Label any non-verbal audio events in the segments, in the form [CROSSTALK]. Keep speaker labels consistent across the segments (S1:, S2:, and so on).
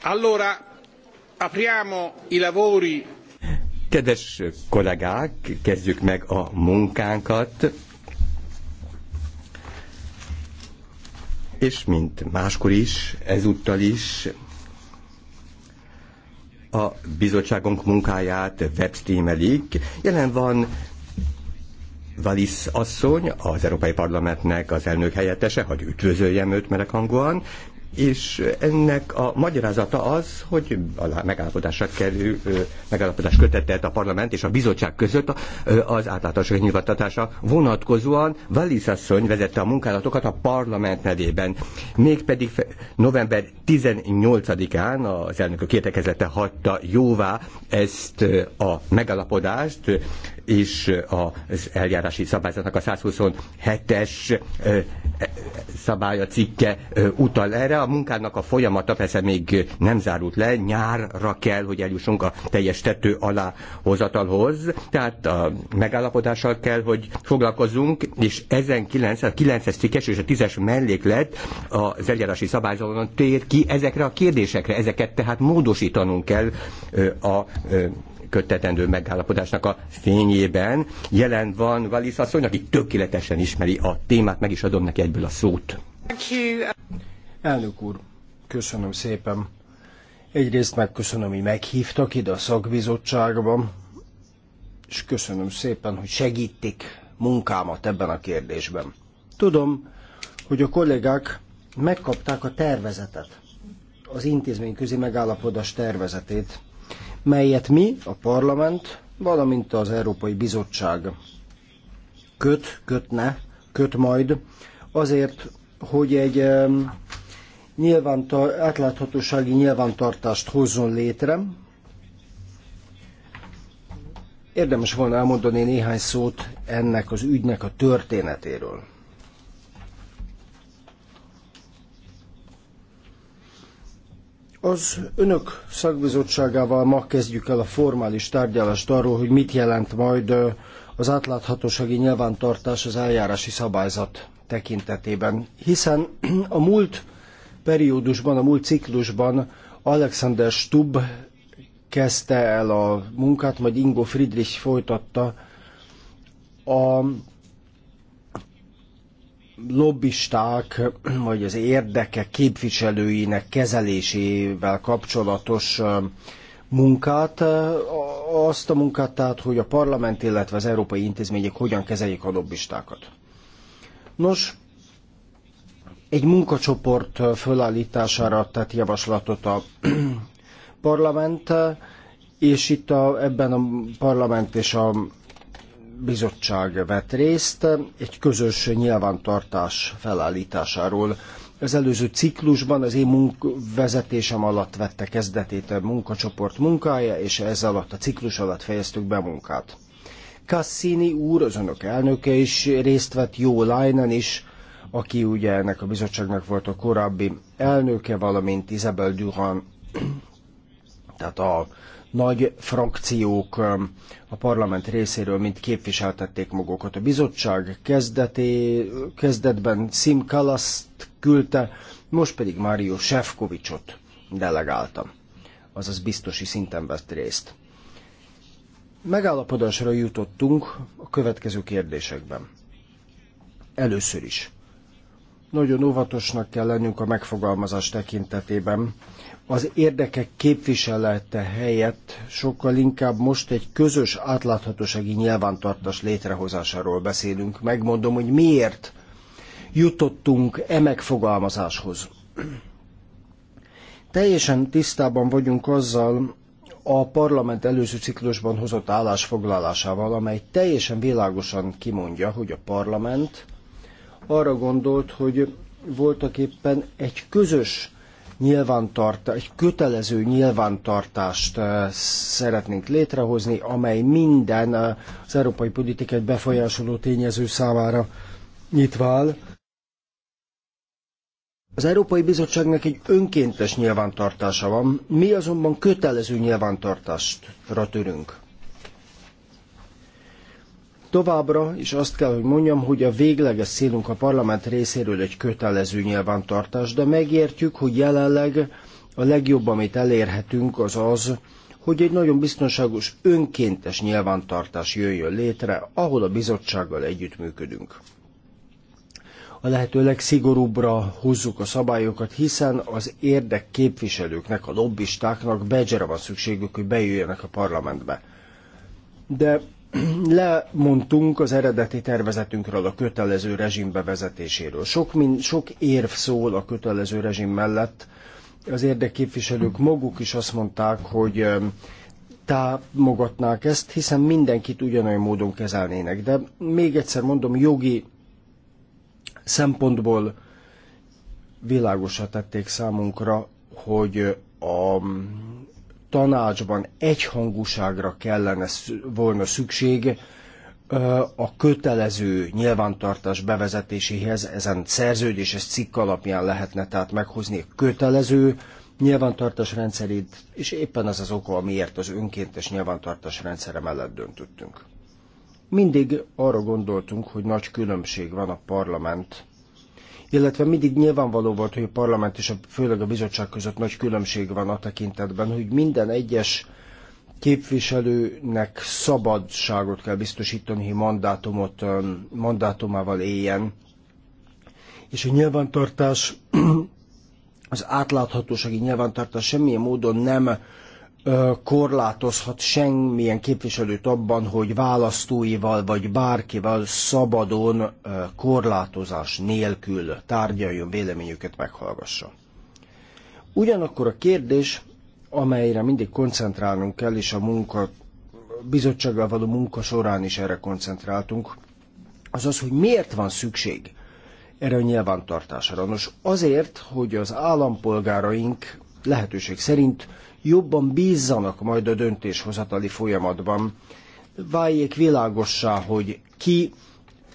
S1: Allora, apriamo i lavori.
S2: Kedves kollégák, kezdjük meg a munkánkat. És mint máskor is, ezúttal is a bizottságunk munkáját webstreamelik. Jelen van Valisz asszony, az Európai Parlamentnek az elnök helyettese, hogy üdvözöljem őt meleg hangúan, és ennek a magyarázata az, hogy a megállapodásra kerül, megállapodás kötetett a parlament és a bizottság között az átlátások nyilvattatása vonatkozóan Valisz asszony vezette a munkálatokat a parlament nevében. Mégpedig november 18-án az elnökök értekezete hagyta jóvá ezt a megállapodást és az eljárási szabályzatnak a 127-es szabálya cikke utal erre. A munkának a folyamata persze még nem zárult le, nyárra kell, hogy eljussunk a teljes tető alá hozatalhoz, tehát a megállapodással kell, hogy foglalkozunk és ezen 9, a 9-es cikkes és a 10-es melléklet az eljárási szabályzaton tér ki ezekre a kérdésekre, ezeket tehát módosítanunk kell a megkötetendő megállapodásnak a fényében. Jelen van Valisz asszony, aki tökéletesen ismeri a témát, meg is adom neki egyből a szót.
S1: Elnök úr, köszönöm szépen. Egyrészt megköszönöm, hogy meghívtak ide a szakbizottságban, és köszönöm szépen, hogy segítik munkámat ebben a kérdésben. Tudom, hogy a kollégák megkapták a tervezetet, az intézményközi megállapodás tervezetét, melyet mi, a parlament, valamint az Európai Bizottság köt, kötne, köt majd, azért, hogy egy nyilvántar, átláthatósági nyilvántartást hozzon létre. Érdemes volna elmondani néhány szót ennek az ügynek a történetéről. Az önök szakbizottságával ma kezdjük el a formális tárgyalást arról, hogy mit jelent majd az átláthatósági nyilvántartás az eljárási szabályzat tekintetében. Hiszen a múlt periódusban, a múlt ciklusban Alexander Stubb kezdte el a munkát, majd Ingo Friedrich folytatta a lobbisták vagy az érdekek képviselőinek kezelésével kapcsolatos um, munkát, uh, azt a munkát tehát, hogy a parlament, illetve az európai intézmények hogyan kezeljék a lobbistákat. Nos, egy munkacsoport fölállítására tett javaslatot a [CLEARS THROAT] parlament, és itt a, ebben a parlament és a bizottság vett részt egy közös nyilvántartás felállításáról. Az előző ciklusban az én munk vezetésem alatt vette kezdetét a munkacsoport munkája, és ez alatt a ciklus alatt fejeztük be munkát. Cassini úr, az önök elnöke is részt vett, Jó Lajnen is, aki ugye ennek a bizottságnak volt a korábbi elnöke, valamint Isabel Durand, tehát a nagy frakciók a parlament részéről mind képviseltették magukat. A bizottság kezdeté, kezdetben Sim Kalaszt küldte, most pedig Mário Sefcovicsot delegálta, azaz biztosi szinten vett részt. Megállapodásra jutottunk a következő kérdésekben. Először is. Nagyon óvatosnak kell lennünk a megfogalmazás tekintetében, az érdekek képviselete helyett sokkal inkább most egy közös átláthatósági nyilvántartás létrehozásáról beszélünk. Megmondom, hogy miért jutottunk e megfogalmazáshoz. Teljesen tisztában vagyunk azzal, a parlament előző ciklusban hozott állásfoglalásával, amely teljesen világosan kimondja, hogy a parlament arra gondolt, hogy voltak éppen egy közös nyilvántartás, egy kötelező nyilvántartást szeretnénk létrehozni, amely minden az európai politikát befolyásoló tényező számára nyitva áll. Az Európai Bizottságnak egy önkéntes nyilvántartása van, mi azonban kötelező nyilvántartásra törünk. Továbbra, is azt kell, hogy mondjam, hogy a végleges célunk a parlament részéről egy kötelező nyilvántartás, de megértjük, hogy jelenleg a legjobb, amit elérhetünk, az az, hogy egy nagyon biztonságos önkéntes nyilvántartás jöjjön létre, ahol a bizottsággal együttműködünk. A lehető legszigorúbbra húzzuk a szabályokat, hiszen az érdekképviselőknek, a lobbistáknak badge van szükségük, hogy bejöjjenek a parlamentbe. De lemondtunk az eredeti tervezetünkről, a kötelező rezsim bevezetéséről. Sok, min, sok érv szól a kötelező rezsim mellett. Az érdekképviselők maguk is azt mondták, hogy támogatnák ezt, hiszen mindenkit ugyanolyan módon kezelnének. De még egyszer mondom, jogi szempontból világosra tették számunkra, hogy a tanácsban egyhangúságra kellene volna szükség a kötelező nyilvántartás bevezetéséhez ezen szerződéses cikk alapján lehetne tehát meghozni a kötelező nyilvántartás rendszerét, és éppen ez az oka, amiért az önkéntes nyilvántartás rendszere mellett döntöttünk. Mindig arra gondoltunk, hogy nagy különbség van a parlament illetve mindig nyilvánvaló volt, hogy a parlament és a, főleg a bizottság között nagy különbség van a tekintetben, hogy minden egyes képviselőnek szabadságot kell biztosítani, hogy mandátumot, mandátumával éljen. És a nyilvántartás, [CLEARS THROAT] az átláthatósági nyilvántartás semmilyen módon nem korlátozhat semmilyen képviselőt abban, hogy választóival vagy bárkivel szabadon korlátozás nélkül tárgyaljon véleményüket meghallgassa. Ugyanakkor a kérdés, amelyre mindig koncentrálnunk kell, és a munka bizottsággal való munka során is erre koncentráltunk, az az, hogy miért van szükség erre a nyilvántartásra. Nos, azért, hogy az állampolgáraink lehetőség szerint jobban bízzanak majd a döntéshozatali folyamatban. Váljék világossá, hogy ki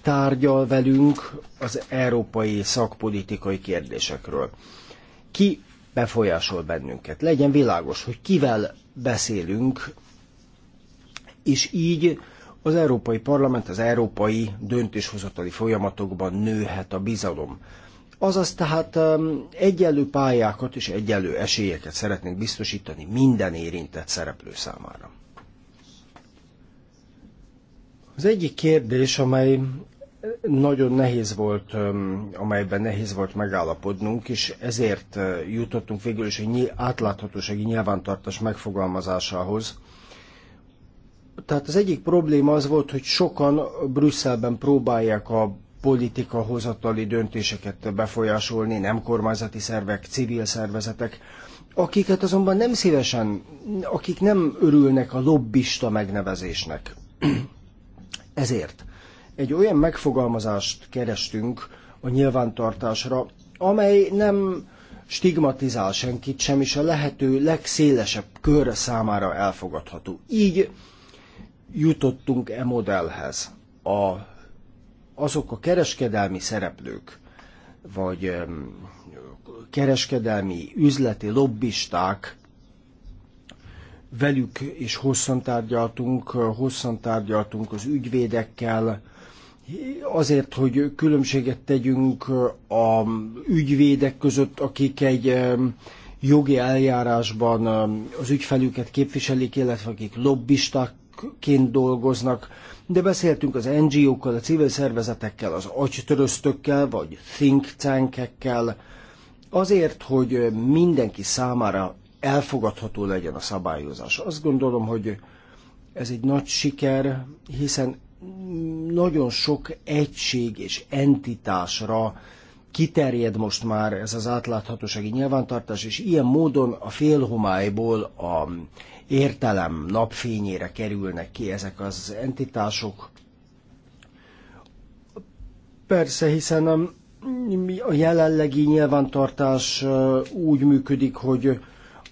S1: tárgyal velünk az európai szakpolitikai kérdésekről. Ki befolyásol bennünket. Legyen világos, hogy kivel beszélünk, és így az Európai Parlament az európai döntéshozatali folyamatokban nőhet a bizalom. Azaz tehát egyenlő pályákat és egyenlő esélyeket szeretnénk biztosítani minden érintett szereplő számára. Az egyik kérdés, amely nagyon nehéz volt, amelyben nehéz volt megállapodnunk, és ezért jutottunk végül is egy átláthatósági nyilvántartás megfogalmazásához. Tehát az egyik probléma az volt, hogy sokan Brüsszelben próbálják a politika hozatali döntéseket befolyásolni, nem kormányzati szervek, civil szervezetek, akiket azonban nem szívesen, akik nem örülnek a lobbista megnevezésnek. [CLEARS THROAT] Ezért egy olyan megfogalmazást kerestünk a nyilvántartásra, amely nem stigmatizál senkit sem, és a lehető legszélesebb kör számára elfogadható. Így jutottunk e modellhez. A azok a kereskedelmi szereplők, vagy kereskedelmi üzleti lobbisták, velük is hosszan tárgyaltunk, hosszan tárgyaltunk az ügyvédekkel, azért, hogy különbséget tegyünk a ügyvédek között, akik egy jogi eljárásban az ügyfelüket képviselik, illetve akik lobbistákként dolgoznak, de beszéltünk az NGO-kkal, a civil szervezetekkel, az agytöröztökkel, vagy think tankekkel, azért, hogy mindenki számára elfogadható legyen a szabályozás. Azt gondolom, hogy ez egy nagy siker, hiszen nagyon sok egység és entitásra kiterjed most már ez az átláthatósági nyilvántartás, és ilyen módon a félhomályból, a értelem napfényére kerülnek ki ezek az entitások. Persze, hiszen a, a jelenlegi nyilvántartás úgy működik, hogy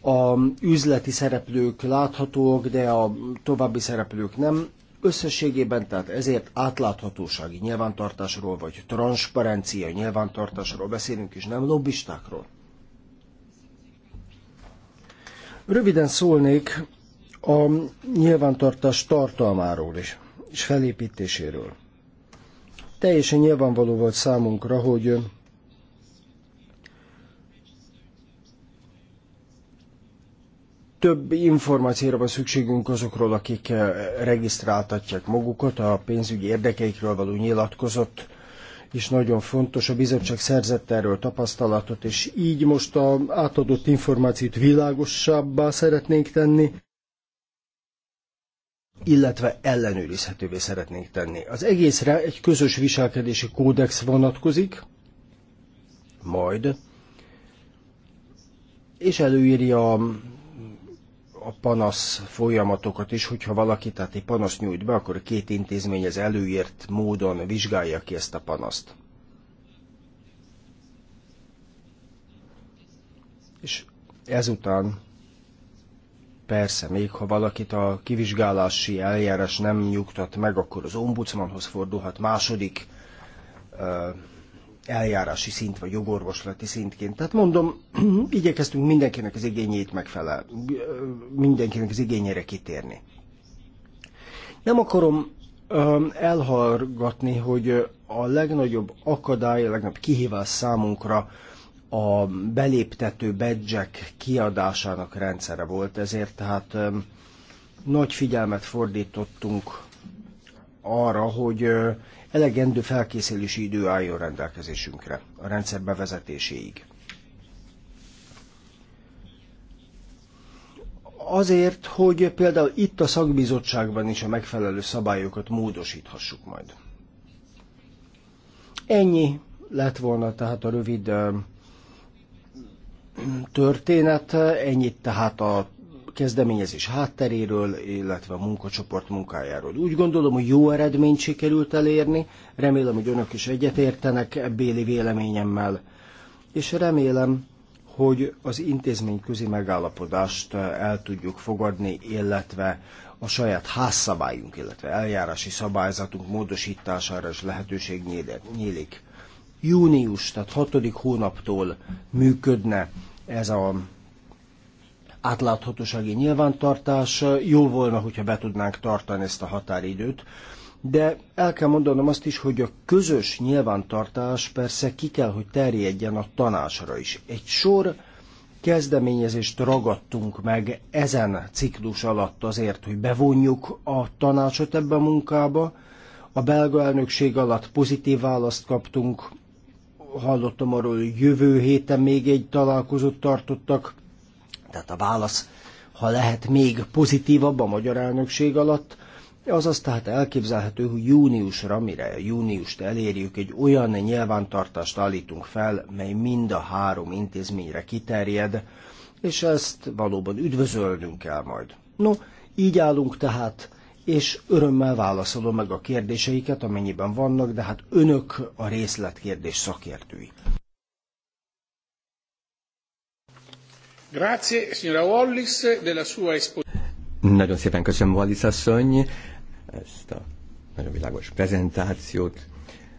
S1: a üzleti szereplők láthatók, de a további szereplők nem. Összességében tehát ezért átláthatósági nyilvántartásról, vagy transzparencia nyilvántartásról beszélünk, és nem lobbistákról. Röviden szólnék a nyilvántartás tartalmáról is, és felépítéséről. Teljesen nyilvánvaló volt számunkra, hogy több információra van szükségünk azokról, akik eh, regisztráltatják magukat, a pénzügyi érdekeikről való nyilatkozott is nagyon fontos. A bizottság szerzett erről tapasztalatot, és így most a átadott információt világosabbá szeretnénk tenni, illetve ellenőrizhetővé szeretnénk tenni. Az egészre egy közös viselkedési kódex vonatkozik, majd, és előírja a panasz folyamatokat is, hogyha valaki, tehát egy panaszt nyújt be, akkor a két intézmény az előírt módon vizsgálja ki ezt a panaszt. És ezután persze, még ha valakit a kivizsgálási eljárás nem nyugtat meg, akkor az ombudsmanhoz fordulhat második uh, eljárási szint, vagy jogorvoslati szintként. Tehát mondom, [CLEARS THROAT] igyekeztünk mindenkinek az igényét megfelel, mindenkinek az igényére kitérni. Nem akarom elhallgatni, hogy a legnagyobb akadály, a legnagyobb kihívás számunkra a beléptető bedzsek kiadásának rendszere volt, ezért tehát nagy figyelmet fordítottunk arra, hogy elegendő felkészülési idő álljon rendelkezésünkre a rendszer bevezetéséig. Azért, hogy például itt a szakbizottságban is a megfelelő szabályokat módosíthassuk majd. Ennyi lett volna tehát a rövid történet, ennyit tehát a kezdeményezés hátteréről, illetve a munkacsoport munkájáról. Úgy gondolom, hogy jó eredményt sikerült elérni, remélem, hogy önök is egyetértenek béli véleményemmel, és remélem, hogy az intézményközi megállapodást el tudjuk fogadni, illetve a saját házszabályunk, illetve eljárási szabályzatunk módosítására is lehetőség nyílik. Június, tehát hatodik hónaptól működne ez a átláthatósági nyilvántartás. Jó volna, hogyha be tudnánk tartani ezt a határidőt. De el kell mondanom azt is, hogy a közös nyilvántartás persze ki kell, hogy terjedjen a tanásra is. Egy sor kezdeményezést ragadtunk meg ezen ciklus alatt azért, hogy bevonjuk a tanácsot ebbe a munkába. A belga elnökség alatt pozitív választ kaptunk, hallottam arról, hogy jövő héten még egy találkozót tartottak, tehát a válasz, ha lehet még pozitívabb a magyar elnökség alatt, azaz tehát elképzelhető, hogy júniusra, mire júniust elérjük, egy olyan nyilvántartást állítunk fel, mely mind a három intézményre kiterjed, és ezt valóban üdvözölnünk kell majd. No, így állunk tehát, és örömmel válaszolom meg a kérdéseiket, amennyiben vannak, de hát önök a részletkérdés szakértői.
S3: Grazie, signora Wallis, della sua
S2: Nagyon szépen köszönöm, Wallis asszony, ezt a nagyon világos prezentációt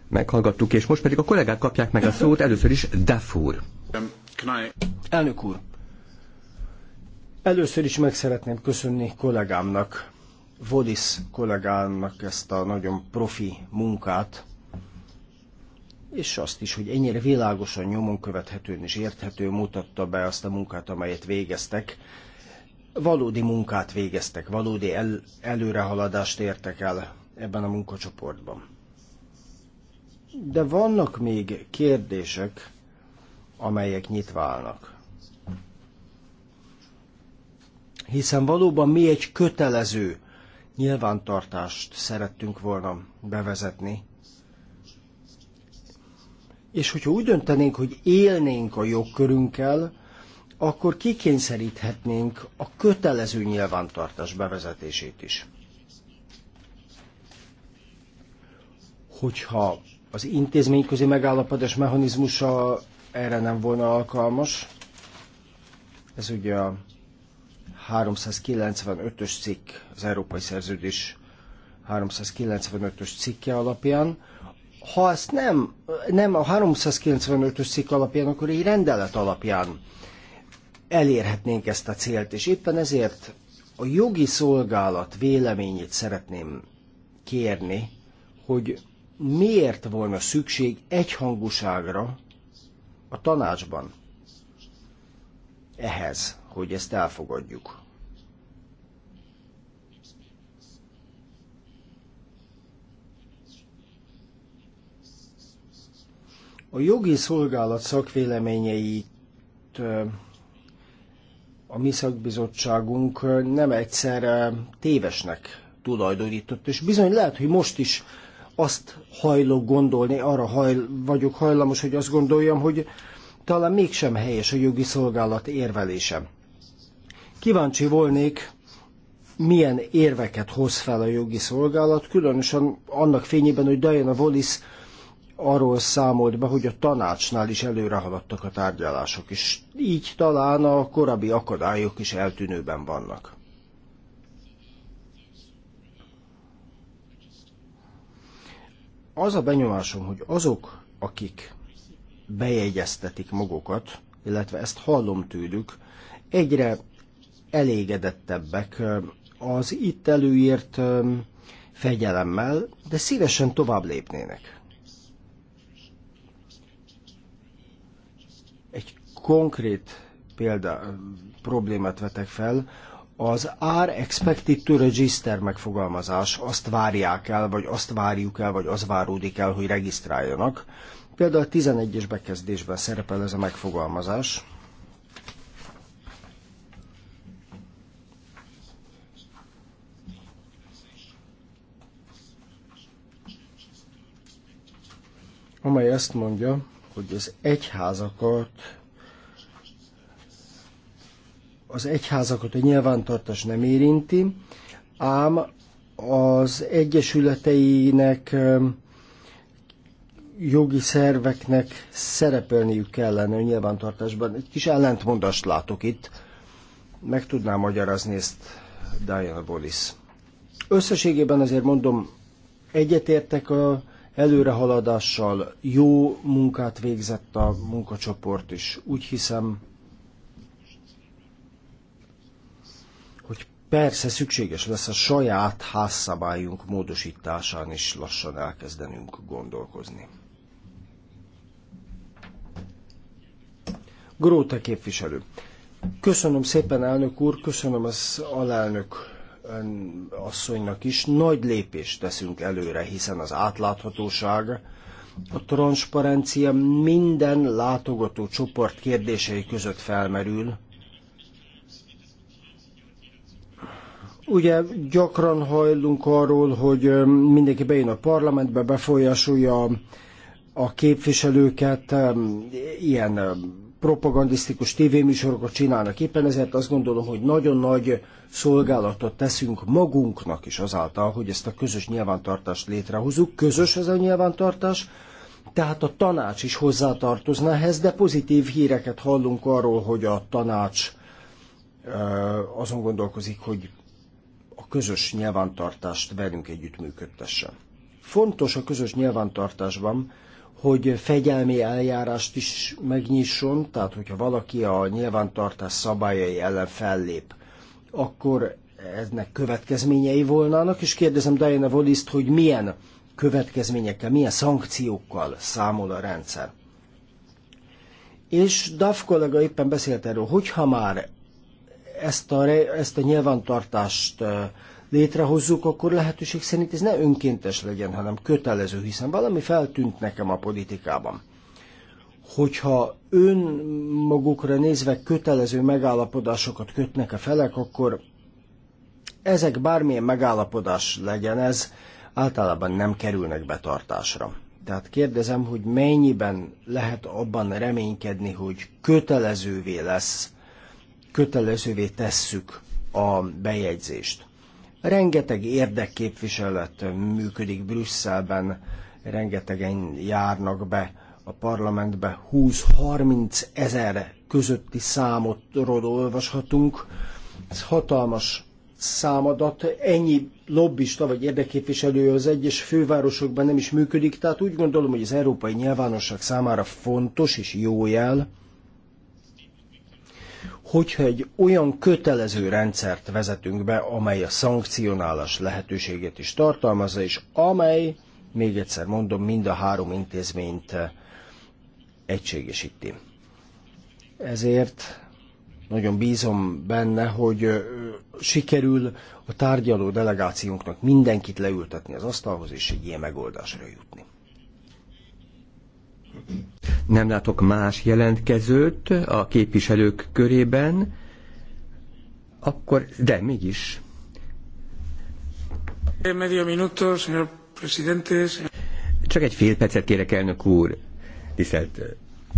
S2: meghallgattuk, és most pedig a kollégák kapják meg a szót, először is Dafur. Elnök úr,
S1: először is meg szeretném köszönni kollégámnak, Wallis kollégámnak ezt a nagyon profi munkát, és azt is, hogy ennyire világosan nyomon követhetően és érthető mutatta be azt a munkát, amelyet végeztek. Valódi munkát végeztek, valódi el, előrehaladást értek el ebben a munkacsoportban. De vannak még kérdések, amelyek nyitva állnak. Hiszen valóban mi egy kötelező nyilvántartást szerettünk volna bevezetni, és hogyha úgy döntenénk, hogy élnénk a jogkörünkkel, akkor kikényszeríthetnénk a kötelező nyilvántartás bevezetését is. Hogyha az intézményközi megállapodás mechanizmusa erre nem volna alkalmas, ez ugye a 395-ös cikk, az Európai Szerződés 395-ös cikke alapján, ha ezt nem, nem a 395-ös cikk alapján, akkor egy rendelet alapján elérhetnénk ezt a célt, és éppen ezért a jogi szolgálat véleményét szeretném kérni, hogy miért volna szükség egyhangúságra a tanácsban ehhez, hogy ezt elfogadjuk. A jogi szolgálat szakvéleményeit a mi szakbizottságunk nem egyszer tévesnek tulajdonított, és bizony lehet, hogy most is azt hajlok gondolni, arra hajl, vagyok hajlamos, hogy azt gondoljam, hogy talán mégsem helyes a jogi szolgálat érvelése. Kíváncsi volnék, milyen érveket hoz fel a jogi szolgálat, különösen annak fényében, hogy Diana Wallis arról számolt be, hogy a tanácsnál is előre haladtak a tárgyalások, és így talán a korábbi akadályok is eltűnőben vannak. Az a benyomásom, hogy azok, akik bejegyeztetik magukat, illetve ezt hallom tőlük, egyre elégedettebbek az itt előírt fegyelemmel, de szívesen tovább lépnének. konkrét példa, problémát vetek fel, az are expected to register megfogalmazás, azt várják el, vagy azt várjuk el, vagy az váródik el, hogy regisztráljanak. Például a 11-es bekezdésben szerepel ez a megfogalmazás. amely azt mondja, hogy az egyházakat az egyházakat a nyilvántartás nem érinti, ám az egyesületeinek, jogi szerveknek szerepelniük kellene a nyilvántartásban. Egy kis ellentmondást látok itt. Meg tudnám magyarázni ezt Diana Bolis. Összességében azért mondom, egyetértek a előrehaladással, jó munkát végzett a munkacsoport is. Úgy hiszem, Persze szükséges lesz a saját házszabályunk módosításán is lassan elkezdenünk gondolkozni. Gróta képviselő. Köszönöm szépen, elnök úr, köszönöm az alelnök asszonynak is. Nagy lépést teszünk előre, hiszen az átláthatóság, a transzparencia minden látogató csoport kérdései között felmerül, Ugye gyakran hajlunk arról, hogy mindenki bejön a parlamentbe, befolyásolja a képviselőket, ilyen propagandisztikus tévéműsorokat csinálnak éppen, ezért azt gondolom, hogy nagyon nagy szolgálatot teszünk magunknak is azáltal, hogy ezt a közös nyilvántartást létrehozunk. Közös ez a nyilvántartás, tehát a tanács is hozzátartozna ehhez, de pozitív híreket hallunk arról, hogy a tanács azon gondolkozik, hogy közös nyilvántartást velünk együttműködtessen. Fontos a közös nyilvántartásban, hogy fegyelmi eljárást is megnyisson, tehát hogyha valaki a nyilvántartás szabályai ellen fellép, akkor eznek következményei volnának, és kérdezem Diana Wallis-t, hogy milyen következményekkel, milyen szankciókkal számol a rendszer. És Duff kollega éppen beszélt erről, hogyha már ezt a, ezt a nyilvántartást létrehozzuk, akkor lehetőség szerint ez ne önkéntes legyen, hanem kötelező, hiszen valami feltűnt nekem a politikában. Hogyha önmagukra magukra nézve kötelező megállapodásokat kötnek a felek, akkor ezek bármilyen megállapodás legyen ez, általában nem kerülnek betartásra. Tehát kérdezem, hogy mennyiben lehet abban reménykedni, hogy kötelezővé lesz kötelezővé tesszük a bejegyzést. Rengeteg érdekképviselet működik Brüsszelben, rengetegen járnak be a parlamentbe, 20-30 ezer közötti számot olvashatunk. Ez hatalmas számadat, ennyi lobbista vagy érdekképviselő az egyes fővárosokban nem is működik, tehát úgy gondolom, hogy az európai nyilvánosság számára fontos és jó jel, hogyha egy olyan kötelező rendszert vezetünk be, amely a szankcionálás lehetőségét is tartalmazza, és amely, még egyszer mondom, mind a három intézményt eh, egységesíti. Ezért nagyon bízom benne, hogy eh, sikerül a tárgyaló delegációnknak mindenkit leültetni az asztalhoz, és egy ilyen megoldásra jutni.
S2: Nem látok más jelentkezőt a képviselők körében, akkor, de mégis.
S1: Medio minuto, señor presidente.
S2: Csak egy fél percet kérek, elnök úr, tisztelt eh,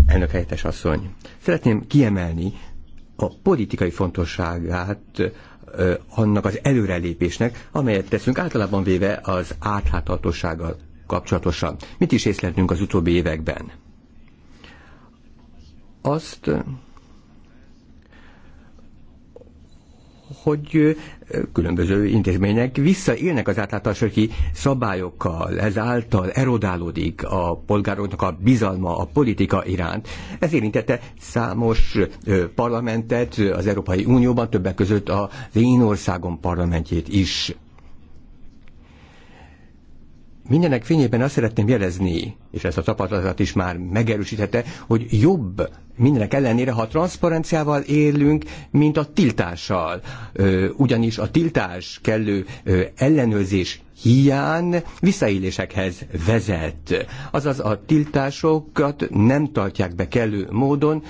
S2: elnök helyettes asszony. Szeretném kiemelni a politikai fontosságát eh, annak az előrelépésnek, amelyet teszünk általában véve az áthatatossággal kapcsolatosan. Mit is észleltünk az utóbbi években? Azt, hogy különböző intézmények visszaélnek az átlátásoki szabályokkal, ezáltal erodálódik a polgároknak a bizalma a politika iránt. Ez érintette számos parlamentet az Európai Unióban, többek között az én országom parlamentjét is. Mindenek fényében azt szeretném jelezni, és ezt a tapasztalat is már megerősítette, hogy jobb mindenek ellenére, ha a transzparenciával élünk, mint a tiltással. Ugyanis a tiltás kellő ellenőrzés hiány visszaélésekhez vezet. Azaz a tiltásokat nem tartják be kellő módon,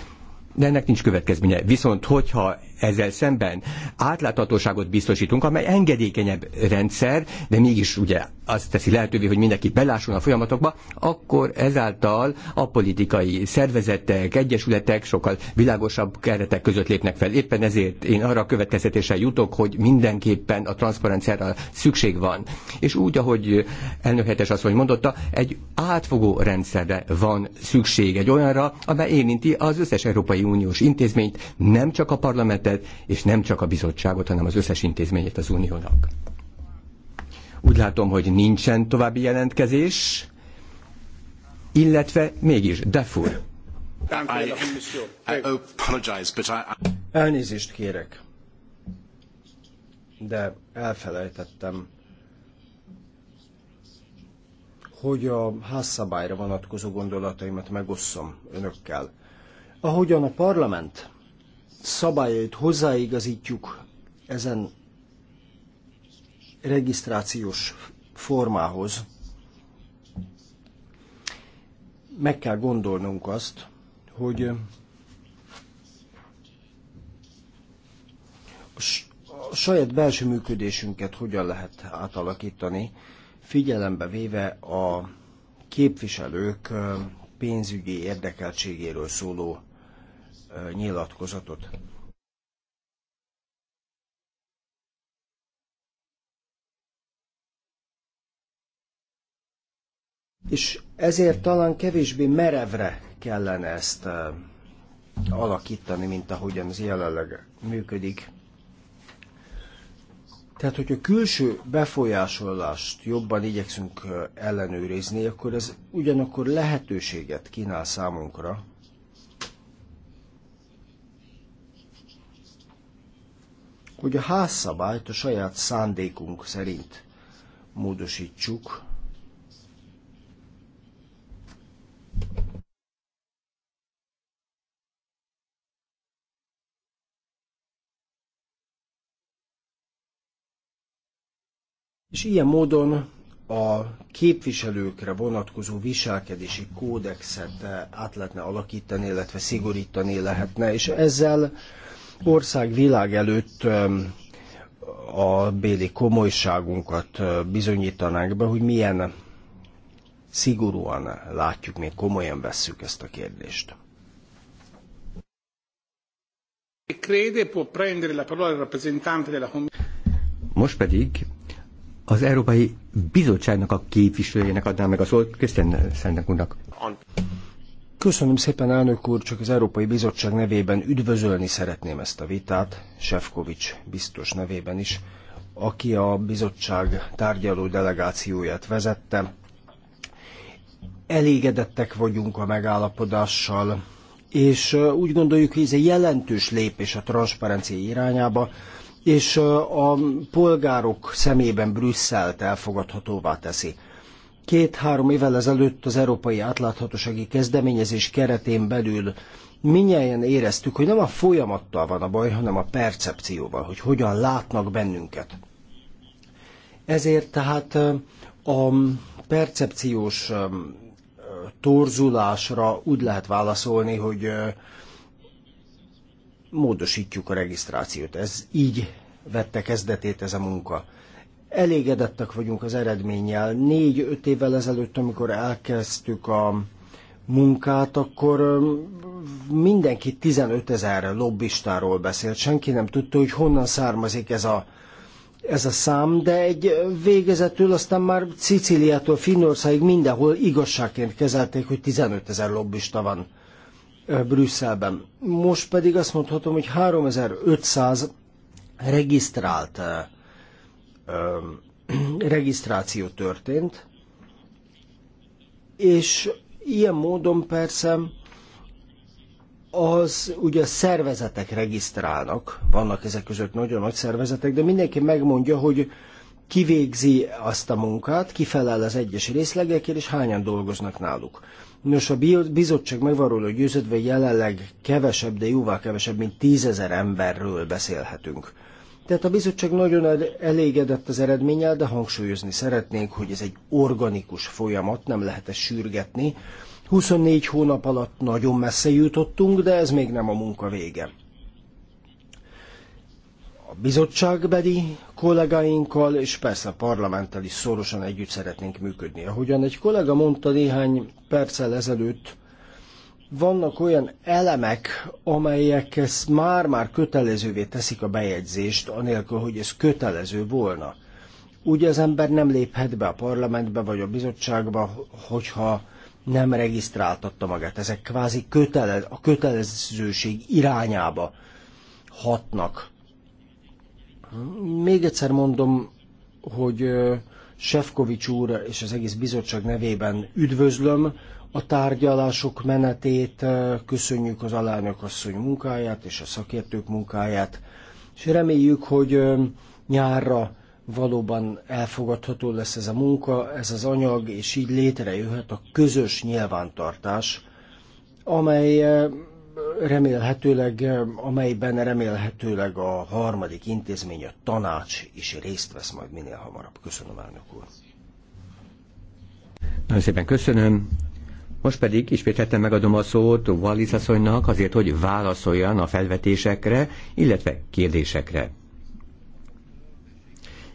S2: de ennek nincs következménye. Viszont hogyha ezzel szemben átláthatóságot biztosítunk, amely engedékenyebb rendszer, de mégis ugye az teszi lehetővé, hogy mindenki belásson a folyamatokba, akkor ezáltal a politikai szervezetek, egyesületek sokkal világosabb keretek között lépnek fel. Éppen ezért én arra a következtetéssel jutok, hogy mindenképpen a transzparenciára szükség van. És úgy, ahogy helyettes azt mondotta, egy átfogó rendszerre van szükség, egy olyanra, amely érinti az összes Európai Uniós intézményt, nem csak a parlamentet, és nem csak a bizottságot, hanem az összes intézményét az uniónak. Úgy látom, hogy nincsen további jelentkezés, illetve mégis, Defur. I, Elnézést
S1: kérek, de elfelejtettem, hogy a házszabályra vonatkozó gondolataimat megosszom önökkel. Ahogyan a parlament szabályait hozzáigazítjuk ezen regisztrációs formához meg kell gondolnunk azt, hogy a saját belső működésünket hogyan lehet átalakítani, figyelembe véve a képviselők pénzügyi érdekeltségéről szóló nyilatkozatot. és ezért talán kevésbé merevre kellene ezt alakítani, mint ahogyan ez jelenleg működik. Tehát, hogy a külső befolyásolást jobban igyekszünk ellenőrizni, akkor ez ugyanakkor lehetőséget kínál számunkra, hogy a házszabályt a saját szándékunk szerint módosítsuk, és ilyen módon a képviselőkre vonatkozó viselkedési kódexet eh, át lehetne alakítani, illetve szigorítani lehetne, és ezzel ország világ előtt a béli komolyságunkat eh, bizonyítanánk be, hogy milyen szigorúan látjuk, még komolyan vesszük ezt a kérdést.
S2: Most pedig az Európai Bizottságnak a képviselőjének adnám meg a szót, Krisztián Szennek úrnak.
S1: Köszönöm szépen, elnök úr, csak az Európai Bizottság nevében üdvözölni szeretném ezt a vitát, Sefkovics biztos nevében is, aki a bizottság tárgyaló delegációját vezette. Elégedettek vagyunk a megállapodással, és uh, úgy gondoljuk, hogy ez egy jelentős lépés a transzparencia irányába, és a polgárok szemében Brüsszelt elfogadhatóvá teszi. Két-három évvel ezelőtt az Európai Átláthatósági Kezdeményezés keretén belül minnyáján éreztük, hogy nem a folyamattal van a baj, hanem a percepcióval, hogy hogyan látnak bennünket. Ezért tehát a percepciós torzulásra úgy lehet válaszolni, hogy módosítjuk a regisztrációt. Ez így vette kezdetét ez a munka. Elégedettek vagyunk az eredménnyel. Négy-öt évvel ezelőtt, amikor elkezdtük a munkát, akkor mindenki 15 ezer lobbistáról beszélt. Senki nem tudta, hogy honnan származik ez a, ez a szám, de egy végezetül aztán már Szicíliától Finnországig mindenhol igazságként kezelték, hogy 15 ezer lobbista van. Brüsszelben. Most pedig azt mondhatom, hogy 3500 regisztrált regisztráció történt, és ilyen módon persze az ugye szervezetek regisztrálnak, vannak ezek között nagyon nagy szervezetek, de mindenki megmondja, hogy kivégzi azt a munkát, kifelel az egyes részlegekért, és hányan dolgoznak náluk. Nos, a bizottság meg van róla győződve, jelenleg kevesebb, de jóval kevesebb, mint tízezer emberről beszélhetünk. Tehát a bizottság nagyon elégedett az eredménnyel, de hangsúlyozni szeretnénk, hogy ez egy organikus folyamat, nem lehet ezt sürgetni. 24 hónap alatt nagyon messze jutottunk, de ez még nem a munka vége a bizottságbeli kollégáinkkal, és persze a parlamenttel is szorosan együtt szeretnénk működni. Ahogyan egy kollega mondta néhány perccel ezelőtt, vannak olyan elemek, amelyek ezt már-már kötelezővé teszik a bejegyzést, anélkül, hogy ez kötelező volna. Úgy az ember nem léphet be a parlamentbe vagy a bizottságba, hogyha nem regisztráltatta magát. Ezek kvázi kötelez, a kötelezőség irányába hatnak. Még egyszer mondom, hogy Sefkovics úr és az egész bizottság nevében üdvözlöm a tárgyalások menetét, köszönjük az alelnök asszony munkáját és a szakértők munkáját, és reméljük, hogy nyárra valóban elfogadható lesz ez a munka, ez az anyag, és így létrejöhet a közös nyilvántartás, amely remélhetőleg, amelyben remélhetőleg a harmadik intézmény, a tanács is részt vesz majd minél hamarabb. Köszönöm, elnök úr.
S2: Nagyon szépen köszönöm. Most pedig ismételten megadom a szót Wallis asszonynak azért, hogy válaszoljon a felvetésekre, illetve kérdésekre.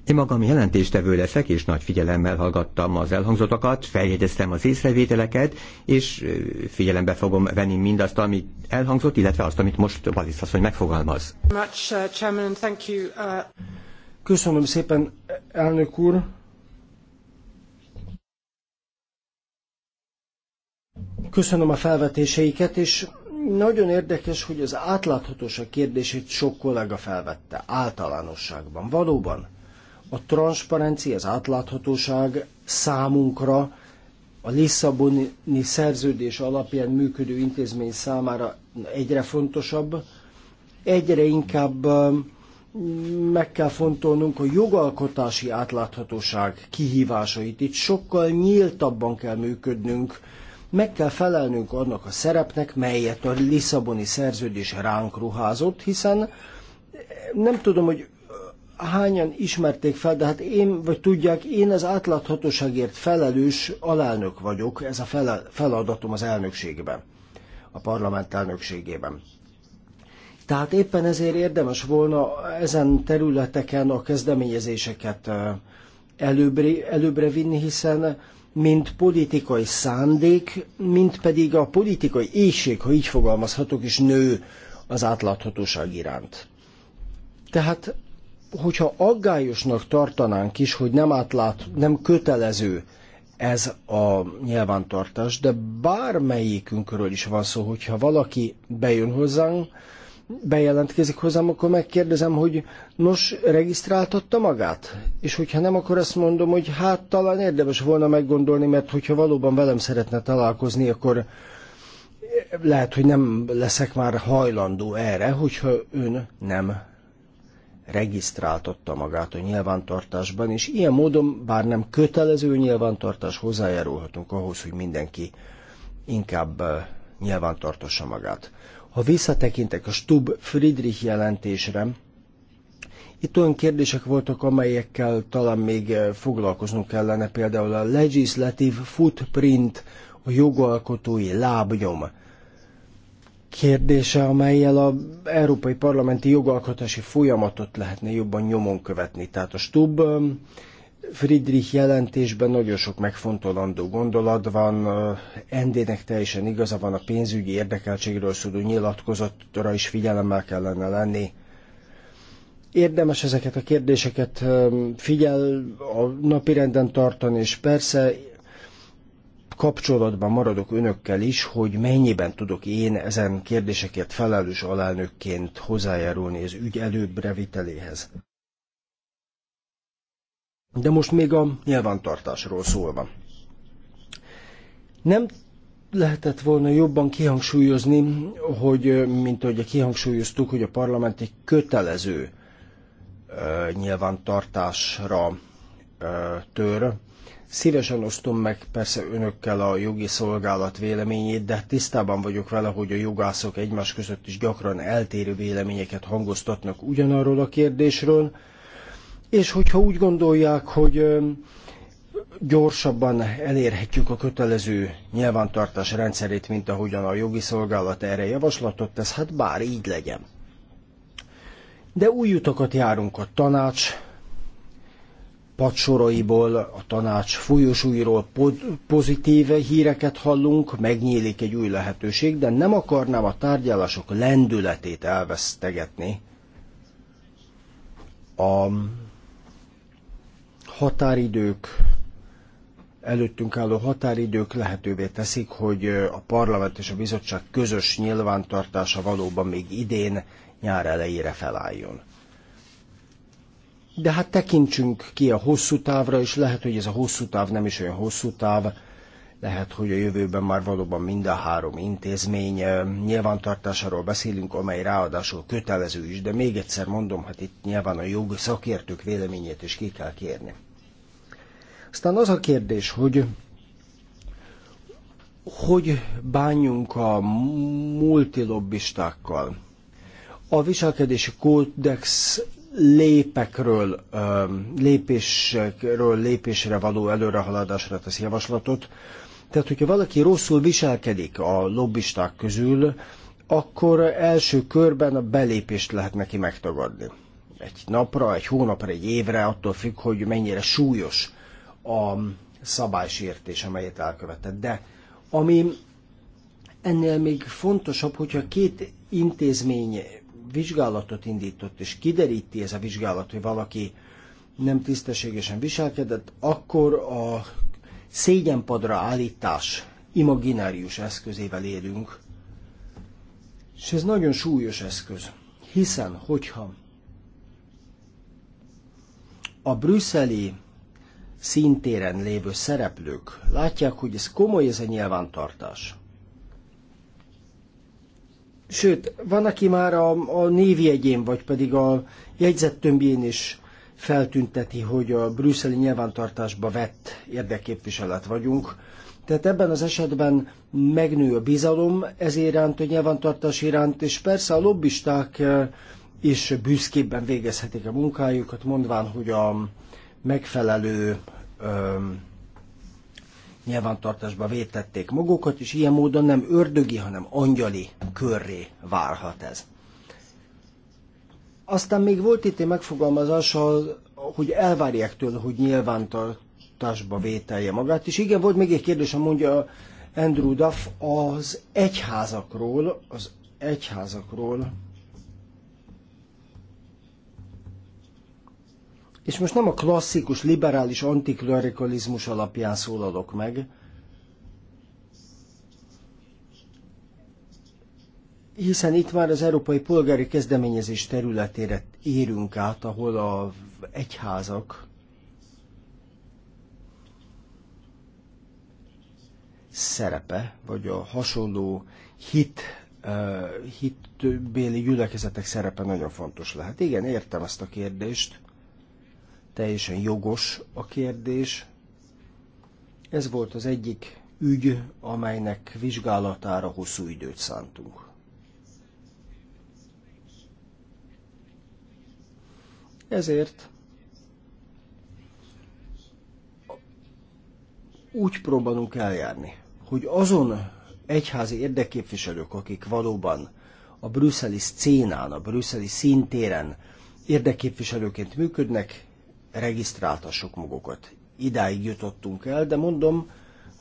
S2: Én magam jelentéstevő leszek, és nagy figyelemmel hallgattam az elhangzottakat, feljegyeztem az észrevételeket, és figyelembe fogom venni mindazt, amit elhangzott, illetve azt, amit most Balisz asszony megfogalmaz. Uh, uh, Köszönöm
S1: szépen, elnök úr. Köszönöm a felvetéseiket, és nagyon érdekes, hogy az átláthatóság kérdését sok kollega felvette általánosságban. Valóban a transzparencia, az átláthatóság számunkra a Lisszaboni szerződés alapján működő intézmény számára egyre fontosabb, egyre inkább um, meg kell fontolnunk a jogalkotási átláthatóság kihívásait. Itt sokkal nyíltabban kell működnünk, meg kell felelnünk annak a szerepnek, melyet a Lisszaboni szerződés ránk ruházott, hiszen nem tudom, hogy hányan ismerték fel, de hát én, vagy tudják, én az átláthatóságért felelős alelnök vagyok, ez a fele, feladatom az elnökségben, a parlament elnökségében. Tehát éppen ezért érdemes volna ezen területeken a kezdeményezéseket előbbre, előbbre vinni, hiszen mint politikai szándék, mint pedig a politikai éjség, ha így fogalmazhatok, is nő az átláthatóság iránt. Tehát hogyha aggályosnak tartanánk is, hogy nem átlát, nem kötelező ez a nyilvántartás, de bármelyikünkről is van szó, hogyha valaki bejön hozzánk, bejelentkezik hozzám, akkor megkérdezem, hogy nos, regisztráltatta magát? És hogyha nem, akkor azt mondom, hogy hát talán érdemes volna meggondolni, mert hogyha valóban velem szeretne találkozni, akkor lehet, hogy nem leszek már hajlandó erre, hogyha ön nem regisztráltatta magát a nyilvántartásban, és ilyen módon, bár nem kötelező nyilvántartás, hozzájárulhatunk ahhoz, hogy mindenki inkább nyilvántartassa magát. Ha visszatekintek a Stubb-Friedrich jelentésre, itt olyan kérdések voltak, amelyekkel talán még foglalkoznunk kellene, például a legislative footprint, a jogalkotói lábnyom kérdése, amelyel az európai parlamenti jogalkotási folyamatot lehetne jobban nyomon követni. Tehát a Stubb um, Friedrich jelentésben nagyon sok megfontolandó gondolat van, Endének uh, teljesen igaza van a pénzügyi érdekeltségről szóló nyilatkozatra is figyelemmel kellene lenni. Érdemes ezeket a kérdéseket um, figyel a napirenden tartani, és persze kapcsolatban maradok önökkel is, hogy mennyiben tudok én ezen kérdésekért felelős alelnökként hozzájárulni az ügy előbbre viteléhez. De most még a nyilvántartásról szólva. Nem lehetett volna jobban kihangsúlyozni, hogy, mint ahogy kihangsúlyoztuk, hogy a parlament egy kötelező uh, nyilvántartásra uh, tör, Szívesen osztom meg persze önökkel a jogi szolgálat véleményét, de tisztában vagyok vele, hogy a jogászok egymás között is gyakran eltérő véleményeket hangoztatnak ugyanarról a kérdésről, és hogyha úgy gondolják, hogy gyorsabban elérhetjük a kötelező nyilvántartás rendszerét, mint ahogyan a jogi szolgálat erre javaslatot tesz, hát bár így legyen. De új utakat járunk a tanács, padsoraiból, a tanács folyosúiról pozitív híreket hallunk, megnyílik egy új lehetőség, de nem akarnám a tárgyalások lendületét elvesztegetni. A határidők, előttünk álló határidők lehetővé teszik, hogy a parlament és a bizottság közös nyilvántartása valóban még idén nyár elejére felálljon de hát tekintsünk ki a hosszú távra, és lehet, hogy ez a hosszú táv nem is olyan hosszú táv, lehet, hogy a jövőben már valóban mind a három intézmény eh, nyilvántartásáról beszélünk, amely ráadásul kötelező is, de még egyszer mondom, hát itt nyilván a jogi szakértők véleményét is ki kell kérni. Aztán az a kérdés, hogy hogy bánjunk a multilobbistákkal. A viselkedési kódex lépekről, lépésekről, lépésre való előrehaladásra tesz javaslatot. Tehát, hogyha valaki rosszul viselkedik a lobbisták közül, akkor első körben a belépést lehet neki megtagadni. Egy napra, egy hónapra, egy évre, attól függ, hogy mennyire súlyos a szabálysértés, amelyet elkövetett. De ami ennél még fontosabb, hogyha két intézmény vizsgálatot indított, és kideríti ez a vizsgálat, hogy valaki nem tisztességesen viselkedett, akkor a szégyenpadra állítás imaginárius eszközével élünk. És ez nagyon súlyos eszköz, hiszen hogyha a brüsszeli szintéren lévő szereplők látják, hogy ez komoly ez a nyilvántartás, Sőt, van, aki már a, a névjegyén, vagy pedig a jegyzettömbjén is feltünteti, hogy a brüsszeli nyilvántartásba vett érdekképviselet vagyunk. Tehát ebben az esetben megnő a bizalom ez iránt, a nyilvántartás iránt, és persze a lobbisták eh, is büszkébben végezhetik a munkájukat, mondván, hogy a megfelelő eh, nyilvántartásba vétették magukat, és ilyen módon nem ördögi, hanem angyali körré válhat ez. Aztán még volt itt egy megfogalmazás, hogy elvárják tőle, hogy nyilvántartásba vételje magát. És igen, volt még egy kérdés, mondja Andrew Duff az egyházakról, az egyházakról és most nem a klasszikus liberális antiklerikalizmus alapján szólalok meg, hiszen itt már az európai polgári kezdeményezés területére érünk át, ahol a egyházak szerepe, vagy a hasonló hit, hitbéli gyülekezetek szerepe nagyon fontos lehet. Igen, értem ezt a kérdést. Teljesen jogos a kérdés. Ez volt az egyik ügy, amelynek vizsgálatára hosszú időt szántunk. Ezért úgy próbálunk eljárni, hogy azon egyházi érdekképviselők, akik valóban a brüsszeli szcénán, a brüsszeli szintéren érdekképviselőként működnek, sok magukat. Idáig jutottunk el, de mondom,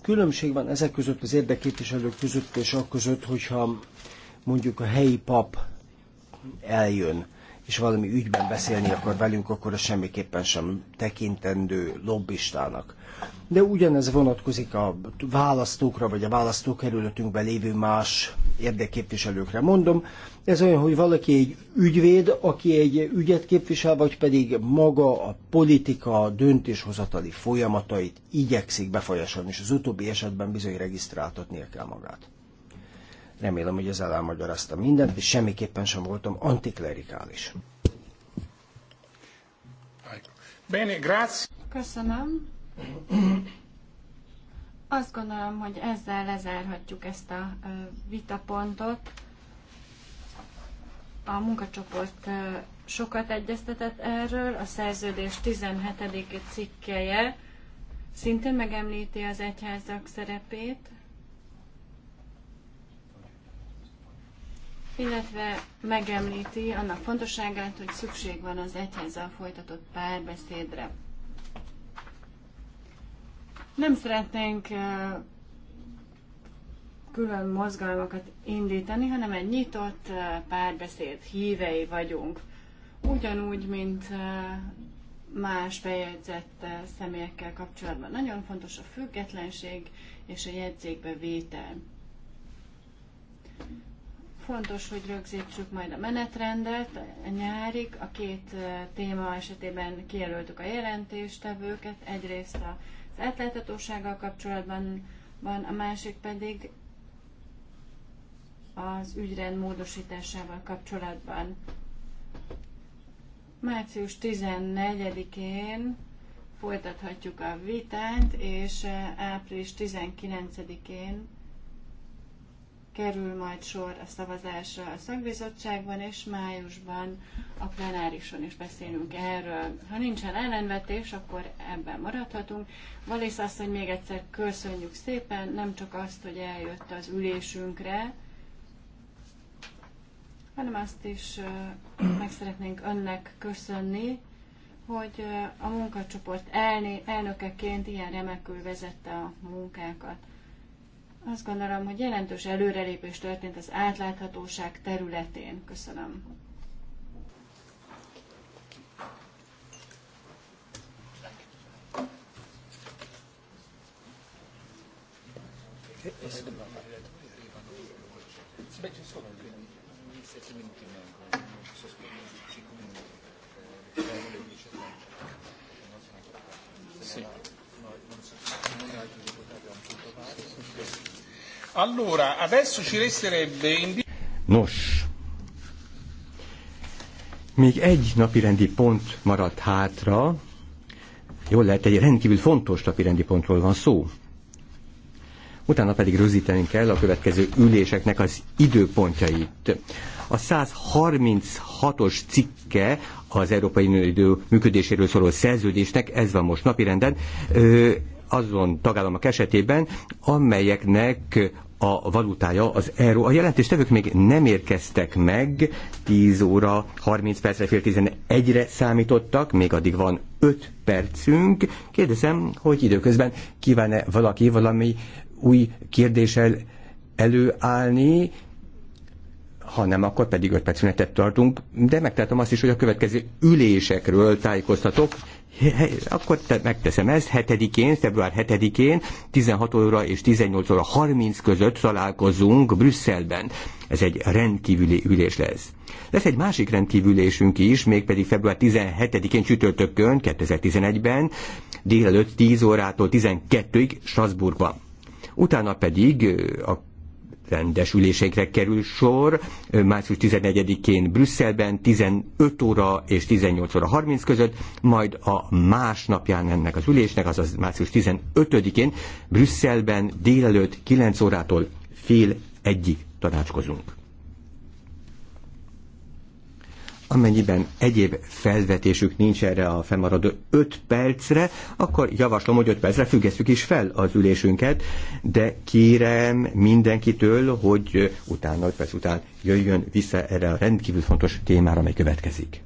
S1: különbség van ezek között, az érdekképviselők között és a között, hogyha mondjuk a helyi pap eljön, és valami ügyben beszélni akar velünk, akkor az semmiképpen sem tekintendő lobbistának de ugyanez vonatkozik a választókra, vagy a választókerületünkben lévő más érdekképviselőkre. Mondom, ez olyan, hogy valaki egy ügyvéd, aki egy ügyet képvisel, vagy pedig maga a politika döntéshozatali folyamatait igyekszik befolyásolni, és az utóbbi esetben bizony regisztráltatnia kell magát. Remélem, hogy ez elmagyaráztam mindent, és semmiképpen sem voltam antiklerikális.
S3: Bene, grazie. Köszönöm. Azt gondolom, hogy ezzel lezárhatjuk ezt a vitapontot. A munkacsoport sokat egyeztetett erről, a szerződés 17. cikkeje szintén megemlíti az egyházak szerepét, illetve megemlíti annak fontosságát, hogy szükség van az egyházzal folytatott párbeszédre. Nem szeretnénk külön mozgalmakat indítani, hanem egy nyitott párbeszéd hívei vagyunk. Ugyanúgy, mint más bejegyzett személyekkel kapcsolatban. Nagyon fontos a függetlenség és a jegyzékbe vétel. Fontos, hogy rögzítsük majd a menetrendet a nyárig. A két téma esetében kijelöltük a jelentéstevőket, egyrészt a átláthatósággal kapcsolatban van, a másik pedig az ügyrend módosításával kapcsolatban. Március 14-én folytathatjuk a vitát, és eh, április 19-én kerül majd sor a szavazásra a szakbizottságban, és májusban a plenárison is beszélünk erről. Ha nincsen ellenvetés, akkor ebben maradhatunk. Valész azt, hogy még egyszer köszönjük szépen, nem csak azt, hogy eljött az ülésünkre, hanem azt is meg szeretnénk önnek köszönni, hogy a munkacsoport elnökeként ilyen remekül vezette a munkákat. Azt gondolom, hogy jelentős előrelépés történt az átláthatóság területén. Köszönöm.
S1: Köszönöm. Allora, adesso ci resterebbe in...
S2: Nos, még egy napirendi pont maradt hátra. Jól lehet, egy rendkívül fontos napirendi pontról van szó. Utána pedig rögzíteni kell a következő üléseknek az időpontjait. A 136-os cikke az Európai Unió működéséről szóló szerződésnek, ez van most napirenden, azon tagállamok esetében, amelyeknek a valutája az euró. A jelentéstevők még nem érkeztek meg, 10 óra 30 percre fél 11-re számítottak, még addig van 5 percünk. Kérdezem, hogy időközben kíván-e valaki valami új kérdéssel előállni, ha nem, akkor pedig 5 perc szünetet tartunk, de megtartom azt is, hogy a következő ülésekről tájékoztatok, akkor te megteszem ezt, 7-én, február 7-én, 16 óra és 18 óra 30 között találkozunk Brüsszelben. Ez egy rendkívüli ülés lesz. Lesz egy másik rendkívülésünk is, mégpedig február 17-én csütörtökön, 2011-ben, délelőtt 10 órától 12-ig Strasbourgban. Utána pedig a rendes ülésekre kerül sor, március 14-én Brüsszelben 15 óra és 18 óra 30 között, majd a másnapján ennek az ülésnek, azaz március 15-én Brüsszelben délelőtt 9 órától fél egyig tanácskozunk. Amennyiben egyéb felvetésük nincs erre a fennmaradó 5 percre, akkor javaslom, hogy 5 percre függesszük is fel az ülésünket, de kérem mindenkitől, hogy utána 5 perc után jöjjön vissza erre a rendkívül fontos témára, amely következik.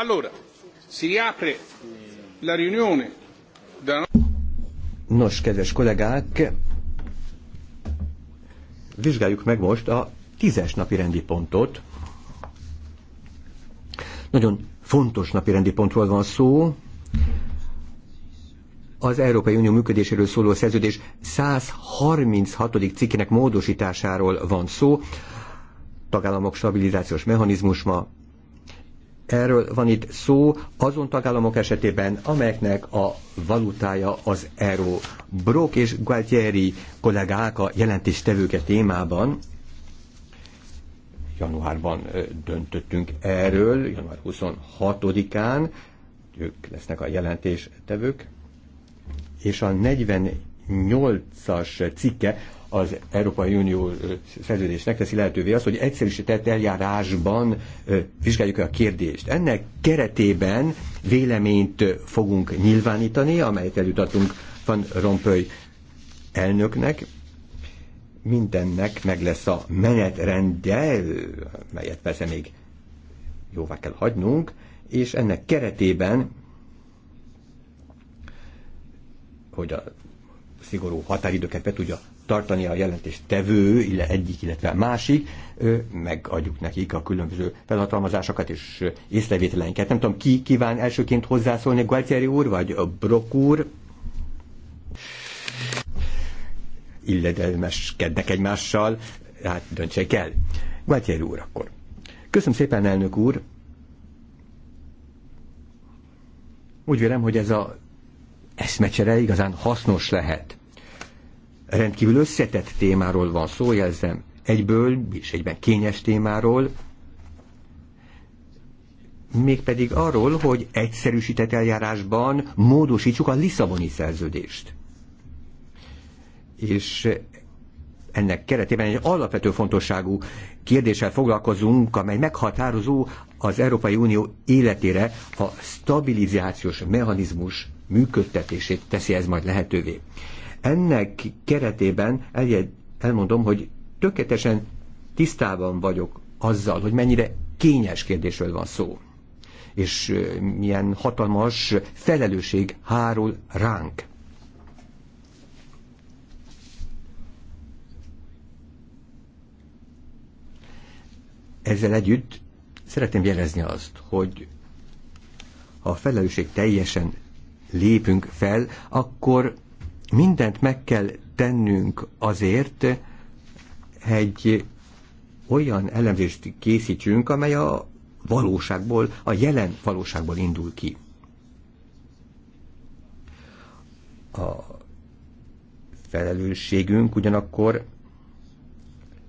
S3: Allora, si
S1: riapre la riunione.
S2: Nos, kedves kollégák, vizsgáljuk meg most a tízes napi rendi pontot. Nagyon fontos napi rendi pontról van szó, az Európai Unió működéséről szóló szerződés 136. cikkének módosításáról van szó. Tagállamok stabilizációs mechanizmus ma Erről van itt szó azon tagállamok esetében, amelyeknek a valutája az euró. Brok és Gualtieri kollégák a jelentéstevőke témában januárban döntöttünk erről, január 26-án, ők lesznek a jelentéstevők, és a 40 8-as cikke az Európai Unió szerződésnek teszi lehetővé azt, hogy egyszerűsített eljárásban vizsgáljuk a kérdést. Ennek keretében véleményt fogunk nyilvánítani, amelyet eljutatunk Van Rompuy elnöknek, mindennek meg lesz a menetrendje, melyet persze még jóvá kell hagynunk, és ennek keretében, hogy a szigorú határidőket be tudja tartani a jelentést tevő, ille egyik, illetve másik, megadjuk nekik a különböző felhatalmazásokat és észrevételeinket. Nem tudom, ki kíván elsőként hozzászólni, Gualtieri úr, vagy Brok úr? Illedelmeskednek egymással, hát döntsék el. Gualtieri úr akkor. Köszönöm szépen, elnök úr. Úgy vélem, hogy ez a eszmecsere igazán hasznos lehet rendkívül összetett témáról van szó, jelzem egyből, és egyben kényes témáról, mégpedig arról, hogy egyszerűsített eljárásban módosítsuk a Lisszaboni szerződést. És ennek keretében egy alapvető fontosságú kérdéssel foglalkozunk, amely meghatározó az Európai Unió életére a stabilizációs mechanizmus működtetését teszi ez majd lehetővé. Ennek keretében eljegy, elmondom, hogy tökéletesen tisztában vagyok azzal, hogy mennyire kényes kérdésről van szó, és milyen hatalmas felelősség hárul ránk. Ezzel együtt szeretném jelezni azt, hogy ha a felelősség teljesen lépünk fel, akkor mindent meg kell tennünk azért, egy olyan elemzést készítsünk, amely a valóságból, a jelen valóságból indul ki. A felelősségünk ugyanakkor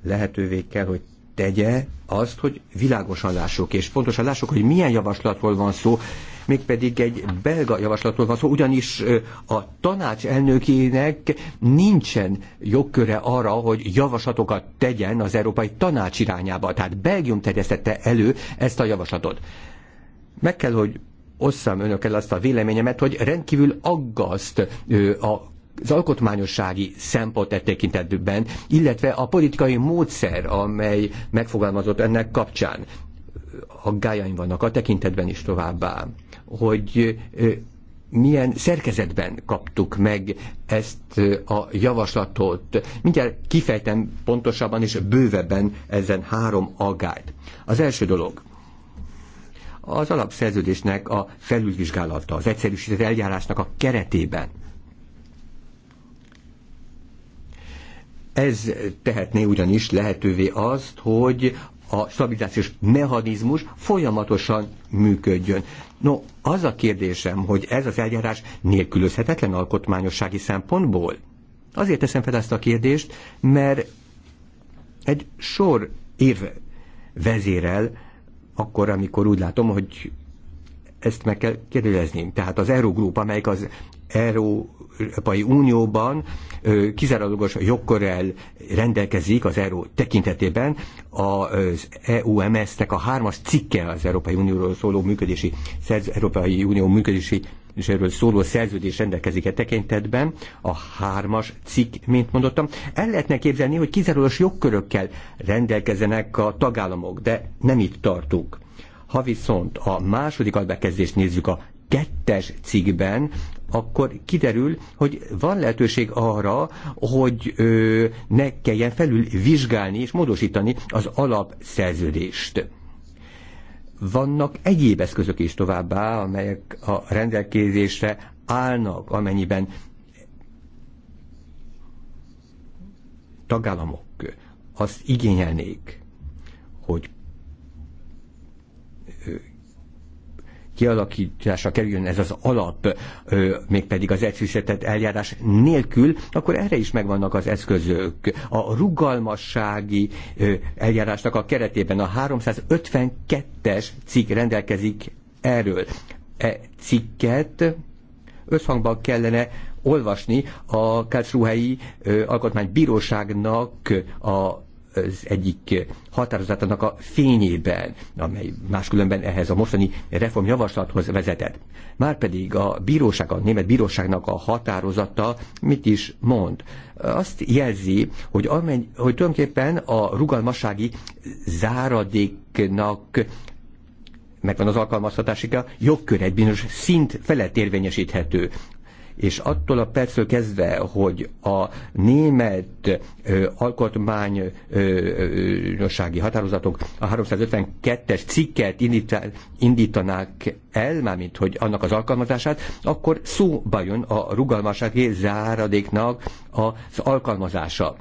S2: lehetővé kell, hogy tegye azt, hogy világosan lássuk, és pontosan lássuk, hogy milyen javaslatról van szó, mégpedig egy belga javaslatról van szó, ugyanis a tanács elnökének nincsen jogköre arra, hogy javaslatokat tegyen az Európai Tanács irányába. Tehát Belgium terjesztette elő ezt a javaslatot. Meg kell, hogy osszam önökkel azt a véleményemet, hogy rendkívül aggaszt a az alkotmányossági szempont e tekintetben, illetve a politikai módszer, amely megfogalmazott ennek kapcsán. Aggájaim vannak a tekintetben is továbbá hogy milyen szerkezetben kaptuk meg ezt a javaslatot. Mindjárt kifejtem pontosabban és bővebben ezen három agályt. Az első dolog, az alapszerződésnek a felülvizsgálata, az egyszerűsített eljárásnak a keretében. Ez tehetné ugyanis lehetővé azt, hogy a stabilizációs mechanizmus folyamatosan működjön. No, az a kérdésem, hogy ez az eljárás nélkülözhetetlen alkotmányossági szempontból? Azért teszem fel ezt a kérdést, mert egy sor érv vezérel akkor, amikor úgy látom, hogy ezt meg kell kérdezni. Tehát az Eurogroup, amelyik az Euró Európai Unióban kizárólagos jogkörrel rendelkezik az euró tekintetében az EUMS-nek a hármas cikke az Európai Unióról szóló működési, szerz, Európai Unió működési és erről szóló szerződés rendelkezik a e tekintetben, a hármas cikk, mint mondottam. El lehetne képzelni, hogy kizárólagos jogkörökkel rendelkezenek a tagállamok, de nem itt tartunk. Ha viszont a második albekezdést nézzük a kettes cikkben akkor kiderül, hogy van lehetőség arra, hogy ö, ne kelljen felül vizsgálni és módosítani az alapszerződést. Vannak egyéb eszközök is továbbá, amelyek a rendelkezésre állnak, amennyiben tagállamok azt igényelnék, hogy kialakítása kerüljön ez az alap, mégpedig az egyszerűsített eljárás nélkül, akkor erre is megvannak az eszközök. A rugalmassági eljárásnak a keretében a 352-es cikk rendelkezik erről. E cikket összhangban kellene olvasni a Kácsruhelyi Alkotmánybíróságnak a az egyik határozatának a fényében, amely máskülönben ehhez a mostani reformjavaslathoz vezetett. Márpedig a bíróság, a német bíróságnak a határozata mit is mond? Azt jelzi, hogy, amely, hogy tulajdonképpen a rugalmassági záradéknak megvan az a jogkör egy bizonyos szint felett érvényesíthető és attól a perctől kezdve, hogy a német ö, alkotmányossági határozatok a 352-es cikket indítanák el, mármint hogy annak az alkalmazását, akkor szóba jön a rugalmassági záradéknak az alkalmazása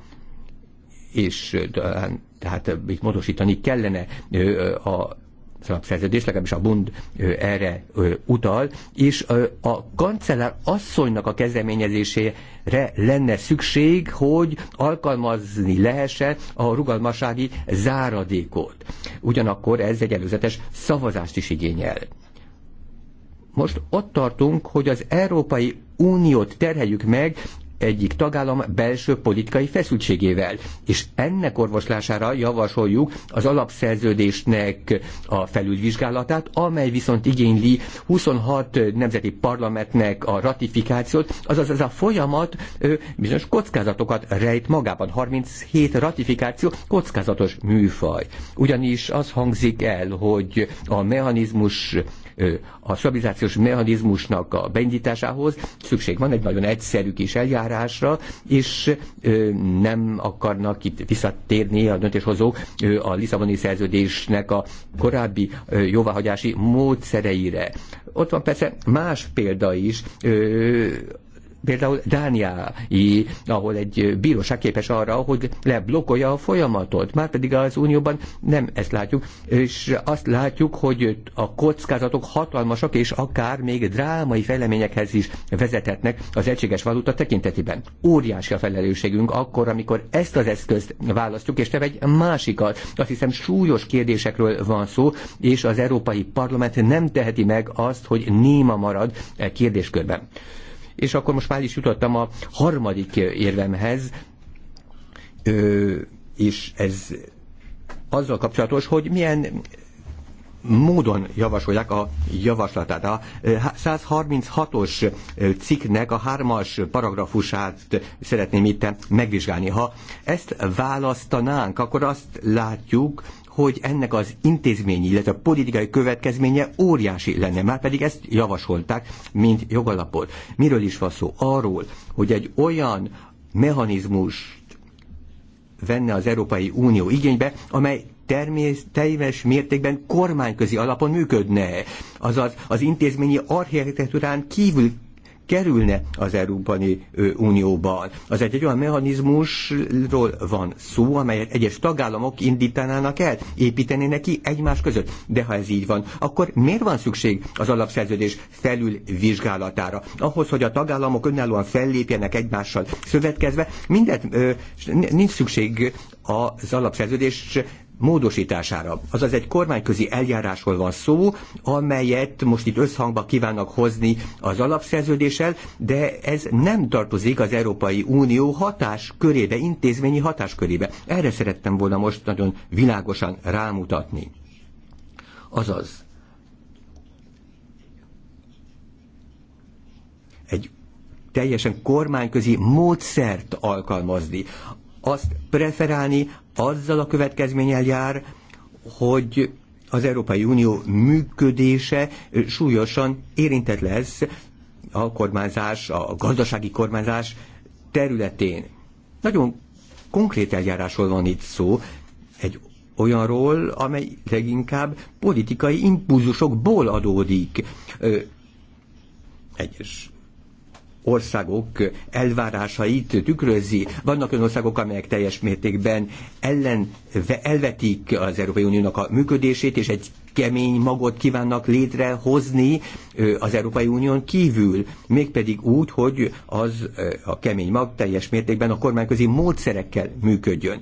S2: és hát, tehát itt módosítani kellene a szerződés, legalábbis a Bund erre utal, és a kancellár asszonynak a kezdeményezésére lenne szükség, hogy alkalmazni lehessen a rugalmasági záradékot. Ugyanakkor ez egy előzetes szavazást is igényel. Most ott tartunk, hogy az Európai Uniót terheljük meg egyik tagállam belső politikai feszültségével. És ennek orvoslására javasoljuk az alapszerződésnek a felülvizsgálatát, amely viszont igényli 26 nemzeti parlamentnek a ratifikációt, azaz ez a folyamat ö, bizonyos kockázatokat rejt magában. 37 ratifikáció kockázatos műfaj. Ugyanis az hangzik el, hogy a mechanizmus a stabilizációs mechanizmusnak a beindításához szükség van egy nagyon egyszerű kis eljárásra, és nem akarnak itt visszatérni a döntéshozók a Lisszaboni szerződésnek a korábbi jóváhagyási módszereire. Ott van persze más példa is, például Dániai, ahol egy bíróság képes arra, hogy leblokkolja a folyamatot. Márpedig az Unióban nem ezt látjuk, és azt látjuk, hogy a kockázatok hatalmasak, és akár még drámai fejleményekhez is vezethetnek az egységes valuta tekintetében. Óriási a felelősségünk akkor, amikor ezt az eszközt választjuk, és te egy másikat. Azt hiszem súlyos kérdésekről van szó, és az Európai Parlament nem teheti meg azt, hogy néma marad e kérdéskörben és akkor most már is jutottam a harmadik érvemhez, és ez azzal kapcsolatos, hogy milyen módon javasolják a javaslatát. A 136-os cikknek a hármas paragrafusát szeretném itt megvizsgálni. Ha ezt választanánk, akkor azt látjuk, hogy ennek az intézményi, illetve a politikai következménye óriási lenne. Már pedig ezt javasolták, mint jogalapot. Miről is van szó? Arról, hogy egy olyan mechanizmus venne az Európai Unió igénybe, amely termész, teljes mértékben kormányközi alapon működne. Azaz az intézményi architektúrán kívül kerülne az Európai Unióban. Az egy, egy olyan mechanizmusról van szó, amelyet egyes tagállamok indítanának el, építenének ki egymás között. De ha ez így van, akkor miért van szükség az alapszerződés felülvizsgálatára? Ahhoz, hogy a tagállamok önállóan fellépjenek egymással szövetkezve, mindent nincs szükség az alapszerződés módosítására. Azaz egy kormányközi eljárásról van szó, amelyet most itt összhangba kívánnak hozni az alapszerződéssel, de ez nem tartozik az Európai Unió hatáskörébe, intézményi hatáskörébe. Erre szerettem volna most nagyon világosan rámutatni. Azaz, egy teljesen kormányközi módszert alkalmazni, azt preferálni azzal a következménnyel jár, hogy az Európai Unió működése súlyosan érintett lesz a kormányzás, a gazdasági kormányzás területén. Nagyon konkrét eljárásról van itt szó, egy olyanról, amely leginkább politikai impulzusokból adódik. Egyes országok elvárásait tükrözi. Vannak olyan országok, amelyek teljes mértékben ellen, elvetik az Európai Uniónak a működését, és egy kemény magot kívánnak létrehozni az Európai Unión kívül, mégpedig úgy, hogy az a kemény mag teljes mértékben a kormányközi módszerekkel működjön.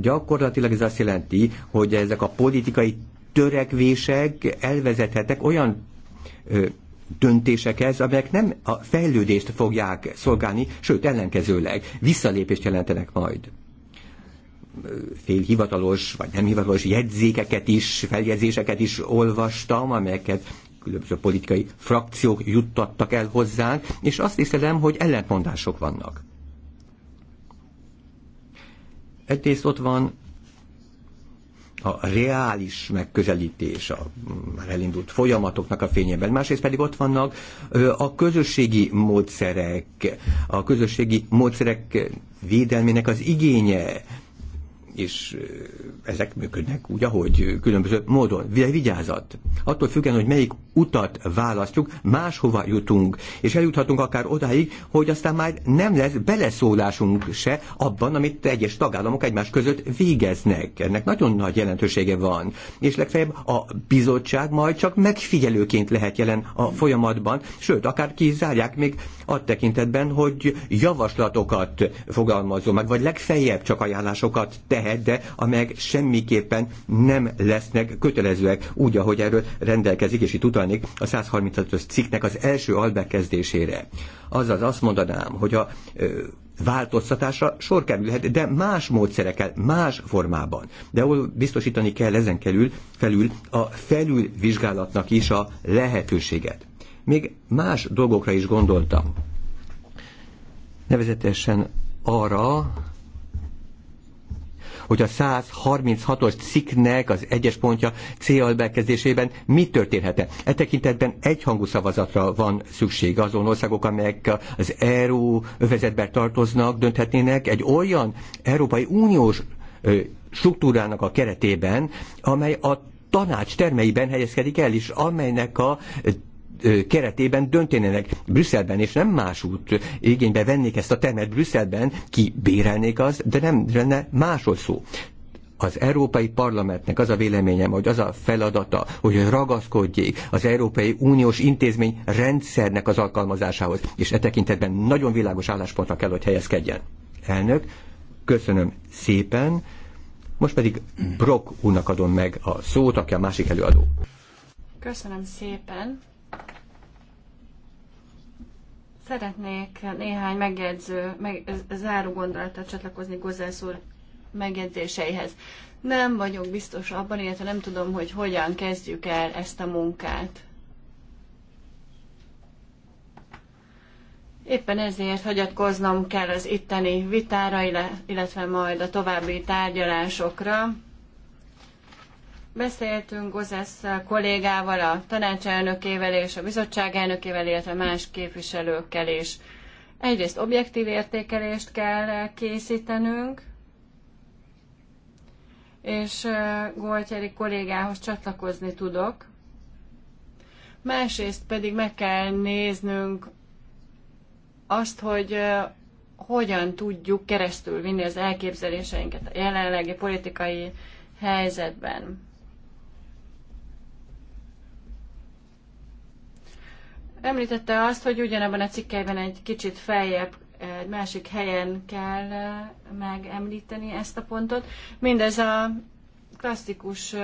S2: Gyakorlatilag ez azt jelenti, hogy ezek a politikai törekvések elvezethetek olyan döntésekhez, amelyek nem a fejlődést fogják szolgálni, sőt ellenkezőleg visszalépést jelentenek majd félhivatalos vagy nem hivatalos jegyzékeket is, feljegyzéseket is olvastam, amelyeket különböző politikai frakciók juttattak el hozzánk, és azt hiszem, hogy ellentmondások vannak. Egyrészt ott van a reális megközelítés a már elindult folyamatoknak a fényében, másrészt pedig ott vannak a közösségi módszerek, a közösségi módszerek védelmének az igénye, és ezek működnek úgy, ahogy különböző módon. Vigyázat! Attól függően, hogy melyik utat választjuk, máshova jutunk, és eljuthatunk akár odáig, hogy aztán már nem lesz beleszólásunk se abban, amit egyes tagállamok egymás között végeznek. Ennek nagyon nagy jelentősége van, és legfeljebb a bizottság majd csak megfigyelőként lehet jelen a folyamatban, sőt, akár kizárják még a tekintetben, hogy javaslatokat fogalmazó meg, vagy legfeljebb csak ajánlásokat tehet lehet, de amelyek semmiképpen nem lesznek kötelezőek, úgy, ahogy erről rendelkezik, és itt utalnék a 135-ös cikknek az első albekezdésére. Azaz azt mondanám, hogy a változtatásra sor kerülhet, de más módszerekkel, más formában. De ahol biztosítani kell ezen kerül, felül a felülvizsgálatnak is a lehetőséget. Még más dolgokra is gondoltam. Nevezetesen arra, hogy a 136-os cikknek az egyes pontja C bekezdésében mi történhetne. E tekintetben egyhangú szavazatra van szükség azon országok, amelyek az EU övezetben tartoznak, dönthetnének egy olyan Európai Uniós struktúrának a keretében, amely a tanács termeiben helyezkedik el, és amelynek a keretében döntenének Brüsszelben, és nem út igénybe vennék ezt a termet Brüsszelben, bérelnék az, de nem lenne másról szó az Európai Parlamentnek az a véleményem, hogy az a feladata, hogy ragaszkodjék az Európai Uniós intézmény rendszernek az alkalmazásához, és e tekintetben nagyon világos álláspontra kell, hogy helyezkedjen. Elnök, köszönöm szépen, most pedig Brock úrnak adom meg a szót, aki a másik előadó.
S3: Köszönöm szépen. Szeretnék néhány megjegyző, meg, záró gondolatot csatlakozni Gozász úr megjegyzéseihez. Nem vagyok biztos abban, illetve nem tudom, hogy hogyan kezdjük el ezt a munkát. Éppen ezért hagyatkoznom kell az itteni vitára, illetve majd a további tárgyalásokra Beszéltünk Gozász kollégával, a tanácselnökével és a bizottság elnökével, illetve más képviselőkkel is. Egyrészt objektív értékelést kell készítenünk, és Goltyeri kollégához csatlakozni tudok. Másrészt pedig meg kell néznünk azt, hogy hogyan tudjuk keresztül vinni az elképzeléseinket a jelenlegi politikai helyzetben. Említette azt, hogy ugyanebben a cikkelyben egy kicsit feljebb, egy másik helyen kell megemlíteni ezt a pontot. Mindez a klasszikus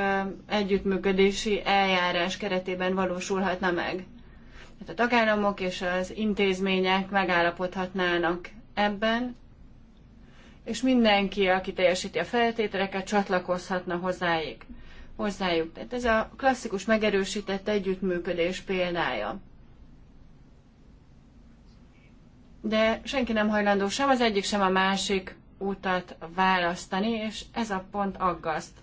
S3: együttműködési eljárás keretében valósulhatna meg. Tehát a tagállamok és az intézmények megállapodhatnának ebben, és mindenki, aki teljesíti a feltételeket, csatlakozhatna hozzájuk. hozzájuk. Tehát ez a klasszikus megerősített együttműködés példája. de senki nem hajlandó sem az egyik, sem a másik utat választani, és ez a pont aggaszt.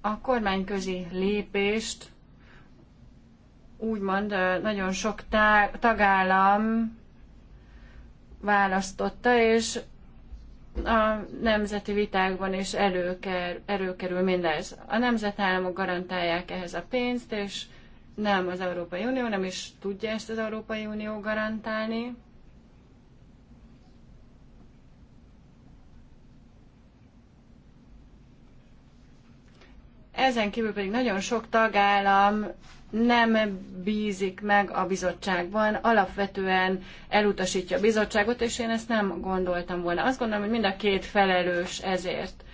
S3: A kormányközi lépést úgymond nagyon sok tagállam választotta, és a nemzeti vitákban is előker, előkerül mindez. A nemzetállamok garantálják ehhez a pénzt, és nem az Európai Unió, nem is tudja ezt az Európai Unió garantálni. Ezen kívül pedig nagyon sok tagállam nem bízik meg a bizottságban, alapvetően elutasítja a bizottságot, és én ezt nem gondoltam volna. Azt gondolom, hogy mind a két felelős ezért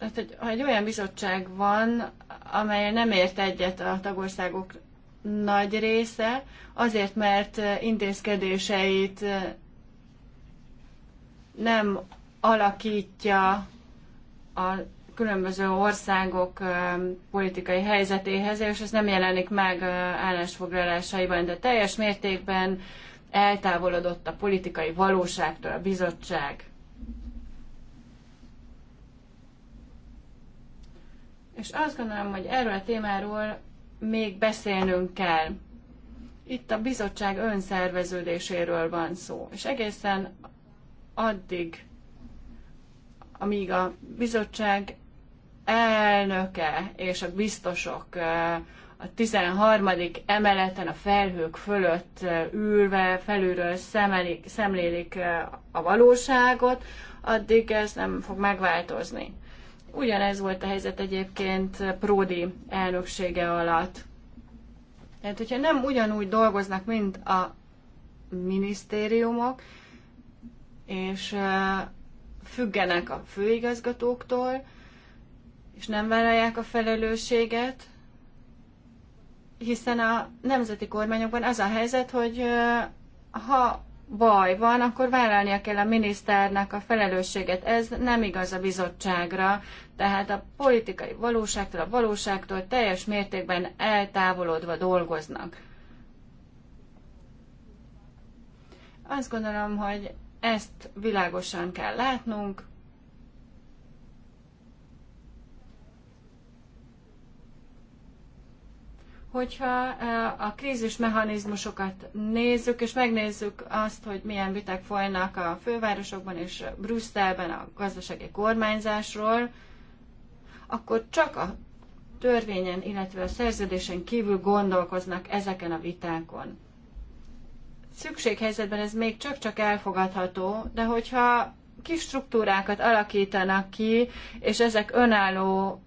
S3: tehát, hogy, ha egy olyan bizottság van, amely nem ért egyet a tagországok nagy része, azért, mert intézkedéseit nem alakítja a különböző országok politikai helyzetéhez, és ez nem jelenik meg állásfoglalásaiban, de teljes mértékben eltávolodott a politikai valóságtól a bizottság. És azt gondolom, hogy erről a témáról még beszélnünk kell. Itt a bizottság önszerveződéséről van szó, és egészen addig, amíg a bizottság elnöke és a biztosok a 13. emeleten a felhők fölött ülve felülről szemelik, szemlélik a valóságot, addig ez nem fog megváltozni. Ugyanez volt a helyzet egyébként Pródi elnöksége alatt. Tehát, hogyha nem ugyanúgy dolgoznak, mint a minisztériumok, és függenek a főigazgatóktól, és nem vállalják a felelősséget, hiszen a nemzeti kormányokban az a helyzet, hogy ha baj van, akkor vállalnia kell a miniszternek a felelősséget. Ez nem igaz a bizottságra, tehát a politikai valóságtól, a valóságtól teljes mértékben eltávolodva dolgoznak. Azt gondolom, hogy ezt világosan kell látnunk, Hogyha a krízis mechanizmusokat nézzük, és megnézzük azt, hogy milyen viták folynak a fővárosokban és Brüsszelben a gazdasági kormányzásról, akkor csak a törvényen, illetve a szerződésen kívül gondolkoznak ezeken a vitákon. Szükséghelyzetben ez még csak-csak elfogadható, de hogyha kis struktúrákat alakítanak ki, és ezek önálló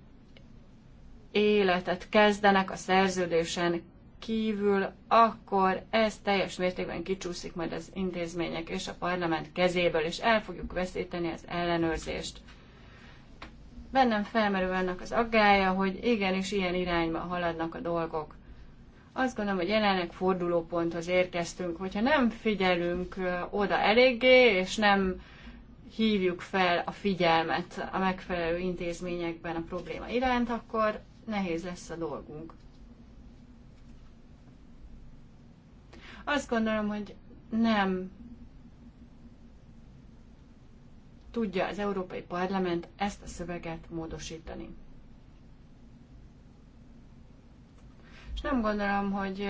S3: életet kezdenek a szerződésen kívül, akkor ez teljes mértékben kicsúszik majd az intézmények és a parlament kezéből, és el fogjuk veszíteni az ellenőrzést. Bennem felmerül ennek az aggája, hogy igenis ilyen irányba haladnak a dolgok. Azt gondolom, hogy jelenleg fordulóponthoz érkeztünk, hogyha nem figyelünk oda eléggé, és nem hívjuk fel a figyelmet a megfelelő intézményekben a probléma iránt, akkor nehéz lesz a dolgunk. Azt gondolom, hogy nem tudja az Európai Parlament ezt a szöveget módosítani. És nem gondolom, hogy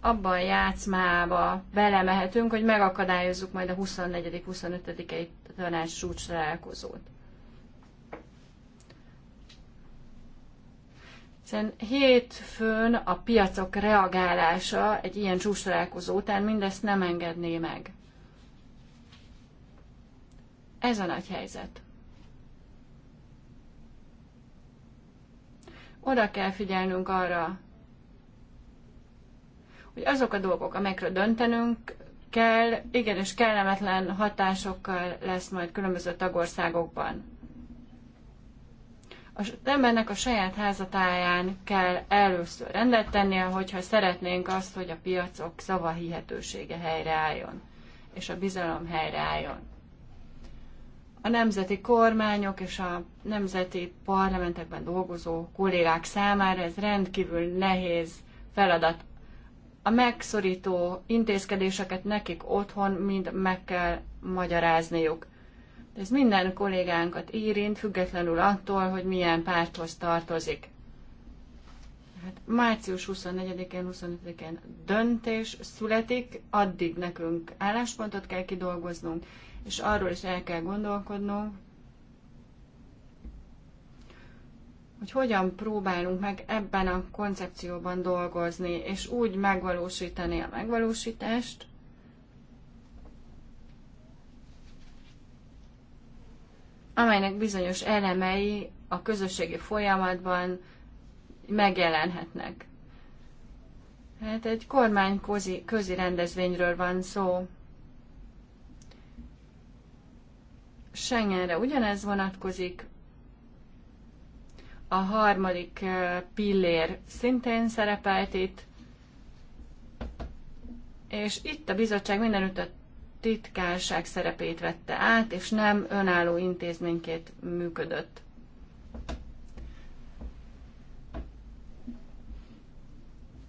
S3: abban a játszmába belemehetünk, hogy megakadályozzuk majd a 24.-25 tanács csúcs találkozót. Hiszen hétfőn a piacok reagálása egy ilyen csúcs találkozó után mindezt nem engedné meg. Ez a nagy helyzet. Oda kell figyelnünk arra, hogy azok a dolgok, amelyekről döntenünk kell, és kellemetlen hatásokkal lesz majd különböző tagországokban. Az embernek a saját házatáján kell először rendet tennie, hogyha szeretnénk azt, hogy a piacok szava hihetősége helyreálljon, és a bizalom helyreálljon. A nemzeti kormányok és a nemzeti parlamentekben dolgozó kollégák számára ez rendkívül nehéz feladat a megszorító intézkedéseket nekik otthon mind meg kell magyarázniuk. Ez minden kollégánkat érint, függetlenül attól, hogy milyen párthoz tartozik. Hát március 24-én, 25-én döntés születik, addig nekünk álláspontot kell kidolgoznunk, és arról is el kell gondolkodnunk, hogy hogyan próbálunk meg ebben a koncepcióban dolgozni, és úgy megvalósítani a megvalósítást, amelynek bizonyos elemei a közösségi folyamatban megjelenhetnek. Hát egy kormány közi, közi rendezvényről van szó. Schengenre ugyanez vonatkozik, a harmadik pillér szintén szerepelt itt, és itt a bizottság mindenütt a titkárság szerepét vette át, és nem önálló intézményként működött.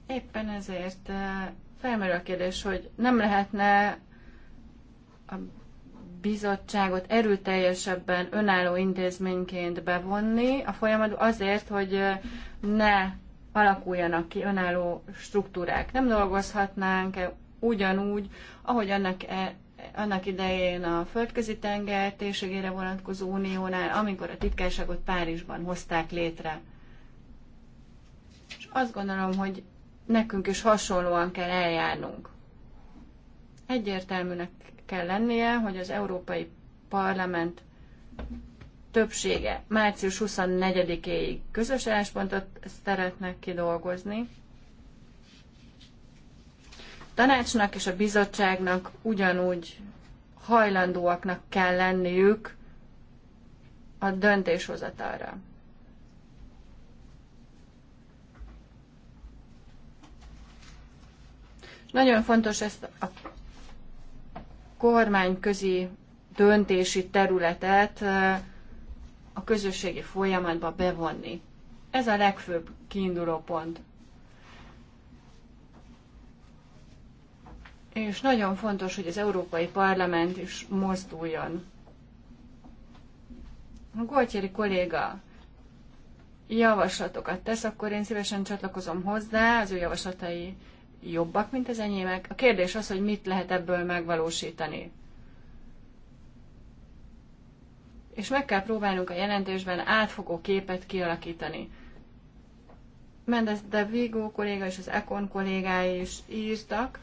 S3: Éppen ezért felmerül a kérdés, hogy nem lehetne a bizottságot erőteljesebben önálló intézményként bevonni a folyamat azért, hogy ne alakuljanak ki önálló struktúrák. Nem dolgozhatnánk -e ugyanúgy, ahogy annak, e, annak idején a földközi tenger térségére vonatkozó uniónál, amikor a titkárságot Párizsban hozták létre. És azt gondolom, hogy nekünk is hasonlóan kell eljárnunk. Egyértelműnek kell lennie, hogy az Európai Parlament többsége március 24-éig közös álláspontot szeretnek kidolgozni. Tanácsnak és a bizottságnak ugyanúgy hajlandóaknak kell lenniük a döntéshozatalra. Nagyon fontos ezt a kormányközi döntési területet a közösségi folyamatba bevonni. Ez a legfőbb kiinduló pont. És nagyon fontos, hogy az Európai Parlament is mozduljon. Ha Goltyeri kolléga javaslatokat tesz, akkor én szívesen csatlakozom hozzá az ő javaslatai jobbak, mint az enyémek. A kérdés az, hogy mit lehet ebből megvalósítani. És meg kell próbálnunk a jelentésben átfogó képet kialakítani. Mendez de Vigo kolléga és az Econ kollégái is írtak,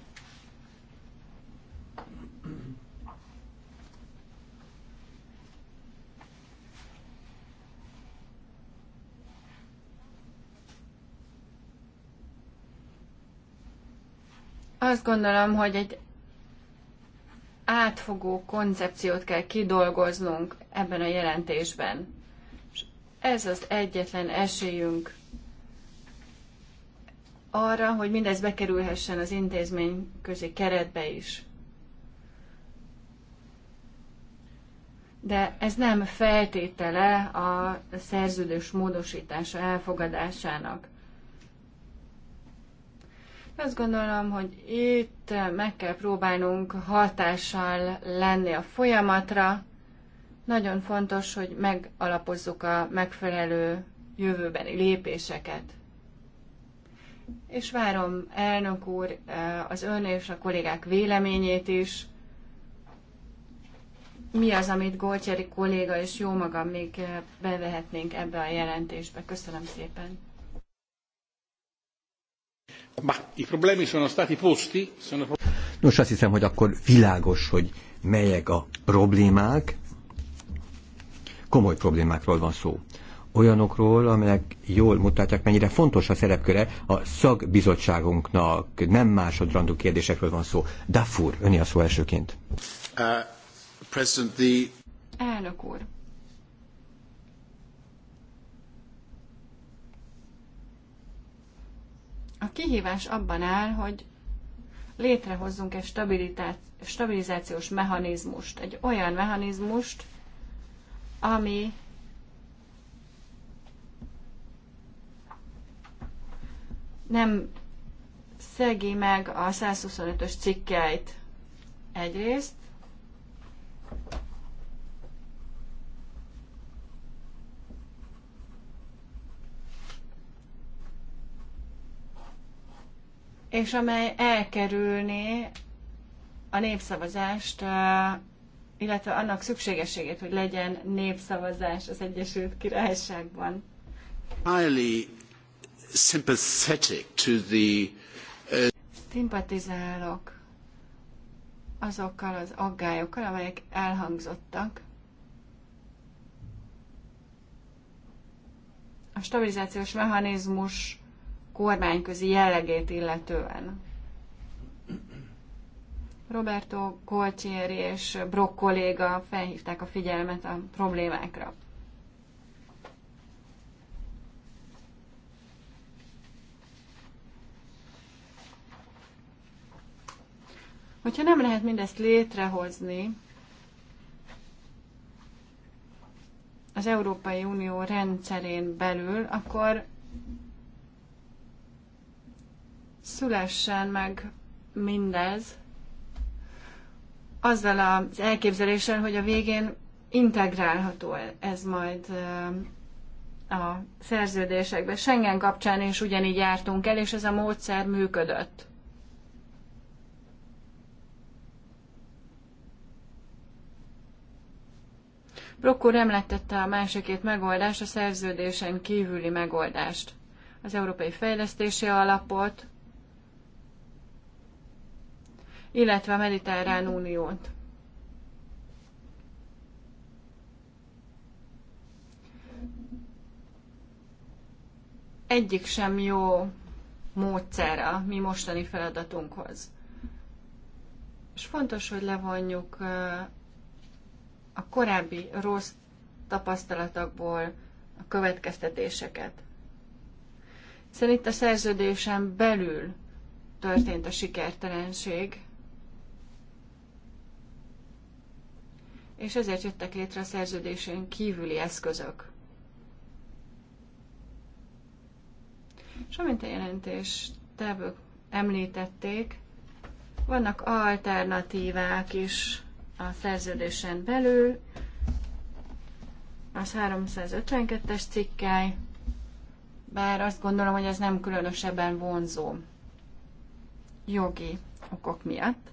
S3: Azt gondolom, hogy egy átfogó koncepciót kell kidolgoznunk ebben a jelentésben. És ez az egyetlen esélyünk arra, hogy mindez bekerülhessen az intézmény közé keretbe is. De ez nem feltétele a szerződés módosítása elfogadásának. Azt gondolom, hogy itt meg kell próbálnunk hatással lenni a folyamatra. Nagyon fontos, hogy megalapozzuk a megfelelő jövőbeni lépéseket. És várom, elnök úr, az ön és a kollégák véleményét is. Mi az, amit Golcseri kolléga és jó magam még bevehetnénk ebbe a jelentésbe? Köszönöm szépen.
S2: Nos, azt hiszem, hogy akkor világos, hogy melyek a problémák. Komoly problémákról van szó. Olyanokról, amelyek jól mutatják, mennyire fontos a szerepköre a szakbizottságunknak. Nem másodrandú kérdésekről van szó. Dafur, öné a szó elsőként.
S3: Uh, the... Elnök úr, A kihívás abban áll, hogy létrehozzunk egy stabilizációs mechanizmust, egy olyan mechanizmust, ami nem szegi meg a 125-ös cikkeit egyrészt, és amely elkerülné a népszavazást, eh, illetve annak szükségességét, hogy legyen népszavazás az Egyesült Királyságban. Highly sympathetic to the eh, szimpatizálok azokkal az aggályokkal, amelyek elhangzottak. A stabilizációs mechanizmus kormányközi jellegét illetően. Roberto Colcieri és Brock kolléga felhívták a figyelmet a problémákra. Hogyha nem lehet mindezt létrehozni, az Európai Unió rendszerén belül, akkor szülessen meg mindez, azzal az elképzeléssel, hogy a végén integrálható ez majd a szerződésekbe. Schengen kapcsán is ugyanígy jártunk el, és ez a módszer működött. Brock említette a másikét megoldást, a szerződésen kívüli megoldást. Az Európai Fejlesztési Alapot, illetve a Mediterrán Uniót. Egyik sem jó módszer a mi mostani feladatunkhoz. És fontos, hogy levonjuk a korábbi rossz tapasztalatokból a következtetéseket. Hiszen itt a szerződésen belül történt a sikertelenség, és ezért jöttek létre a szerződésen kívüli eszközök. És amint a jelentés tevők említették, vannak alternatívák is a szerződésen belül, az 352-es cikkely, bár azt gondolom, hogy ez nem különösebben vonzó jogi okok miatt.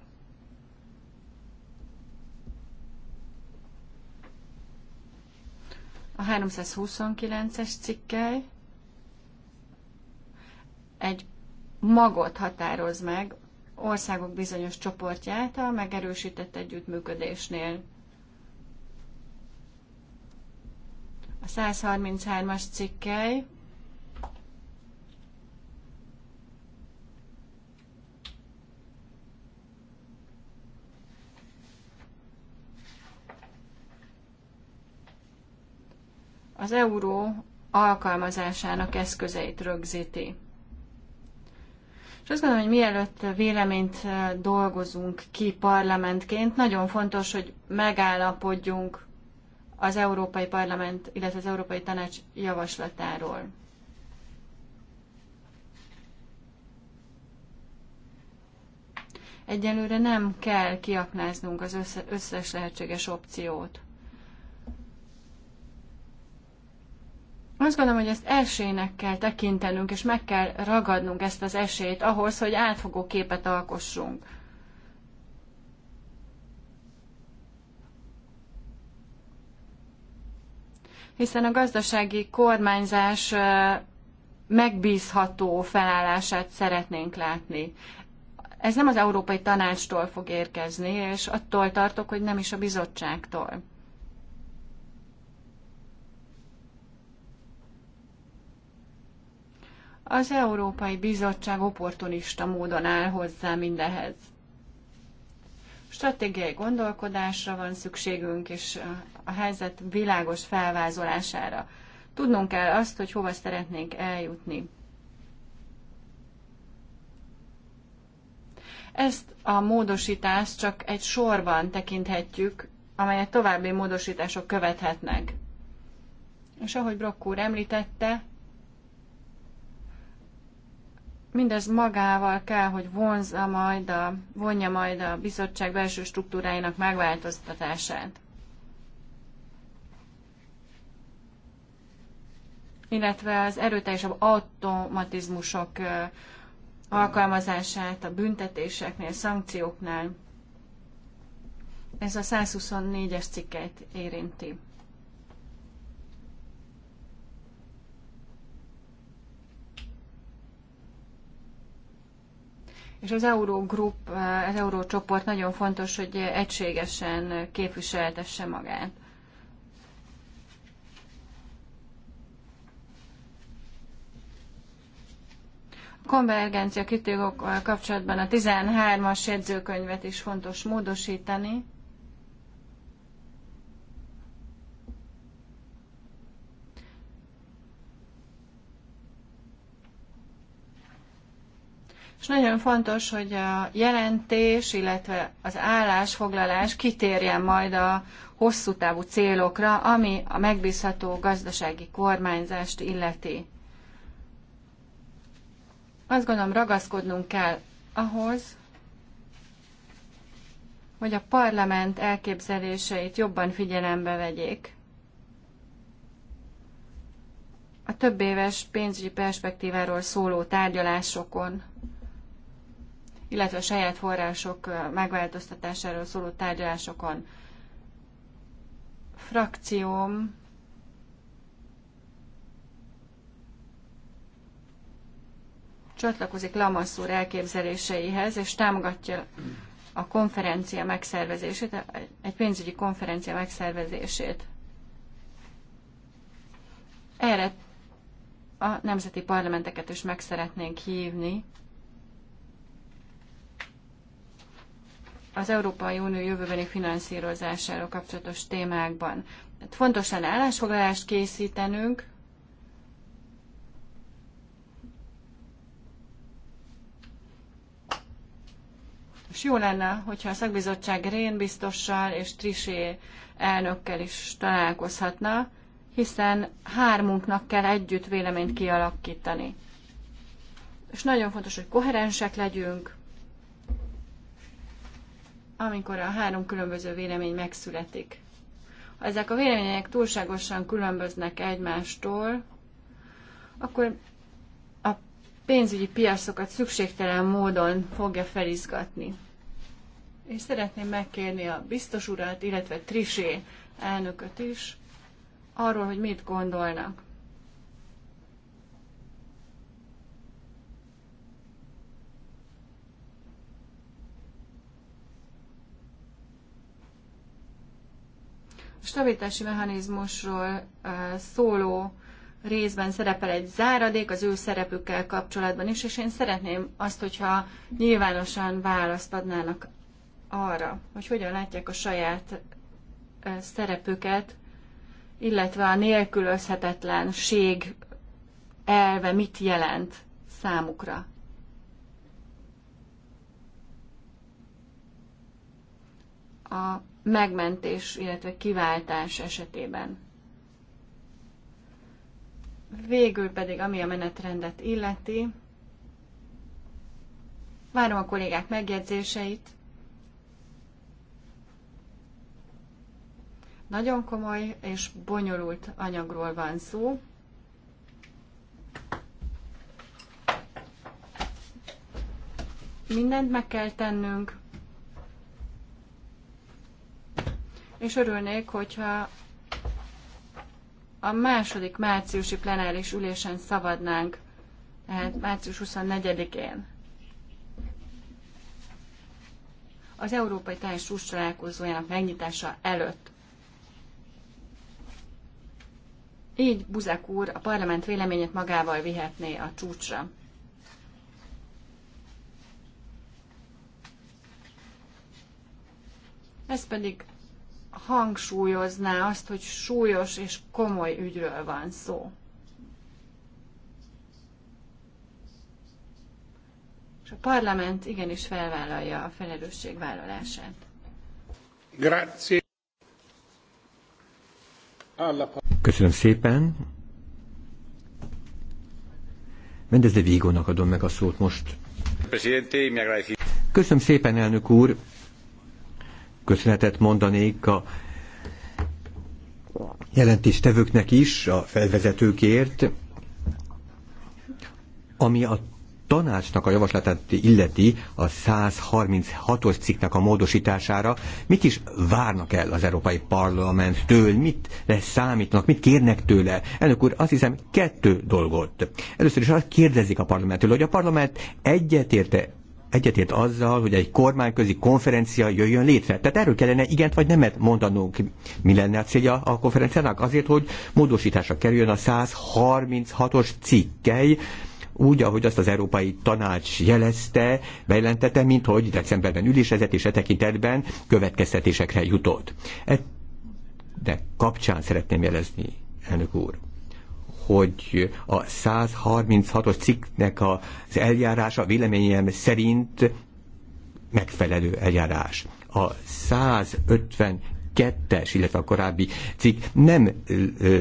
S3: a 329-es cikkely egy magot határoz meg országok bizonyos csoportját a megerősített együttműködésnél. A 133-as cikkely az euró alkalmazásának eszközeit rögzíti. És azt gondolom, hogy mielőtt véleményt eh, dolgozunk ki parlamentként, nagyon fontos, hogy megállapodjunk az Európai Parlament, illetve az Európai Tanács javaslatáról. Egyelőre nem kell kiaknáznunk az összes lehetséges opciót. Azt gondolom, hogy ezt esélynek kell tekintenünk, és meg kell ragadnunk ezt az esélyt ahhoz, hogy átfogó képet alkossunk. Hiszen a gazdasági kormányzás megbízható felállását szeretnénk látni. Ez nem az Európai Tanácstól fog érkezni, és attól tartok, hogy nem is a bizottságtól. Az Európai Bizottság opportunista módon áll hozzá mindehez. Stratégiai gondolkodásra van szükségünk, és a helyzet világos felvázolására. Tudnunk kell azt, hogy hova szeretnénk eljutni. Ezt a módosítást csak egy sorban tekinthetjük, amelyet további módosítások követhetnek. És ahogy Brock úr említette, Mindez magával kell, hogy vonzza majd a, vonja majd a bizottság belső struktúráinak megváltoztatását. illetve az erőteljesebb automatizmusok alkalmazását a büntetéseknél, szankcióknál. Ez a 124-es cikket érinti. és az Eurogroup, az Eurócsoport nagyon fontos, hogy egységesen képviseltesse magát. A konvergencia kritériumok kapcsolatban a 13-as jegyzőkönyvet is fontos módosítani. És nagyon fontos, hogy a jelentés, illetve az állásfoglalás kitérjen majd a hosszú távú célokra, ami a megbízható gazdasági kormányzást illeti. Azt gondolom ragaszkodnunk kell ahhoz, hogy a parlament elképzeléseit jobban figyelembe vegyék. A több éves pénzügyi perspektíváról szóló tárgyalásokon illetve a saját források megváltoztatásáról szóló tárgyalásokon. Frakcióm csatlakozik Lamassz úr elképzeléseihez, és támogatja a konferencia megszervezését, egy pénzügyi konferencia megszervezését. Erre a nemzeti parlamenteket is meg szeretnénk hívni, az Európai Unió jövőbeni finanszírozásáról kapcsolatos témákban. Tehát fontos lenne állásfoglalást készítenünk, és jó lenne, hogyha a szakbizottság Rén biztossal és Trisé elnökkel is találkozhatna, hiszen hármunknak kell együtt véleményt kialakítani. És nagyon fontos, hogy koherensek legyünk, amikor a három különböző vélemény megszületik. Ha ezek a vélemények túlságosan különböznek egymástól, akkor a pénzügyi piacokat szükségtelen módon fogja felizgatni. És szeretném megkérni a biztos urat, illetve Trisé elnököt is arról, hogy mit gondolnak. stabilitási mechanizmusról szóló részben szerepel egy záradék az ő szerepükkel kapcsolatban is, és én szeretném azt, hogyha nyilvánosan választ adnának arra, hogy hogyan látják a saját szerepüket, illetve a nélkülözhetetlenség elve mit jelent számukra. A megmentés, illetve kiváltás esetében. Végül pedig, ami a menetrendet illeti, várom a kollégák megjegyzéseit. Nagyon komoly és bonyolult anyagról van szó. Mindent meg kell tennünk, és örülnék, hogyha a második márciusi plenáris ülésen szavadnánk, tehát március 24-én. Az Európai Társús találkozójának megnyitása előtt. Így Buzek úr a parlament véleményét magával vihetné a csúcsra. Ez pedig hangsúlyozná azt, hogy súlyos és komoly ügyről van szó. És a parlament igenis felvállalja a felelősségvállalását. Grazie.
S2: Köszönöm szépen. Mendezde Vigónak adom meg a szót most. Köszönöm szépen, elnök úr köszönetet mondanék a jelentéstevőknek is a felvezetőkért, ami a tanácsnak a javaslatát illeti a 136-os cikknek a módosítására, mit is várnak el az Európai Parlamenttől, mit számítnak, mit kérnek tőle. Elnök úr, azt hiszem kettő dolgot. Először is azt kérdezik a parlamenttől, hogy a parlament egyetérte egyetért azzal, hogy egy kormányközi konferencia jöjjön létre. Tehát erről kellene igent vagy nemet mondanunk. Mi lenne a célja a konferenciának? Azért, hogy módosításra kerüljön a 136-os cikkely, úgy, ahogy azt az Európai Tanács jelezte, bejelentette, mint hogy decemberben ülésezett és e tekintetben következtetésekre jutott. E de kapcsán szeretném jelezni, elnök úr, hogy a 136-os cikknek az eljárása véleményem szerint megfelelő eljárás. A 150 kettes, illetve a korábbi cikk nem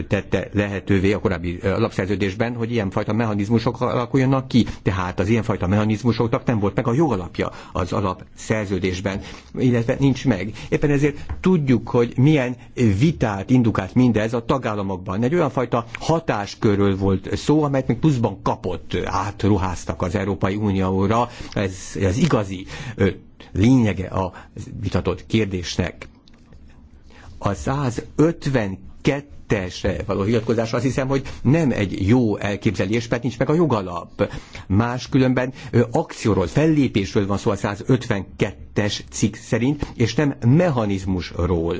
S2: tette lehetővé a korábbi alapszerződésben, hogy ilyenfajta mechanizmusok alakuljanak ki. Tehát az ilyenfajta mechanizmusoknak nem volt meg a jogalapja az alapszerződésben, illetve nincs meg. Éppen ezért tudjuk, hogy milyen vitát indukált mindez a tagállamokban. Egy olyan fajta hatáskörről volt szó, amelyet még pluszban kapott, átruháztak az Európai Unióra. Ez, az igazi lényege a vitatott kérdésnek a 152-esre való hivatkozás azt hiszem, hogy nem egy jó elképzelés, mert nincs meg a jogalap. Máskülönben akcióról, fellépésről van szó a 152-es cikk szerint, és nem mechanizmusról.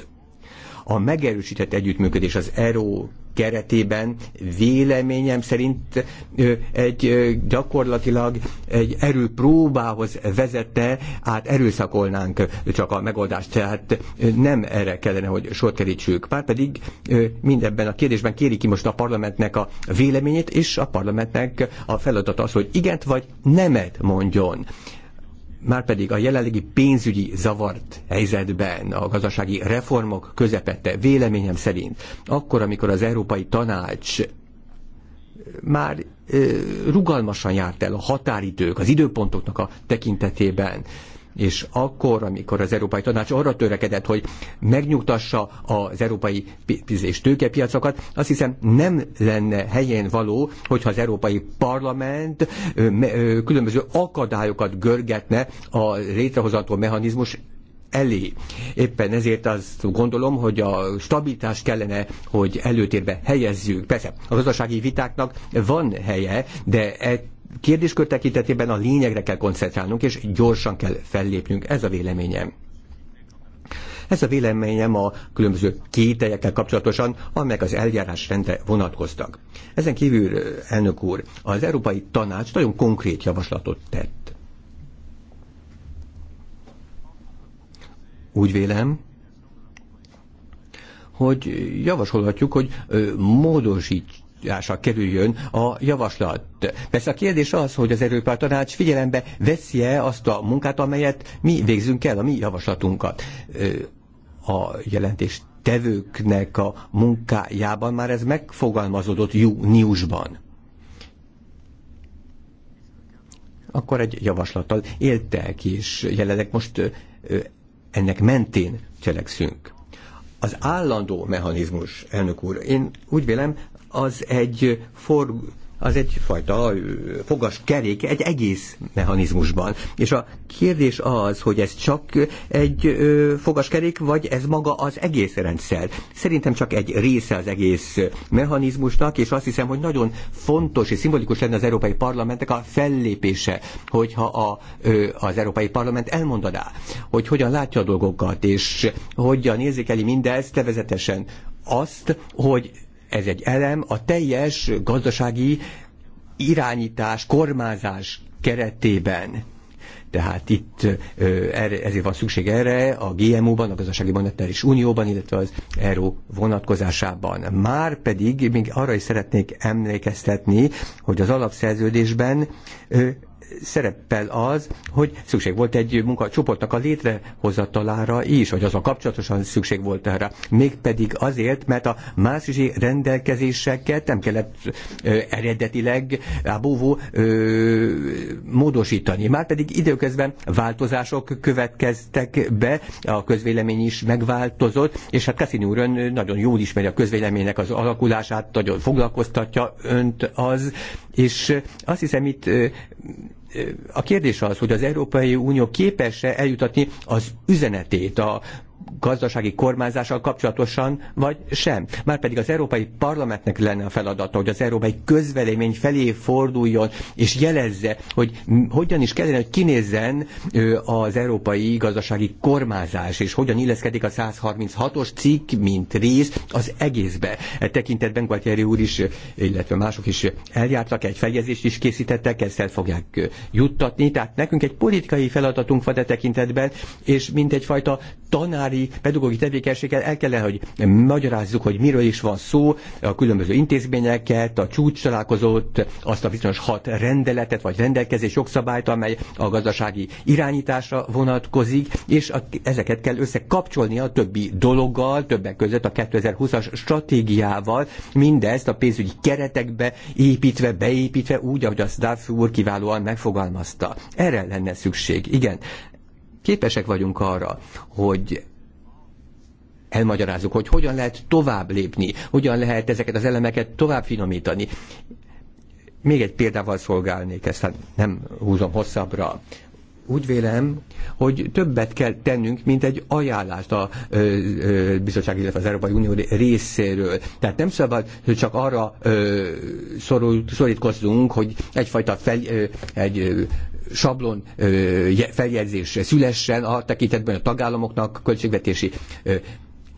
S2: A megerősített együttműködés az ERO keretében véleményem szerint egy gyakorlatilag egy erőpróbához vezette, hát erőszakolnánk csak a megoldást, tehát nem erre kellene, hogy sor kerítsük. pedig mindebben a kérdésben kéri ki most a parlamentnek a véleményét, és a parlamentnek a feladat az, hogy igent vagy nemet mondjon márpedig a jelenlegi pénzügyi zavart helyzetben, a gazdasági reformok közepette véleményem szerint, akkor, amikor az Európai Tanács már rugalmasan járt el a határidők, az időpontoknak a tekintetében, és akkor, amikor az Európai Tanács arra törekedett, hogy megnyugtassa az európai és tőkepiacokat, azt hiszem nem lenne helyén való, hogyha az Európai Parlament különböző akadályokat görgetne a létrehozató mechanizmus elé. Éppen ezért azt gondolom, hogy a stabilitást kellene, hogy előtérbe helyezzük. Persze, a gazdasági vitáknak van helye, de ettől kérdéskör tekintetében a lényegre kell koncentrálnunk, és gyorsan kell fellépnünk. Ez a véleményem. Ez a véleményem a különböző kételyekkel kapcsolatosan, amelyek az eljárás rendre vonatkoztak. Ezen kívül, elnök úr, az Európai Tanács nagyon konkrét javaslatot tett. Úgy vélem, hogy javasolhatjuk, hogy módosítsuk elfogadásra kerüljön a javaslat. Persze a kérdés az, hogy az Európai Tanács figyelembe veszi-e azt a munkát, amelyet mi végzünk el, a mi javaslatunkat. A jelentést tevőknek a munkájában már ez megfogalmazódott júniusban. Akkor egy javaslattal éltek, és jelenleg most ennek mentén cselekszünk. Az állandó mechanizmus, elnök úr, én úgy vélem, az egy for, az egyfajta fogaskerék egy egész mechanizmusban. És a kérdés az, hogy ez csak egy fogaskerék, vagy ez maga az egész rendszer. Szerintem csak egy része az egész mechanizmusnak, és azt hiszem, hogy nagyon fontos és szimbolikus lenne az Európai Parlamentnek a fellépése, hogyha a, az Európai Parlament elmondaná, hogy hogyan látja a dolgokat, és hogyan érzékeli mindezt, tevezetesen azt, hogy ez egy elem a teljes gazdasági irányítás, kormányzás keretében. Tehát itt ezért van szükség erre a GMO-ban, a Gazdasági Monetáris Unióban, illetve az ERO vonatkozásában. Már pedig még arra is szeretnék emlékeztetni, hogy az alapszerződésben szerepel az, hogy szükség volt egy munkacsoportnak a létrehozatalára is, az azon kapcsolatosan szükség volt erre. Mégpedig azért, mert a másrisi rendelkezéseket nem kellett ö, eredetileg búvó módosítani. Márpedig időközben változások következtek be, a közvélemény is megváltozott, és hát Cassini úr ön nagyon jól ismeri a közvéleménynek az alakulását, nagyon foglalkoztatja önt az, és azt hiszem itt a kérdés az, hogy az Európai Unió képes-e eljutatni az üzenetét a gazdasági kormányzással kapcsolatosan, vagy sem. Márpedig az Európai Parlamentnek lenne a feladata, hogy az európai közvelemény felé forduljon, és jelezze, hogy hogyan is kellene, hogy kinézzen az európai gazdasági kormányzás, és hogyan illeszkedik a 136-os cikk, mint rész az egészbe. E tekintetben Gualtieri úr is, illetve mások is eljártak, egy feljegyzést is készítettek, ezt el fogják juttatni. Tehát nekünk egy politikai feladatunk van e tekintetben, és mint egyfajta tanári tanári pedagógiai tevékenységgel el kellene, hogy magyarázzuk, hogy miről is van szó, a különböző intézményeket, a csúcs találkozót, azt a bizonyos hat rendeletet vagy rendelkezés jogszabályt, amely a gazdasági irányításra vonatkozik, és a, ezeket kell összekapcsolni a többi dologgal, többek között a 2020-as stratégiával, mindezt a pénzügyi keretekbe építve, beépítve úgy, ahogy a Duff úr kiválóan megfogalmazta. Erre lenne szükség, igen. Képesek vagyunk arra, hogy elmagyarázzuk, hogy hogyan lehet tovább lépni, hogyan lehet ezeket az elemeket tovább finomítani. Még egy példával szolgálnék, ezt nem húzom hosszabbra úgy vélem, hogy többet kell tennünk, mint egy ajánlást a ö, ö, bizottság, illetve az Európai Unió részéről. Tehát nem szabad, hogy csak arra ö, szorul, szorítkozzunk, hogy egyfajta fel, ö, egy ö, sablon ö, feljegyzés szülessen a tekintetben a tagállamoknak költségvetési ö,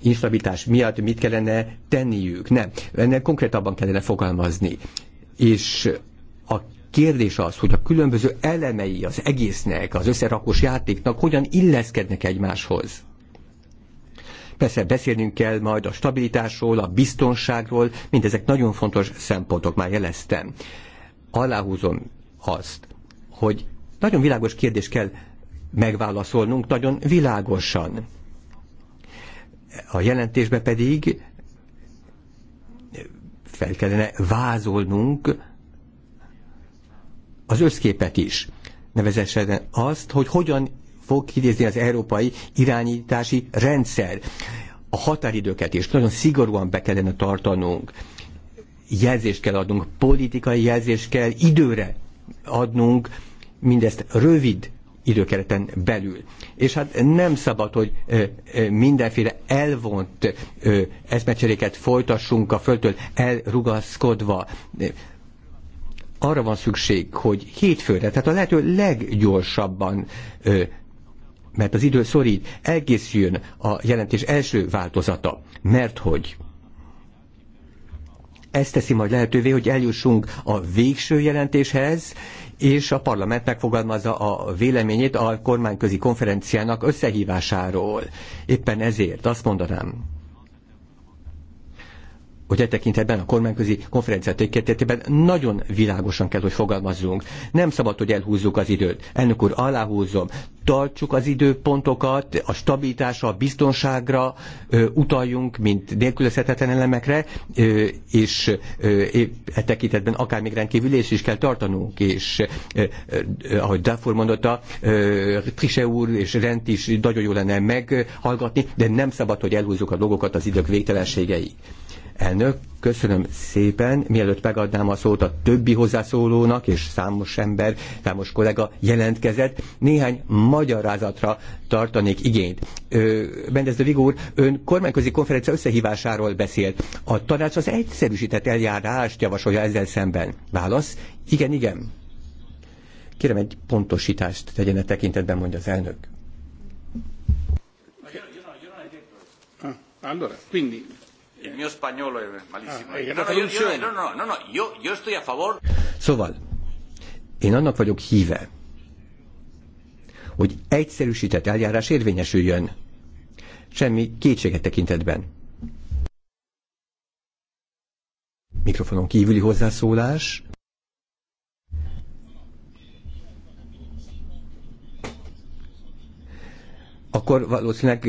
S2: instabilitás miatt mit kellene tenniük. Nem, ennek konkrétabban kellene fogalmazni. És a kérdés az, hogy a különböző elemei az egésznek, az összerakós játéknak hogyan illeszkednek egymáshoz. Persze beszélnünk kell majd a stabilitásról, a biztonságról, mindezek nagyon fontos szempontok, már jeleztem. Aláhúzom azt, hogy nagyon világos kérdést kell megválaszolnunk, nagyon világosan. A jelentésbe pedig fel kellene vázolnunk az összképet is. Nevezetesen azt, hogy hogyan fog kidézni az európai irányítási rendszer. A határidőket is nagyon szigorúan be kellene tartanunk. Jelzést kell adnunk, politikai jelzést kell időre adnunk, mindezt rövid időkereten belül. És hát nem szabad, hogy mindenféle elvont eszmecseréket folytassunk a földtől elrugaszkodva arra van szükség, hogy hétfőre, tehát a lehető leggyorsabban, mert az idő szorít, elkészüljön a jelentés első változata, mert hogy ez teszi majd lehetővé, hogy eljussunk a végső jelentéshez, és a parlament megfogalmazza a véleményét a kormányközi konferenciának összehívásáról. Éppen ezért azt mondanám, hogy e tekintetben a kormányközi konferencia tekintetében nagyon világosan kell, hogy fogalmazzunk. Nem szabad, hogy elhúzzuk az időt. Elnök úr, aláhúzom, tartsuk az időpontokat, a stabilitásra, a biztonságra ö, utaljunk, mint nélkülözhetetlen elemekre, ö, és ö, e tekintetben akár még rendkívül és is kell tartanunk, és ö, ö, ahogy Dafur mondotta, ö, Trise úr és Rent is nagyon jó lenne meghallgatni, de nem szabad, hogy elhúzzuk a dolgokat az idők végtelenségeig. Elnök, köszönöm szépen. Mielőtt megadnám a szót a többi hozzászólónak, és számos ember, számos kollega jelentkezett, néhány magyarázatra tartanék igényt. Bendezde Vigó úr, ön kormányközi konferencia összehívásáról beszélt. A tanács az egyszerűsített eljárást javasolja ezzel szemben. Válasz? Igen, igen. Kérem egy pontosítást tegyen a e tekintetben, mondja az elnök.
S3: Ah, allora, quindi el es eh,
S2: malísimo. Ah, eh, no, no, no, no, yo, yo estoy a favor. Szóval, én annak vagyok híve, hogy egyszerűsített eljárás érvényesüljön. Semmi kétséget tekintetben. Mikrofonon kívüli hozzászólás. akkor valószínűleg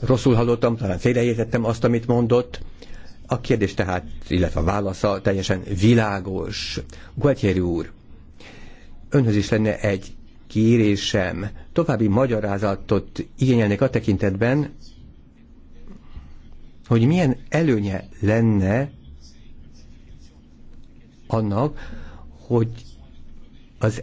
S2: rosszul hallottam, talán félreértettem azt, amit mondott. A kérdés tehát, illetve a válasza teljesen világos. Gualtieri úr, önhöz is lenne egy kérésem. További magyarázatot igényelnék a tekintetben, hogy milyen előnye lenne annak, hogy az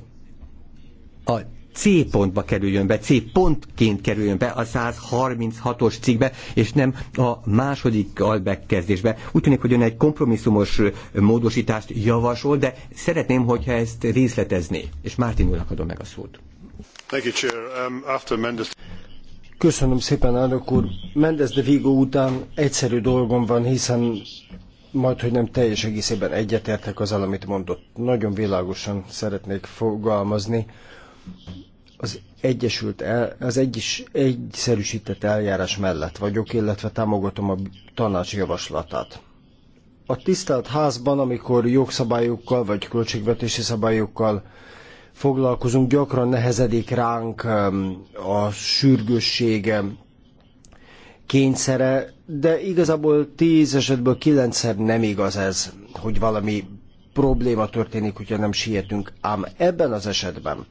S2: a C pontba kerüljön be, C pontként kerüljön be a 136-os cikkbe, és nem a második albekezdésbe. Úgy tűnik, hogy ön egy kompromisszumos módosítást javasol, de szeretném, hogyha ezt részletezné. És Mártin úrnak adom meg a szót.
S3: Thank you, Chair. Um, after Mendes...
S1: Köszönöm szépen, elnök úr. Mendez de Vigo után egyszerű dolgom van, hiszen majd, hogy nem teljes egészében egyetértek az, amit mondott. Nagyon világosan szeretnék fogalmazni az Egyesült el, az egyis, egyszerűsített eljárás mellett vagyok, illetve támogatom a tanács javaslatát. A tisztelt házban, amikor jogszabályokkal vagy költségvetési szabályokkal foglalkozunk, gyakran nehezedik ránk a sürgőssége, kényszere, de igazából tíz esetből kilencszer nem igaz ez, hogy valami probléma történik, hogyha nem sietünk. Ám ebben az esetben,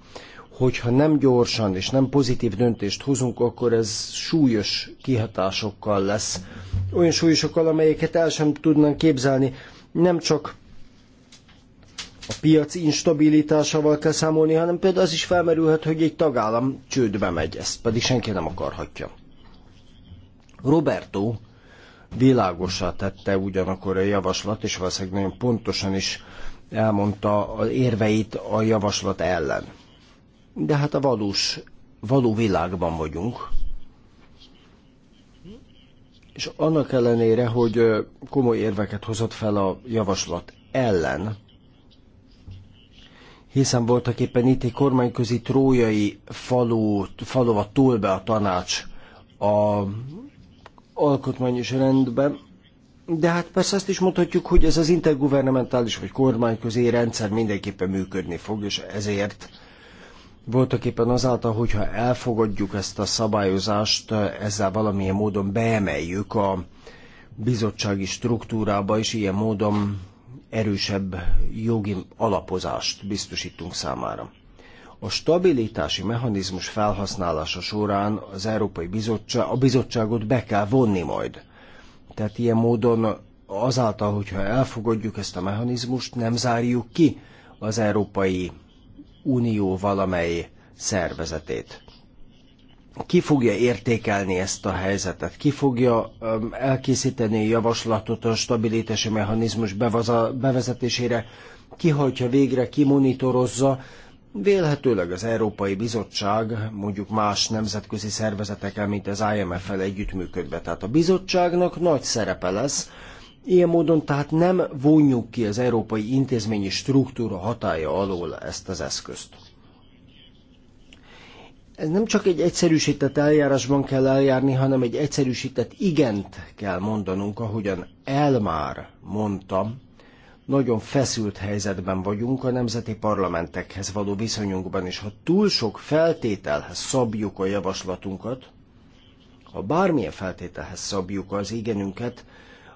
S1: hogyha nem gyorsan és nem pozitív döntést hozunk, akkor ez súlyos kihatásokkal lesz. Olyan súlyosokkal, amelyeket el sem tudnánk képzelni. Nem csak a piac instabilitásával kell számolni, hanem például az is felmerülhet, hogy egy tagállam csődbe megy, ezt pedig senki nem akarhatja. Roberto világosá tette ugyanakkor a javaslat, és valószínűleg nagyon pontosan is elmondta az érveit a javaslat ellen de hát a valós, való világban vagyunk. És annak ellenére, hogy komoly érveket hozott fel a javaslat ellen, hiszen voltak éppen itt egy kormányközi trójai falut, falova túl be a tanács a alkotmányos rendben, de hát persze azt is mondhatjuk, hogy ez az intergovernamentális vagy kormányközi rendszer mindenképpen működni fog, és ezért voltak éppen azáltal, hogyha elfogadjuk ezt a szabályozást, ezzel valamilyen módon beemeljük a bizottsági struktúrába, és ilyen módon erősebb jogi alapozást biztosítunk számára. A stabilitási mechanizmus felhasználása során az Európai Bizottság, a bizottságot be kell vonni majd. Tehát ilyen módon azáltal, hogyha elfogadjuk ezt a mechanizmust, nem zárjuk ki az európai Unió valamely szervezetét. Ki fogja értékelni ezt a helyzetet? Ki fogja um, elkészíteni javaslatot a stabilitási mechanizmus bevezetésére? Ki hagyja végre, ki monitorozza? Vélhetőleg az Európai Bizottság mondjuk más nemzetközi szervezetekkel, mint az IMF-el együttműködve. Tehát a bizottságnak nagy szerepe lesz, Ilyen módon tehát nem vonjuk ki az európai intézményi struktúra hatája alól ezt az eszközt. Ez nem csak egy egyszerűsített eljárásban kell eljárni, hanem egy egyszerűsített igent kell mondanunk, ahogyan Elmár mondtam. nagyon feszült helyzetben vagyunk a nemzeti parlamentekhez való viszonyunkban, és ha túl sok feltételhez szabjuk a javaslatunkat, ha bármilyen feltételhez szabjuk az igenünket,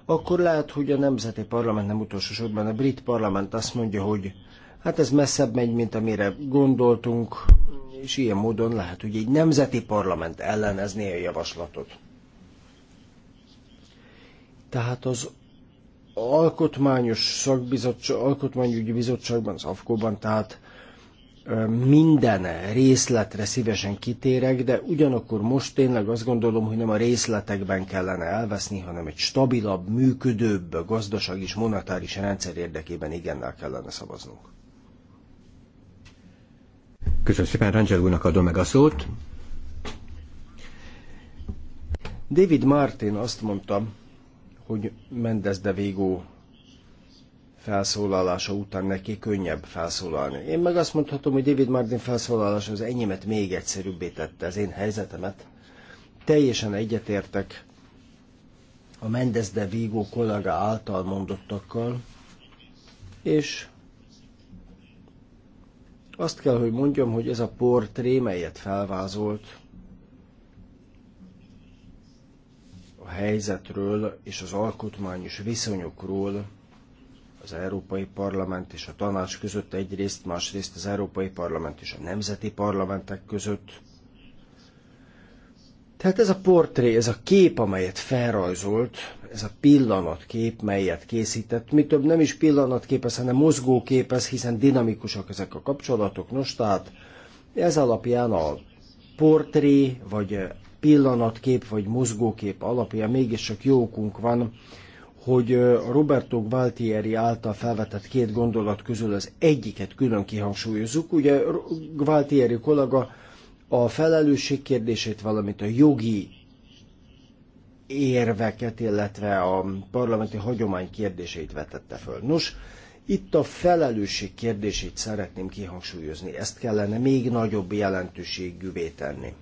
S1: akkor lehet, hogy a Nemzeti Parlament nem utolsó sorban, a brit parlament azt mondja, hogy hát ez messzebb megy, mint amire gondoltunk, és ilyen módon lehet, hogy egy nemzeti parlament ellenezné a javaslatot. Tehát az alkotmányos szakbizottság, alkotmányügyi bizottságban, az AFKO-ban, tehát minden részletre szívesen kitérek, de ugyanakkor most tényleg azt gondolom, hogy nem a részletekben kellene elveszni, hanem egy stabilabb, működőbb gazdaság és monetáris rendszer érdekében igennel kellene szavaznunk.
S2: Köszönöm szépen, Rangel úrnak adom meg a szót.
S1: David Martin azt mondta, hogy Mendez de Vigo felszólalása után neki könnyebb felszólalni. Én meg azt mondhatom, hogy David Martin felszólalása az enyémet még egyszerűbbé tette, az én helyzetemet. Teljesen egyetértek a mendes de Vigo kollega által mondottakkal, és azt kell, hogy mondjam, hogy ez a portré, melyet felvázolt a helyzetről és az alkotmányos viszonyokról, az Európai Parlament és a Tanács között egyrészt, másrészt az Európai Parlament és a nemzeti parlamentek között. Tehát ez a portré, ez a kép, amelyet felrajzolt, ez a pillanatkép, melyet készített, mi több nem is pillanatképez, hanem mozgóképez, hiszen dinamikusak ezek a kapcsolatok. Nos, tehát ez alapján a portré, vagy pillanatkép, vagy mozgókép alapján mégiscsak jókunk van, hogy Roberto Gualtieri által felvetett két gondolat közül az egyiket külön kihangsúlyozzuk. Ugye Gualtieri kollega a felelősség kérdését, valamint a jogi érveket, illetve a parlamenti hagyomány kérdéseit vetette föl. Nos, itt a felelősség kérdését szeretném kihangsúlyozni. Ezt kellene még nagyobb jelentőségűvé tenni.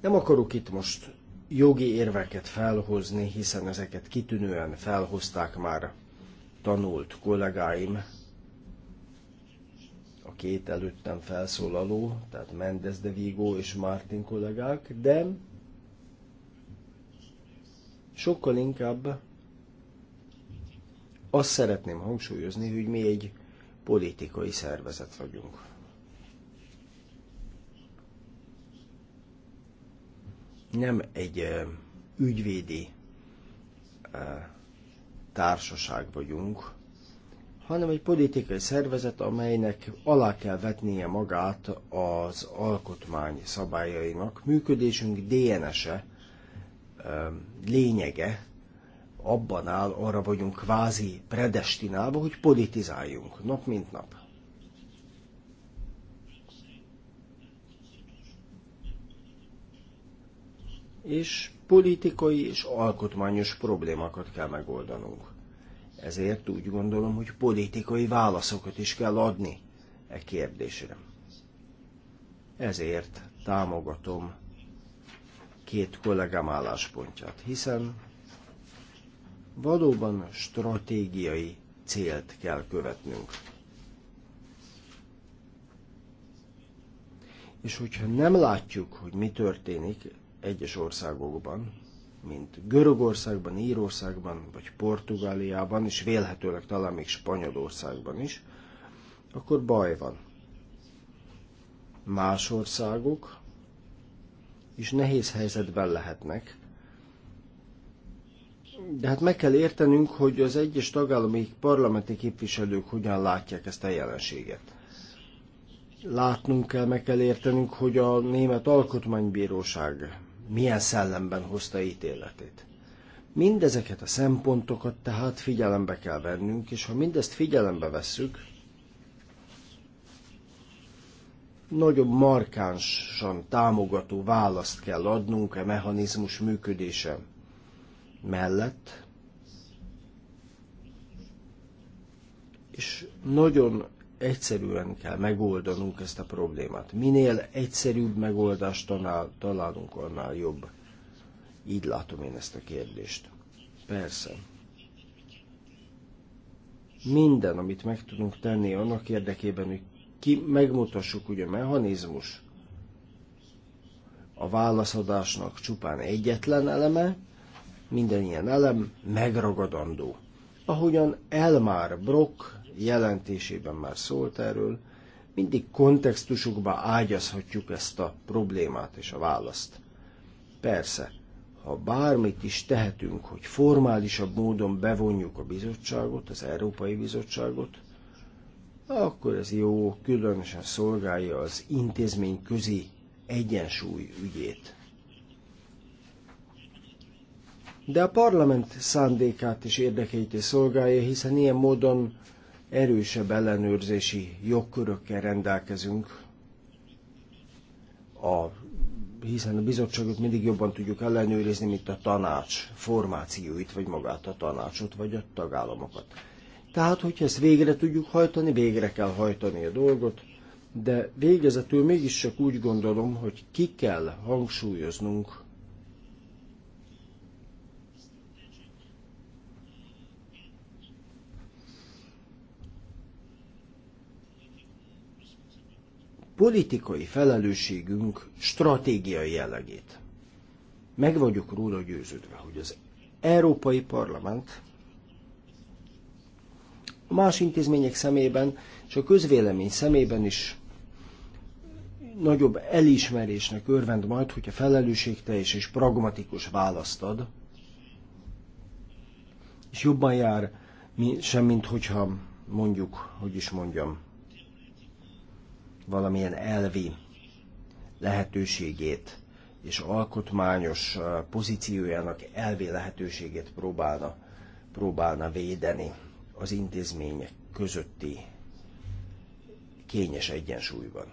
S1: Nem akarok itt most jogi érveket felhozni, hiszen ezeket kitűnően felhozták már tanult kollégáim, a két előttem felszólaló, tehát Mendez de Vigo és Martin kollégák, de sokkal inkább azt szeretném hangsúlyozni, hogy mi egy politikai szervezet vagyunk. nem egy ügyvédi társaság vagyunk, hanem egy politikai szervezet, amelynek alá kell vetnie magát az alkotmány szabályainak. Működésünk DNS-e, lényege abban áll, arra vagyunk kvázi predestinálva, hogy politizáljunk nap mint nap. és politikai és alkotmányos problémákat kell megoldanunk. Ezért úgy gondolom, hogy politikai válaszokat is kell adni e kérdésre. Ezért támogatom két kollégám álláspontját, hiszen valóban stratégiai célt kell követnünk. És hogyha nem látjuk, hogy mi történik, egyes országokban, mint Görögországban, Írországban, vagy Portugáliában, és vélhetőleg talán még Spanyolországban is, akkor baj van. Más országok is nehéz helyzetben lehetnek, de hát meg kell értenünk, hogy az egyes tagállami parlamenti képviselők hogyan látják ezt a jelenséget. Látnunk kell, meg kell értenünk, hogy a Német Alkotmánybíróság milyen szellemben hozta ítéletét. Mindezeket a szempontokat tehát figyelembe kell vennünk, és ha mindezt figyelembe vesszük, nagyobb markánsan támogató választ kell adnunk a e mechanizmus működése mellett, és nagyon egyszerűen kell megoldanunk ezt a problémát. Minél egyszerűbb megoldást tanál, találunk, annál jobb. Így látom én ezt a kérdést. Persze. Minden, amit meg tudunk tenni annak érdekében, hogy ki megmutassuk, hogy a mechanizmus a válaszadásnak csupán egyetlen eleme, minden ilyen elem megragadandó. Ahogyan Elmar Brock jelentésében már szólt erről, mindig kontextusokba ágyazhatjuk ezt a problémát és a választ. Persze, ha bármit is tehetünk, hogy formálisabb módon bevonjuk a bizottságot, az Európai Bizottságot, akkor ez jó, különösen szolgálja az intézmény közi egyensúly ügyét. De a parlament szándékát és érdekeit is szolgálja, hiszen ilyen módon erősebb ellenőrzési jogkörökkel rendelkezünk, a, hiszen a bizottságot mindig jobban tudjuk ellenőrizni, mint a tanács formációit, vagy magát a tanácsot, vagy a tagállamokat. Tehát, hogyha ezt végre tudjuk hajtani, végre kell hajtani a dolgot, de végezetül mégiscsak úgy gondolom, hogy ki kell hangsúlyoznunk politikai felelősségünk stratégiai jellegét. Meg vagyok róla győződve, hogy az Európai Parlament a más intézmények szemében, és a közvélemény szemében is nagyobb elismerésnek örvend majd, hogyha felelősségteljes és pragmatikus választ ad, és jobban jár, sem mint hogyha mondjuk, hogy is mondjam, valamilyen elvi lehetőségét és alkotmányos uh, pozíciójának elvi lehetőségét próbálna, próbálna védeni az intézmények közötti kényes egyensúlyban.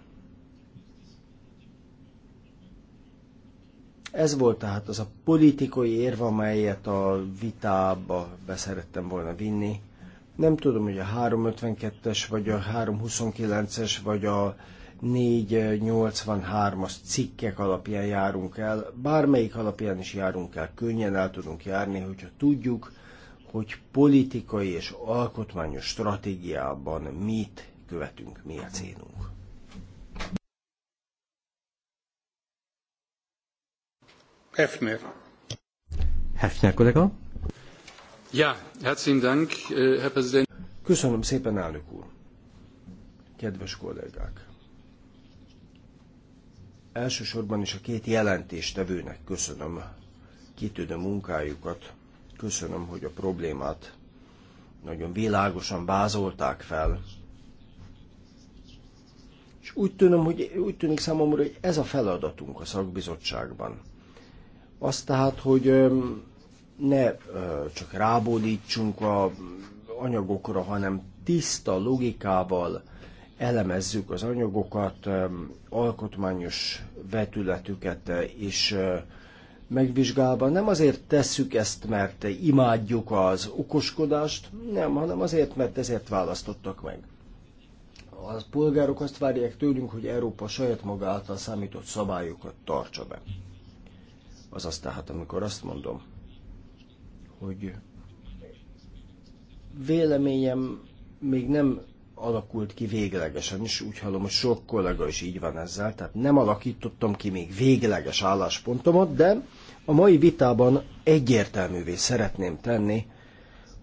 S1: Ez volt tehát az a politikai érv, amelyet a vitába beszerettem volna vinni, nem tudom, hogy a 352-es, vagy a 329-es, vagy a 483-as cikkek alapján járunk el. Bármelyik alapján is járunk el, könnyen el tudunk járni, hogyha tudjuk, hogy politikai és alkotmányos stratégiában mit követünk, mi a célunk.
S3: Hefner.
S2: Hefner kollega.
S3: Äh,
S1: köszönöm szépen, elnök úr. Kedves kollégák! Elsősorban is a két jelentéstevőnek köszönöm kitűnő munkájukat, köszönöm, hogy a problémát nagyon világosan vázolták fel, és úgy, tűnöm, hogy, úgy tűnik számomra, hogy ez a feladatunk a szakbizottságban. Az tehát, hogy ne csak rábódítsunk a anyagokra, hanem tiszta logikával elemezzük az anyagokat, alkotmányos vetületüket, és megvizsgálva nem azért tesszük ezt, mert imádjuk az okoskodást, nem, hanem azért, mert ezért választottak meg. A polgárok azt várják tőlünk, hogy Európa saját maga által számított szabályokat tartsa be. Azaz tehát, amikor azt mondom, hogy véleményem még nem alakult ki véglegesen, és úgy hallom, hogy sok kollega is így van ezzel, tehát nem alakítottam ki még végleges álláspontomat, de a mai vitában egyértelművé szeretném tenni,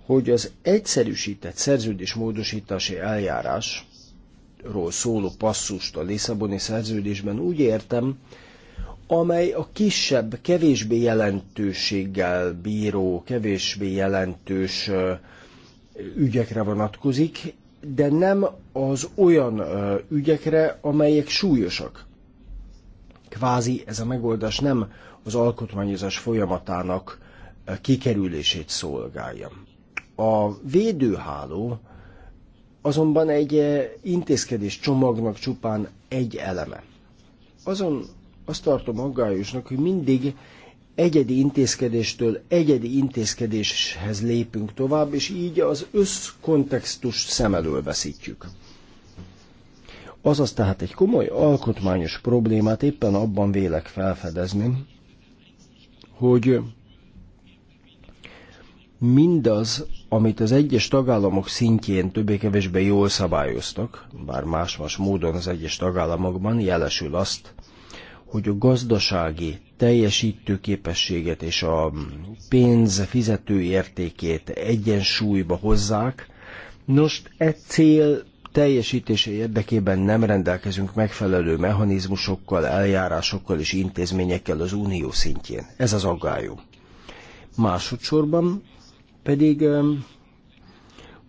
S1: hogy az egyszerűsített szerződés módosítási eljárásról szóló passzust a Lisszaboni szerződésben úgy értem, amely a kisebb, kevésbé jelentőséggel bíró, kevésbé jelentős ügyekre vonatkozik, de nem az olyan ügyekre, amelyek súlyosak. Kvázi ez a megoldás nem az alkotmányozás folyamatának kikerülését szolgálja. A védőháló azonban egy intézkedés csomagnak csupán egy eleme. Azon azt tartom aggályosnak, hogy mindig egyedi intézkedéstől egyedi intézkedéshez lépünk tovább, és így az összkontextus szem elől veszítjük. Azaz tehát egy komoly alkotmányos problémát éppen abban vélek felfedezni, hogy mindaz, amit az egyes tagállamok szintjén többé-kevésbé jól szabályoztak, bár más-más módon az egyes tagállamokban jelesül azt, hogy a gazdasági képességet és a pénz fizető értékét egyensúlyba hozzák. Nos, e cél teljesítése érdekében nem rendelkezünk megfelelő mechanizmusokkal, eljárásokkal és intézményekkel az unió szintjén. Ez az aggályom. Másodszorban pedig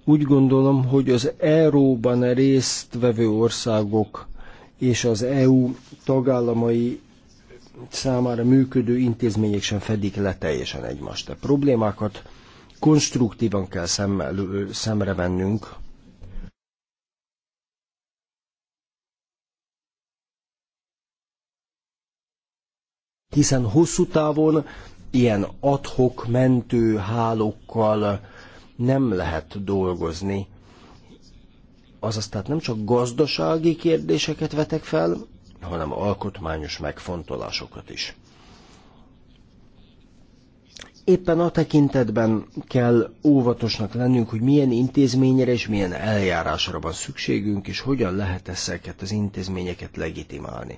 S1: úgy gondolom, hogy az euróban résztvevő országok és az EU tagállamai számára működő intézmények sem fedik le teljesen egymást. A problémákat konstruktívan kell szemmel, szemre vennünk, hiszen hosszú távon ilyen adhok mentő hálókkal nem lehet dolgozni. Azaz tehát nem csak gazdasági kérdéseket vetek fel, hanem alkotmányos megfontolásokat is. Éppen a tekintetben kell óvatosnak lennünk, hogy milyen intézményre és milyen eljárásra van szükségünk, és hogyan lehet ezeket az intézményeket legitimálni.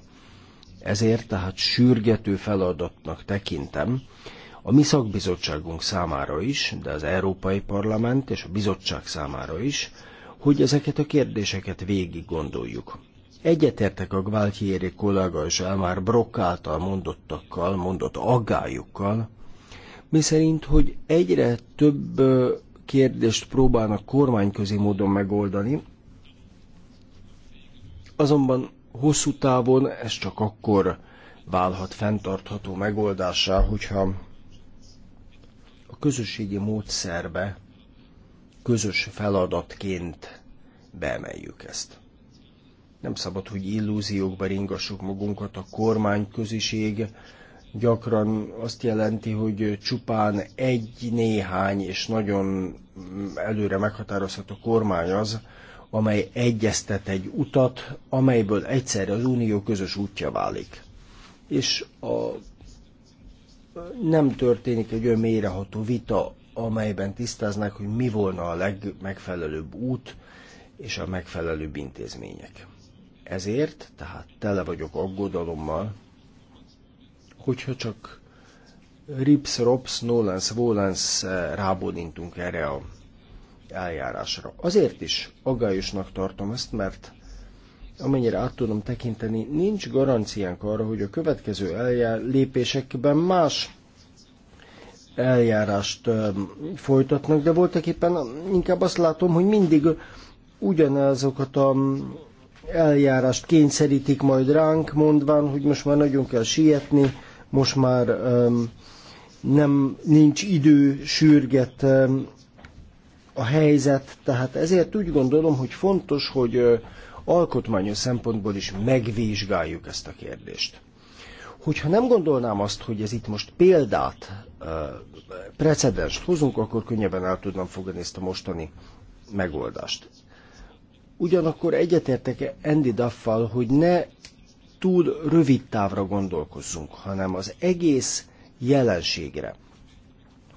S1: Ezért tehát sürgető feladatnak tekintem, a mi szakbizottságunk számára is, de az Európai Parlament és a bizottság számára is, hogy ezeket a kérdéseket végig gondoljuk. Egyetértek a Gvaltieri kollega és Elmár Brock által mondottakkal, mondott mi miszerint, hogy egyre több kérdést próbálnak kormányközi módon megoldani, azonban hosszú távon ez csak akkor válhat fenntartható megoldásá, hogyha a közösségi módszerbe közös feladatként beemeljük ezt. Nem szabad, hogy illúziókba ringassuk magunkat. A kormányköziség gyakran azt jelenti, hogy csupán egy néhány és nagyon előre meghatározható kormány az, amely egyeztet egy utat, amelyből egyszerre az unió közös útja válik. És a, nem történik egy olyan mélyreható vita amelyben tisztáznák, hogy mi volna a legmegfelelőbb út és a megfelelőbb intézmények. Ezért, tehát tele vagyok aggodalommal, hogyha csak rips, rops, nolens, volens eh, rábódintunk erre a eljárásra. Azért is aggályosnak tartom ezt, mert amennyire át tudom tekinteni, nincs garanciánk arra, hogy a következő eljár lépésekben más eljárást folytatnak, de voltak éppen inkább azt látom, hogy mindig ugyanazokat a eljárást kényszerítik majd ránk, mondván, hogy most már nagyon kell sietni, most már um, nem nincs idő, sürget um, a helyzet, tehát ezért úgy gondolom, hogy fontos, hogy uh, alkotmányos szempontból is megvizsgáljuk ezt a kérdést. Hogyha nem gondolnám azt, hogy ez itt most példát precedenst hozunk, akkor könnyebben el tudnám fogadni ezt a mostani megoldást. Ugyanakkor egyetértek Andy Duffal, hogy ne túl rövid távra gondolkozzunk, hanem az egész jelenségre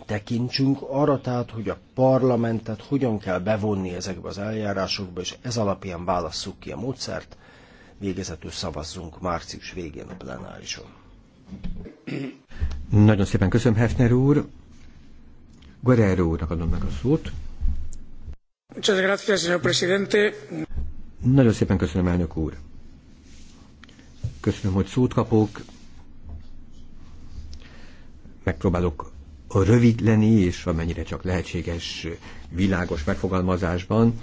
S1: tekintsünk arra tehát, hogy a parlamentet hogyan kell bevonni ezekbe az eljárásokba, és ez alapján válasszuk ki a módszert, végezetül szavazzunk március végén a plenárison.
S2: Nagyon szépen köszönöm, Hefner úr. Guerrero úrnak adom meg a szót.
S1: Muchas gracias, señor presidente.
S2: Nagyon szépen köszönöm, elnök úr. Köszönöm, hogy szót kapok. Megpróbálok rövid lenni, és amennyire csak lehetséges, világos megfogalmazásban.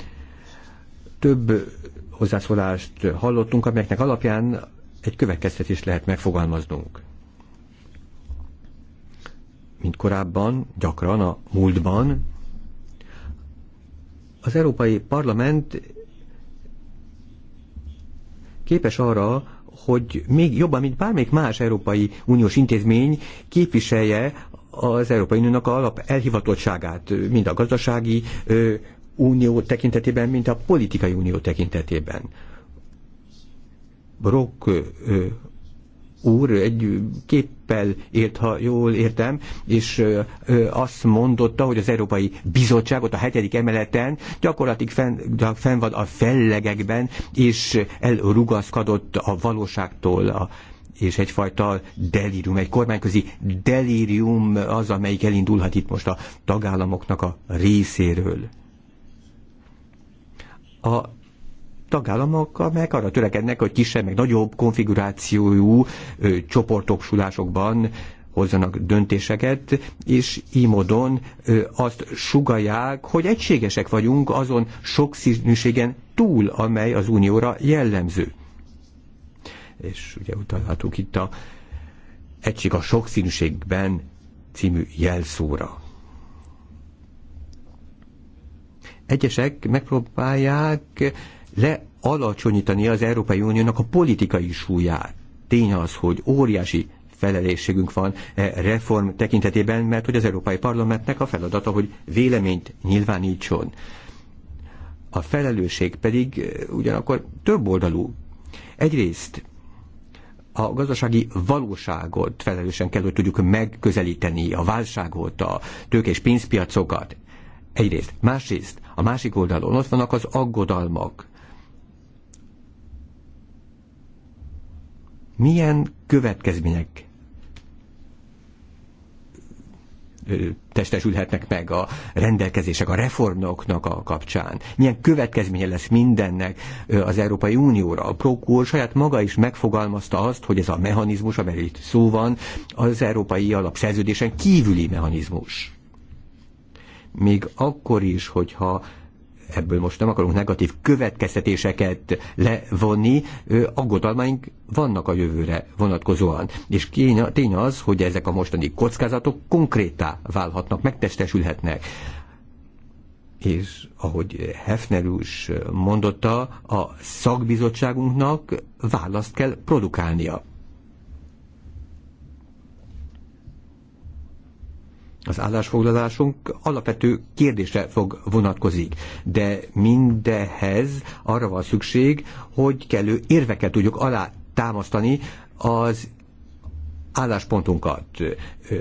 S2: Több hozzászólást hallottunk, amelyeknek alapján egy következtetést lehet megfogalmaznunk mint korábban, gyakran a múltban, az Európai Parlament képes arra, hogy még jobban, mint bármelyik más Európai Uniós intézmény képviselje az Európai Uniónak alap elhivatottságát, mind a gazdasági ö, unió tekintetében, mint a politikai unió tekintetében. Brock úr egy képpel ért, ha jól értem, és azt mondotta, hogy az Európai Bizottságot a hetedik emeleten gyakorlatilag fenn, fenn van a fellegekben, és elrugaszkodott a valóságtól a és egyfajta delírium, egy kormányközi delírium az, amelyik elindulhat itt most a tagállamoknak a részéről. A tagállamok, amelyek arra törekednek, hogy kisebb, meg nagyobb konfigurációjú ö, csoportoksulásokban hozzanak döntéseket, és így módon ö, azt sugalják, hogy egységesek vagyunk azon sokszínűségen túl, amely az unióra jellemző. És ugye utalhatunk itt a Egység a sokszínűségben című jelszóra. Egyesek megpróbálják lealacsonyítani az Európai Uniónak a politikai súlyát. Tény az, hogy óriási felelősségünk van e reform tekintetében, mert hogy az Európai Parlamentnek a feladata, hogy véleményt nyilvánítson. A felelősség pedig e, ugyanakkor több oldalú. Egyrészt a gazdasági valóságot felelősen kell, hogy tudjuk megközelíteni, a válságot, a tők és pénzpiacokat. Egyrészt. Másrészt, a másik oldalon ott vannak az aggodalmak, milyen következmények testesülhetnek meg a rendelkezések, a reformoknak a kapcsán. Milyen következménye lesz mindennek az Európai Unióra. A Prokúr saját maga is megfogalmazta azt, hogy ez a mechanizmus, amely itt szó van, az európai alapszerződésen kívüli mechanizmus. Még akkor is, hogyha ebből most nem akarunk negatív következtetéseket levonni, aggodalmaink vannak a jövőre vonatkozóan. És tény az, hogy ezek a mostani kockázatok konkrétá válhatnak, megtestesülhetnek és ahogy Hefner úr mondotta, a szakbizottságunknak választ kell produkálnia. az állásfoglalásunk alapvető kérdése fog vonatkozik, de mindehez arra van szükség, hogy kellő érveket tudjuk alá támasztani az álláspontunkat.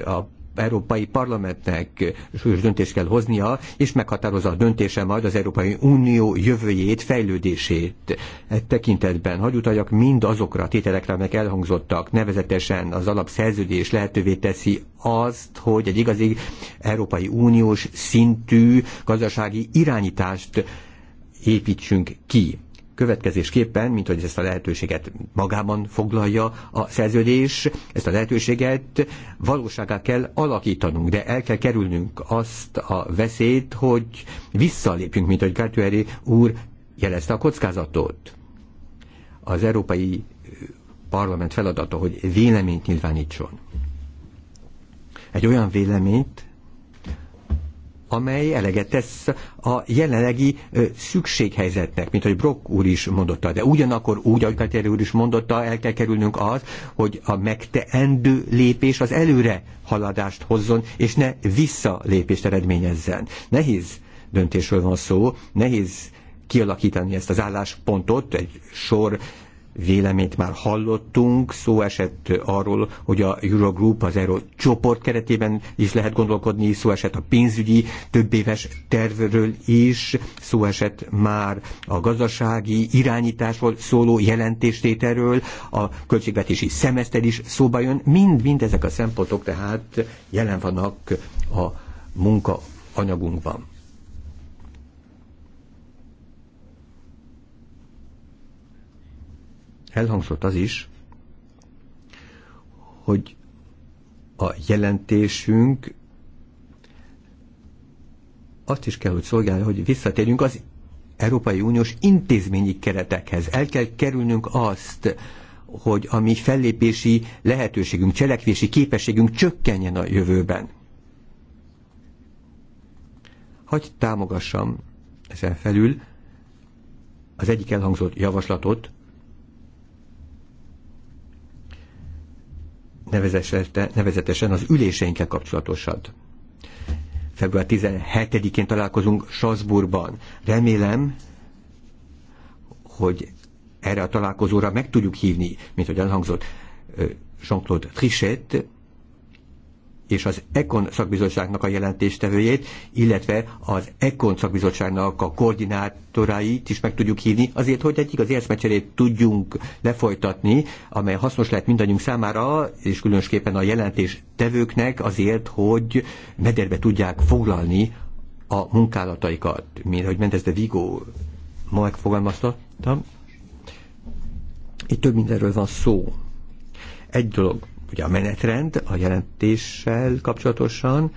S2: A Európai Parlamentnek súlyos döntést kell hoznia, és meghatározza a döntése majd az Európai Unió jövőjét, fejlődését. E tekintetben hagy utaljak mind azokra a tételekre, amelyek elhangzottak, nevezetesen az alapszerződés lehetővé teszi azt, hogy egy igazi Európai Uniós szintű gazdasági irányítást építsünk ki következésképpen, mint hogy ezt a lehetőséget magában foglalja a szerződés, ezt a lehetőséget valóságá kell alakítanunk, de el kell kerülnünk azt a veszélyt, hogy visszalépjünk, mint hogy Gártyőeri úr jelezte a kockázatot. Az Európai Parlament feladata, hogy véleményt nyilvánítson. Egy olyan véleményt, amely eleget tesz a jelenlegi szükséghelyzetnek, mint hogy Brock úr is mondotta, de ugyanakkor úgy, ahogy Katerő úr is mondotta, el kell kerülnünk az, hogy a megteendő lépés az előre haladást hozzon, és ne visszalépést eredményezzen. Nehéz döntésről van szó, nehéz kialakítani ezt az álláspontot, egy sor véleményt már hallottunk, szó esett arról, hogy a Eurogroup az Euro csoport keretében is lehet gondolkodni, szó esett a pénzügyi többéves tervről is, szó esett már a gazdasági irányításról szóló jelentéstételről, a költségvetési szemeszter is szóba jön, mind-mind ezek a szempontok tehát jelen vannak a munka anyagunkban. elhangzott az is, hogy a jelentésünk azt is kell, hogy szolgálja, hogy visszatérjünk az Európai Uniós intézményi keretekhez. El kell kerülnünk azt, hogy a mi fellépési lehetőségünk, cselekvési képességünk csökkenjen a jövőben. Hagy támogassam ezen felül az egyik elhangzott javaslatot, nevezetesen az üléseinkkel kapcsolatosat. Február 17-én találkozunk Strasbourgban. Remélem, hogy erre a találkozóra meg tudjuk hívni, mint hogy elhangzott Jean-Claude Trichet, és az ECON szakbizottságnak a jelentéstevőjét, illetve az ECON szakbizottságnak a koordinátorait is meg tudjuk hívni, azért, hogy egy igazi érzmecserét tudjunk lefolytatni, amely hasznos lehet mindannyiunk számára, és különösképpen a jelentéstevőknek azért, hogy mederbe tudják foglalni a munkálataikat, mint ahogy ez de Vigo ma megfogalmazta. Itt több mindenről van szó. Egy dolog, ugye a menetrend a jelentéssel kapcsolatosan,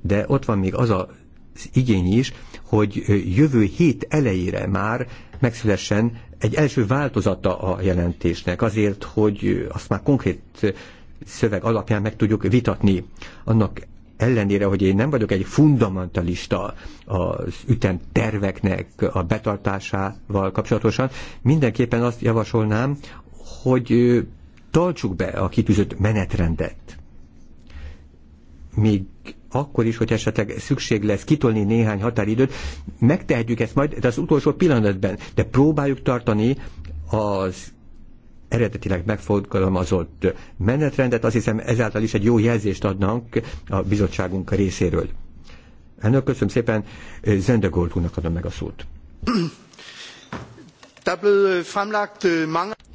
S2: de ott van még az a az igény is, hogy jövő hét elejére már megszülessen egy első változata a jelentésnek, azért, hogy azt már konkrét szöveg alapján meg tudjuk vitatni. Annak ellenére, hogy én nem vagyok egy fundamentalista az terveknek a betartásával kapcsolatosan, mindenképpen azt javasolnám, hogy tartsuk be a kitűzött menetrendet. Még akkor is, hogy esetleg szükség lesz kitolni néhány határidőt, megtehetjük ezt majd de az utolsó pillanatban, de próbáljuk tartani az eredetileg megfogalmazott menetrendet, azt hiszem ezáltal is egy jó jelzést adnánk a bizottságunk részéről. Ennek köszönöm szépen, Zendegolt úrnak adom meg a szót.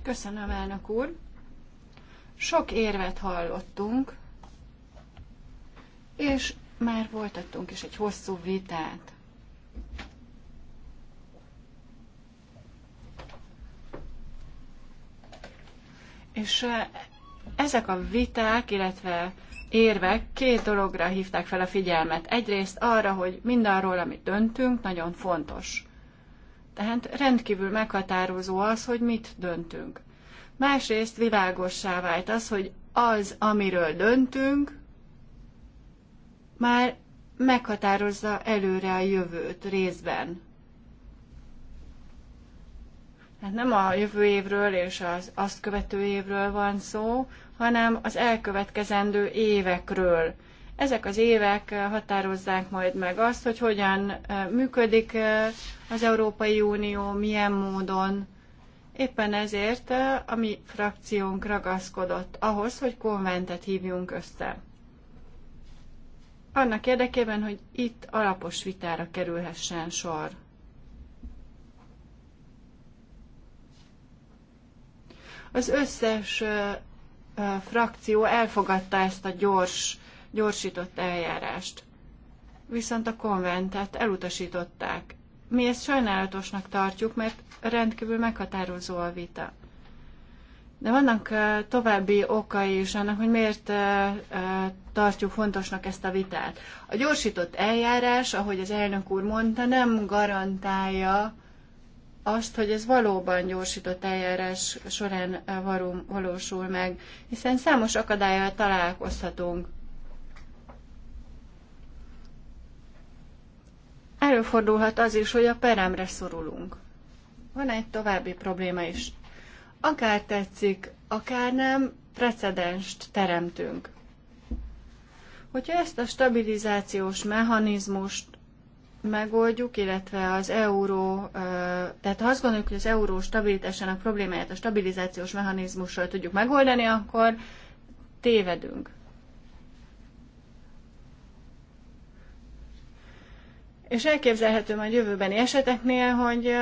S3: Köszönöm, elnök úr. Sok érvet hallottunk, és már voltattunk is egy hosszú vitát. És ezek a viták, illetve érvek két dologra hívták fel a figyelmet. Egyrészt arra, hogy mindarról, amit döntünk, nagyon fontos. Tehát rendkívül meghatározó az, hogy mit döntünk. Másrészt világossá vált az, hogy az, amiről döntünk, már meghatározza előre a jövőt részben. Hát nem a jövő évről és az azt követő évről van szó, hanem az elkövetkezendő évekről. Ezek az évek eh, határozzák majd meg azt, hogy hogyan eh, működik eh, az Európai Unió, milyen módon, Éppen ezért a mi frakciónk ragaszkodott ahhoz, hogy konventet hívjunk össze. Annak érdekében, hogy itt alapos vitára kerülhessen sor. Az összes frakció elfogadta ezt a gyors, gyorsított eljárást. Viszont a konventet elutasították. Mi ezt sajnálatosnak tartjuk, mert rendkívül meghatározó a vita. De vannak további okai is annak, hogy miért tartjuk fontosnak ezt a vitát. A gyorsított eljárás, ahogy az elnök úr mondta, nem garantálja azt, hogy ez valóban gyorsított eljárás során valósul meg, hiszen számos akadályal találkozhatunk. Előfordulhat az is, hogy a peremre szorulunk. Van egy további probléma is. Akár tetszik, akár nem, precedenst teremtünk. Hogyha ezt a stabilizációs mechanizmust megoldjuk, illetve az euró, tehát ha azt gondoljuk, hogy az euró stabilitásának problémáját a stabilizációs mechanizmussal tudjuk megoldani, akkor tévedünk. és elképzelhető majd jövőbeni eseteknél, hogy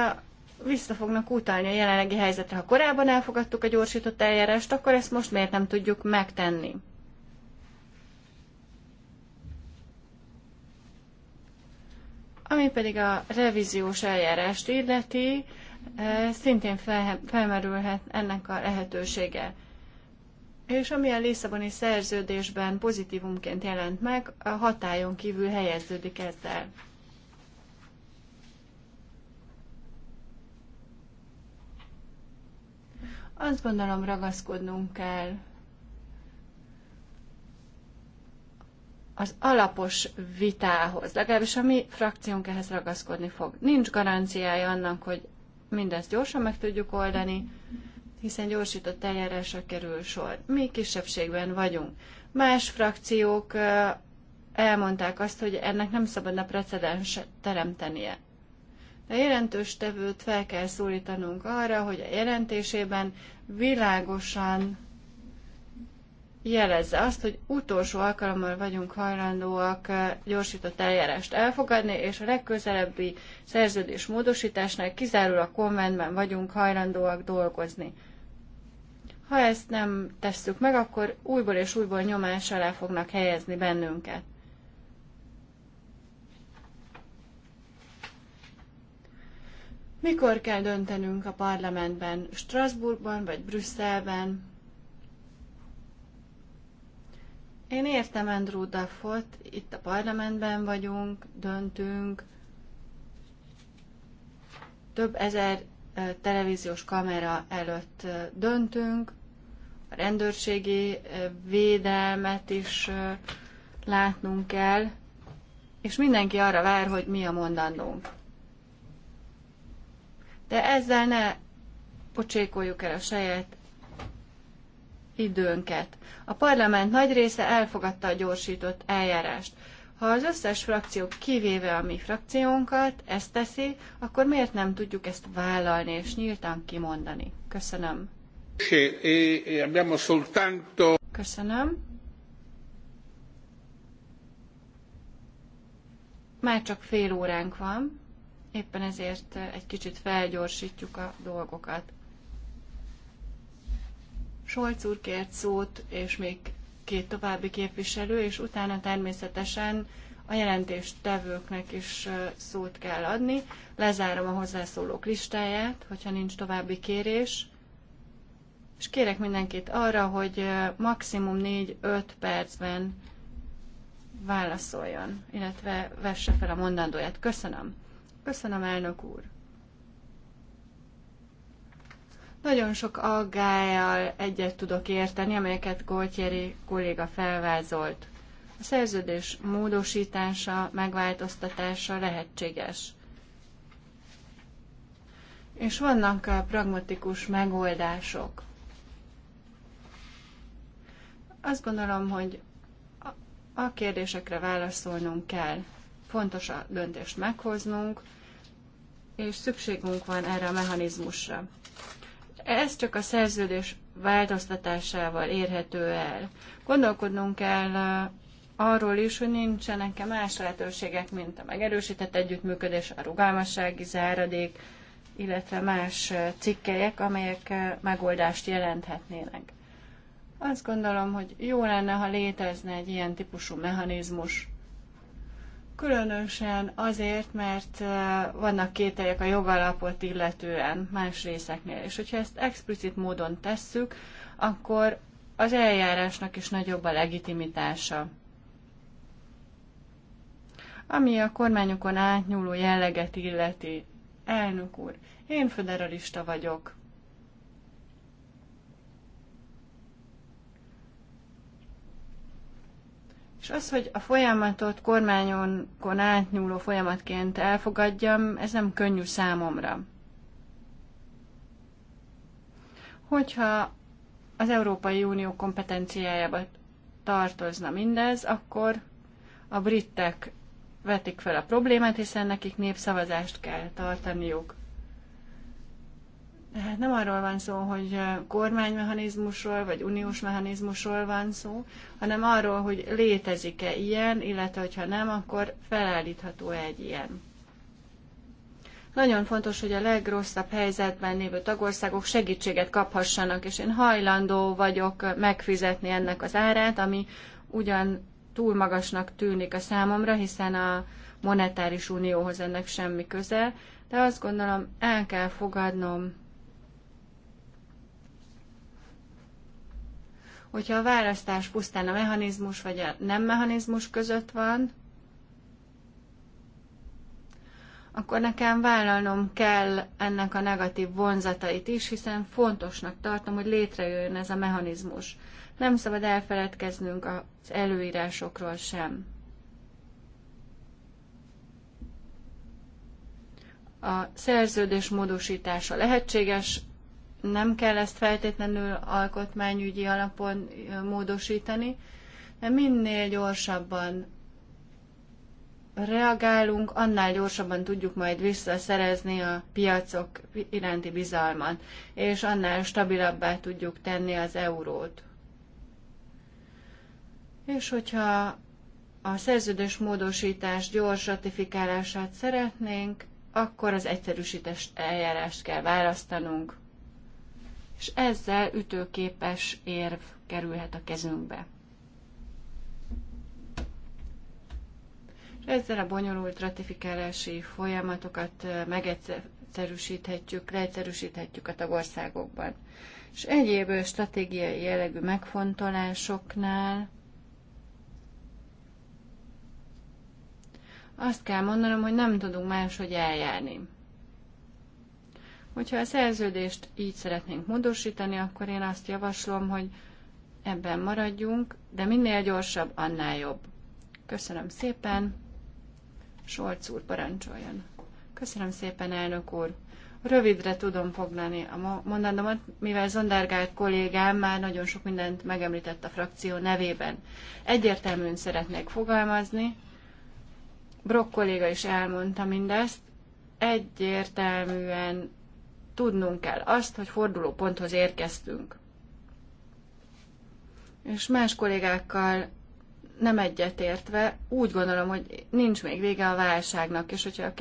S3: vissza fognak utalni a jelenlegi helyzetre. Ha korábban elfogadtuk a gyorsított eljárást, akkor ezt most miért nem tudjuk megtenni? Ami pedig a revíziós eljárást illeti, szintén fel, felmerülhet ennek a lehetősége. És ami a Lisszaboni szerződésben pozitívumként jelent meg, a hatályon kívül helyeződik ezzel. Azt gondolom ragaszkodnunk kell az alapos vitához, legalábbis a mi frakciónk ehhez ragaszkodni fog. Nincs garanciája annak, hogy mindezt gyorsan meg tudjuk oldani, hiszen gyorsított eljárásra kerül sor. Mi kisebbségben vagyunk. Más frakciók elmondták azt, hogy ennek nem szabadna precedens teremtenie a jelentős tevőt fel kell szólítanunk arra, hogy a jelentésében világosan jelezze azt, hogy utolsó alkalommal vagyunk hajlandóak eh, gyorsított eljárást elfogadni, és a legközelebbi szerződés módosításnál kizárólag konventben vagyunk hajlandóak dolgozni. Ha ezt nem tesszük meg, akkor újból és újból nyomás alá fognak helyezni bennünket. Mikor kell döntenünk a parlamentben, Strasbourgban vagy Brüsszelben? Én értem Andrew Duffot, itt a parlamentben vagyunk, döntünk, több ezer televíziós kamera előtt döntünk, a rendőrségi védelmet is látnunk kell, és mindenki arra vár, hogy mi a mondandónk de ezzel ne pocsékoljuk el a saját időnket. A parlament nagy része elfogadta a gyorsított eljárást. Ha az összes frakció kivéve a mi frakciónkat ezt teszi, akkor miért nem tudjuk ezt vállalni és nyíltan kimondani? Köszönöm. E, e Köszönöm. Már csak fél óránk van. Éppen ezért eh, egy kicsit felgyorsítjuk a dolgokat. Solc úr kért szót, és még két további képviselő, és utána természetesen a jelentéstevőknek is eh, szót kell adni. Lezárom a hozzászólók listáját, hogyha nincs további kérés. És kérek mindenkit arra, hogy eh, maximum 4-5 percben válaszoljon, illetve vesse fel a mondandóját. Köszönöm. Köszönöm, elnök úr. Nagyon sok aggájjal egyet tudok érteni, amelyeket Goltyeri kolléga felvázolt. A szerződés módosítása, megváltoztatása lehetséges. És vannak a eh, pragmatikus megoldások. Azt gondolom, hogy a kérdésekre válaszolnunk kell fontos a döntést meghoznunk, és szükségünk van erre a mechanizmusra. Ez csak a szerződés változtatásával érhető el. Gondolkodnunk kell uh, arról is, hogy nincsenek-e más lehetőségek, mint a megerősített együttműködés, a rugalmassági záradék, illetve más uh, cikkelyek, amelyek uh, megoldást jelenthetnének. Azt gondolom, hogy jó lenne, ha létezne egy ilyen típusú mechanizmus. Különösen azért, mert vannak kételjek a jogalapot illetően más részeknél, és hogyha ezt explicit módon tesszük, akkor az eljárásnak is nagyobb a legitimitása. Ami a kormányokon átnyúló jelleget illeti, elnök úr, én föderalista vagyok. És az, hogy a folyamatot kormányonkon átnyúló folyamatként elfogadjam, ez nem könnyű számomra. Hogyha az Európai Unió kompetenciájába tartozna mindez, akkor a britek vetik fel a problémát, hiszen nekik népszavazást kell tartaniuk. Hát nem arról van szó, hogy kormánymechanizmusról vagy uniós mechanizmusról van szó, hanem arról, hogy létezik-e ilyen, illetve hogyha nem, akkor felállítható-e egy ilyen. Nagyon fontos, hogy a legrosszabb helyzetben lévő tagországok segítséget kaphassanak, és én hajlandó vagyok megfizetni ennek az árát, ami ugyan túl magasnak tűnik a számomra, hiszen a monetáris unióhoz ennek semmi köze, de azt gondolom el kell fogadnom Hogyha a választás pusztán a mechanizmus vagy a nem mechanizmus között van, akkor nekem vállalnom kell ennek a negatív vonzatait is, hiszen fontosnak tartom, hogy létrejöjjön ez a mechanizmus. Nem szabad elfeledkeznünk az előírásokról sem. A szerződés módosítása lehetséges, nem kell ezt feltétlenül alkotmányügyi alapon módosítani, de minél gyorsabban reagálunk, annál gyorsabban tudjuk majd visszaszerezni a piacok iránti bizalmat, és annál stabilabbá tudjuk tenni az eurót. És hogyha a szerződés módosítás gyors ratifikálását szeretnénk, akkor az egyszerűsítést eljárást kell választanunk és ezzel ütőképes érv kerülhet a kezünkbe. És ezzel a bonyolult ratifikálási folyamatokat megegyszerűsíthetjük, leegyszerűsíthetjük a tagországokban. És egyéb stratégiai jellegű megfontolásoknál azt kell mondanom, hogy nem tudunk máshogy eljárni. Hogyha a szerződést így szeretnénk módosítani, akkor én azt javaslom, hogy ebben maradjunk, de minél gyorsabb, annál jobb. Köszönöm szépen. Solc úr, parancsoljon. Köszönöm szépen, elnök úr. Rövidre tudom foglalni a mondandomat, mivel Zondergárt kollégám már nagyon sok mindent megemlített a frakció nevében. Egyértelműen szeretnék fogalmazni. Brock kolléga is elmondta mindezt. Egyértelműen tudnunk kell azt, hogy fordulóponthoz érkeztünk. És más kollégákkal nem egyetértve úgy gondolom, hogy nincs még vége a válságnak, és hogyha a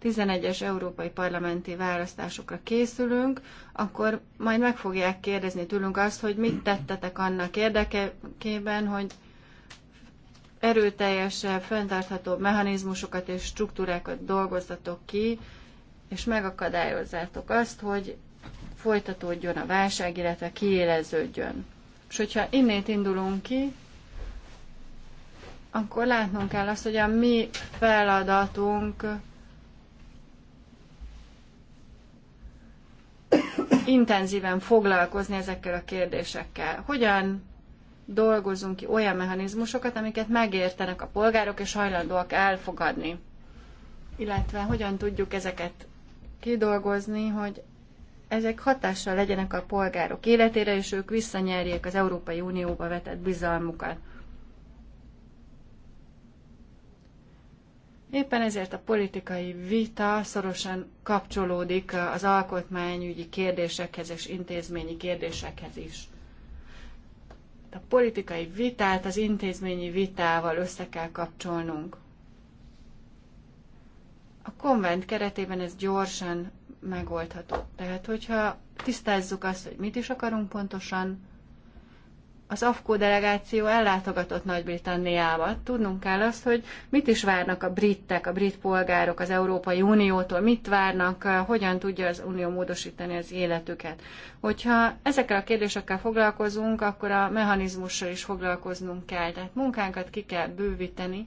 S3: 2011-es európai parlamenti választásokra készülünk, akkor majd meg fogják kérdezni tőlünk azt, hogy mit tettetek annak érdekében, hogy erőteljesebb, fenntarthatóbb mechanizmusokat és struktúrákat dolgozzatok ki és megakadályozzátok azt, hogy folytatódjon a válság, illetve kiéleződjön. És hogyha innét indulunk ki, akkor látnunk kell azt, hogy a mi feladatunk intenzíven foglalkozni ezekkel a kérdésekkel. Hogyan dolgozunk ki olyan mechanizmusokat, amiket megértenek a polgárok és hajlandóak elfogadni? Illetve hogyan tudjuk ezeket kidolgozni, hogy ezek hatással legyenek a polgárok életére, és ők visszanyerjék az Európai Unióba vetett bizalmukat. Éppen ezért a politikai vita szorosan kapcsolódik az alkotmányügyi kérdésekhez és intézményi kérdésekhez is. A politikai vitát az intézményi vitával össze kell kapcsolnunk. A konvent keretében ez gyorsan megoldható. Tehát, hogyha tisztázzuk azt, hogy mit is akarunk pontosan, az AFKO delegáció ellátogatott Nagy-Britanniába. Tudnunk kell azt, hogy mit is várnak a britek, a brit polgárok az Európai Uniótól, mit várnak, hogyan tudja az Unió módosítani az életüket. Hogyha ezekkel a kérdésekkel foglalkozunk, akkor a mechanizmussal is foglalkoznunk kell. Tehát munkánkat ki kell bővíteni,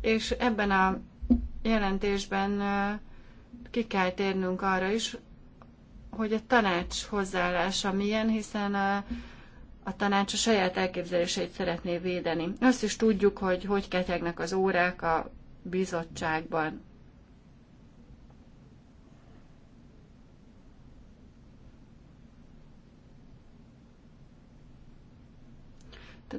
S3: és ebben a jelentésben ki kell térnünk arra is, hogy a tanács hozzáállása milyen, hiszen a, a tanács a saját elképzeléseit szeretné védeni. Azt is tudjuk, hogy hogy ketyegnek az órák a bizottságban.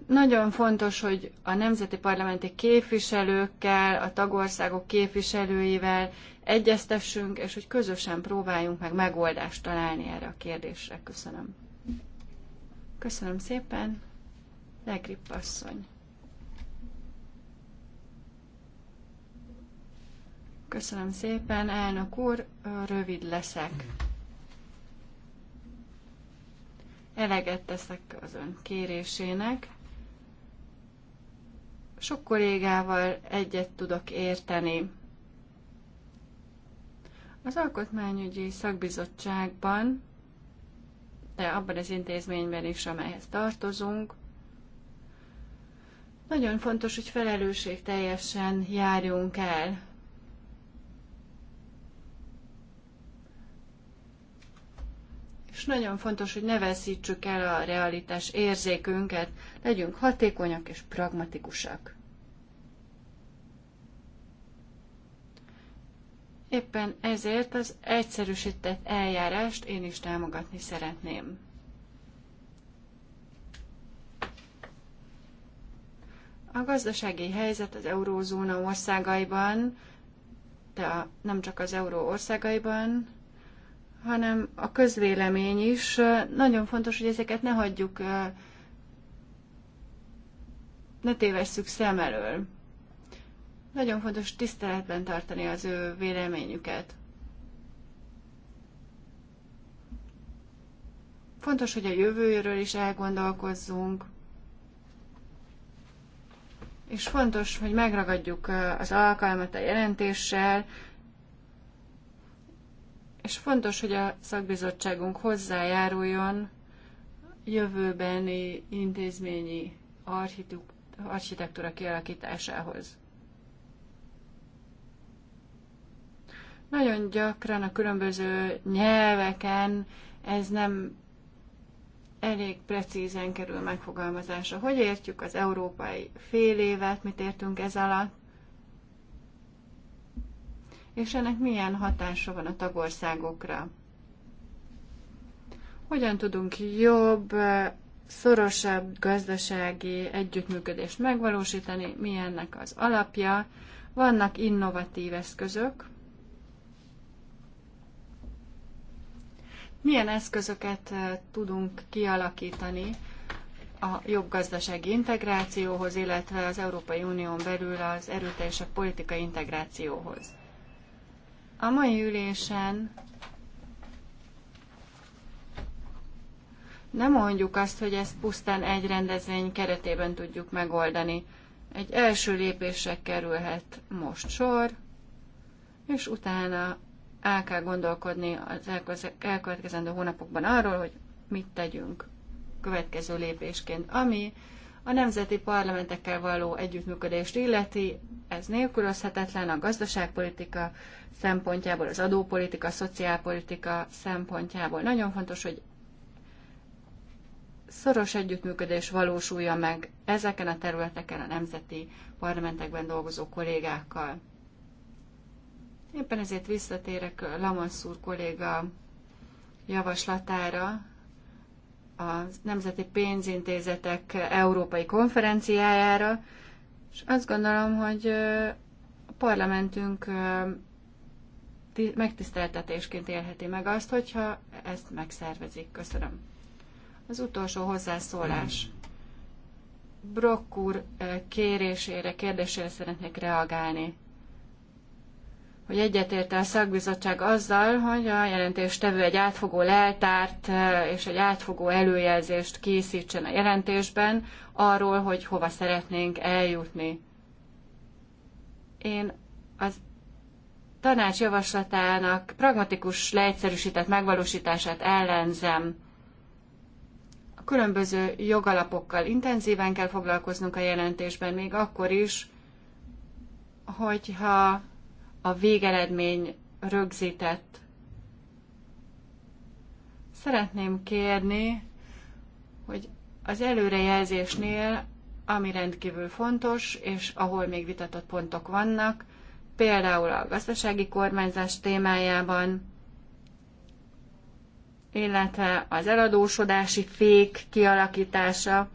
S3: Nagyon fontos, hogy a nemzeti parlamenti képviselőkkel, a tagországok képviselőivel egyeztessünk, és hogy közösen próbáljunk meg megoldást találni erre a kérdésre. Köszönöm. Köszönöm szépen. Legripp asszony. Köszönöm szépen, elnök úr, rövid leszek. Eleget teszek az ön kérésének. Sok kollégával egyet tudok érteni. Az Alkotmányügyi Szakbizottságban, de abban az intézményben is, amelyhez tartozunk, nagyon fontos, hogy felelősség teljesen járjunk el. És nagyon fontos, hogy ne veszítsük el a realitás érzékünket, legyünk hatékonyak és pragmatikusak. Éppen ezért az egyszerűsített eljárást én is támogatni szeretném. A gazdasági helyzet az eurózóna országaiban, de a, nem csak az euró országaiban, hanem a közvélemény is. Nagyon fontos, hogy ezeket ne hagyjuk, ne tévesszük szem elől. Nagyon fontos tiszteletben tartani az ő véleményüket. Fontos, hogy a jövőről is elgondolkozzunk, és fontos, hogy megragadjuk eh, az alkalmat a jelentéssel, és fontos, hogy a szakbizottságunk hozzájáruljon jövőbeni intézményi architektúra kialakításához. Nagyon gyakran a különböző nyelveken ez nem elég precízen kerül megfogalmazásra. Hogy értjük az európai fél évet, mit értünk ez alatt, és ennek milyen hatása van a tagországokra. Hogyan tudunk jobb, szorosabb gazdasági együttműködést megvalósítani, mi ennek az alapja, vannak innovatív eszközök, milyen eszközöket tudunk kialakítani a jobb gazdasági integrációhoz, illetve az Európai Unión belül az erőteljesebb politikai integrációhoz. A mai ülésen nem mondjuk azt, hogy ezt pusztán egy rendezvény keretében tudjuk megoldani. Egy első lépésre kerülhet most sor, és utána el kell gondolkodni az elkövetkezendő hónapokban arról, hogy mit tegyünk következő lépésként, ami a nemzeti parlamentekkel való együttműködést illeti, ez nélkülözhetetlen a gazdaságpolitika szempontjából, az adópolitika, a szociálpolitika szempontjából. Nagyon fontos, hogy szoros együttműködés valósulja meg ezeken a területeken a nemzeti parlamentekben dolgozó kollégákkal. Éppen ezért visszatérek Lamanszúr kolléga javaslatára a Nemzeti Pénzintézetek Európai Konferenciájára, és azt gondolom, hogy a parlamentünk megtiszteltetésként élheti meg azt, hogyha ezt megszervezik. Köszönöm. Az utolsó hozzászólás. Brokkur kérésére, kérdésére szeretnék reagálni hogy egyetérte a szakbizottság azzal, hogy a jelentéstevő egy átfogó leltárt eh, és egy átfogó előjelzést készítsen a jelentésben arról, hogy hova szeretnénk eljutni. Én az tanács javaslatának pragmatikus, leegyszerűsített megvalósítását ellenzem. A különböző jogalapokkal intenzíven kell foglalkoznunk a jelentésben, még akkor is, hogyha a végeredmény rögzített. Szeretném kérni, hogy az előrejelzésnél, ami rendkívül fontos, és ahol még vitatott pontok vannak, például a gazdasági kormányzás témájában, illetve az eladósodási fék kialakítása.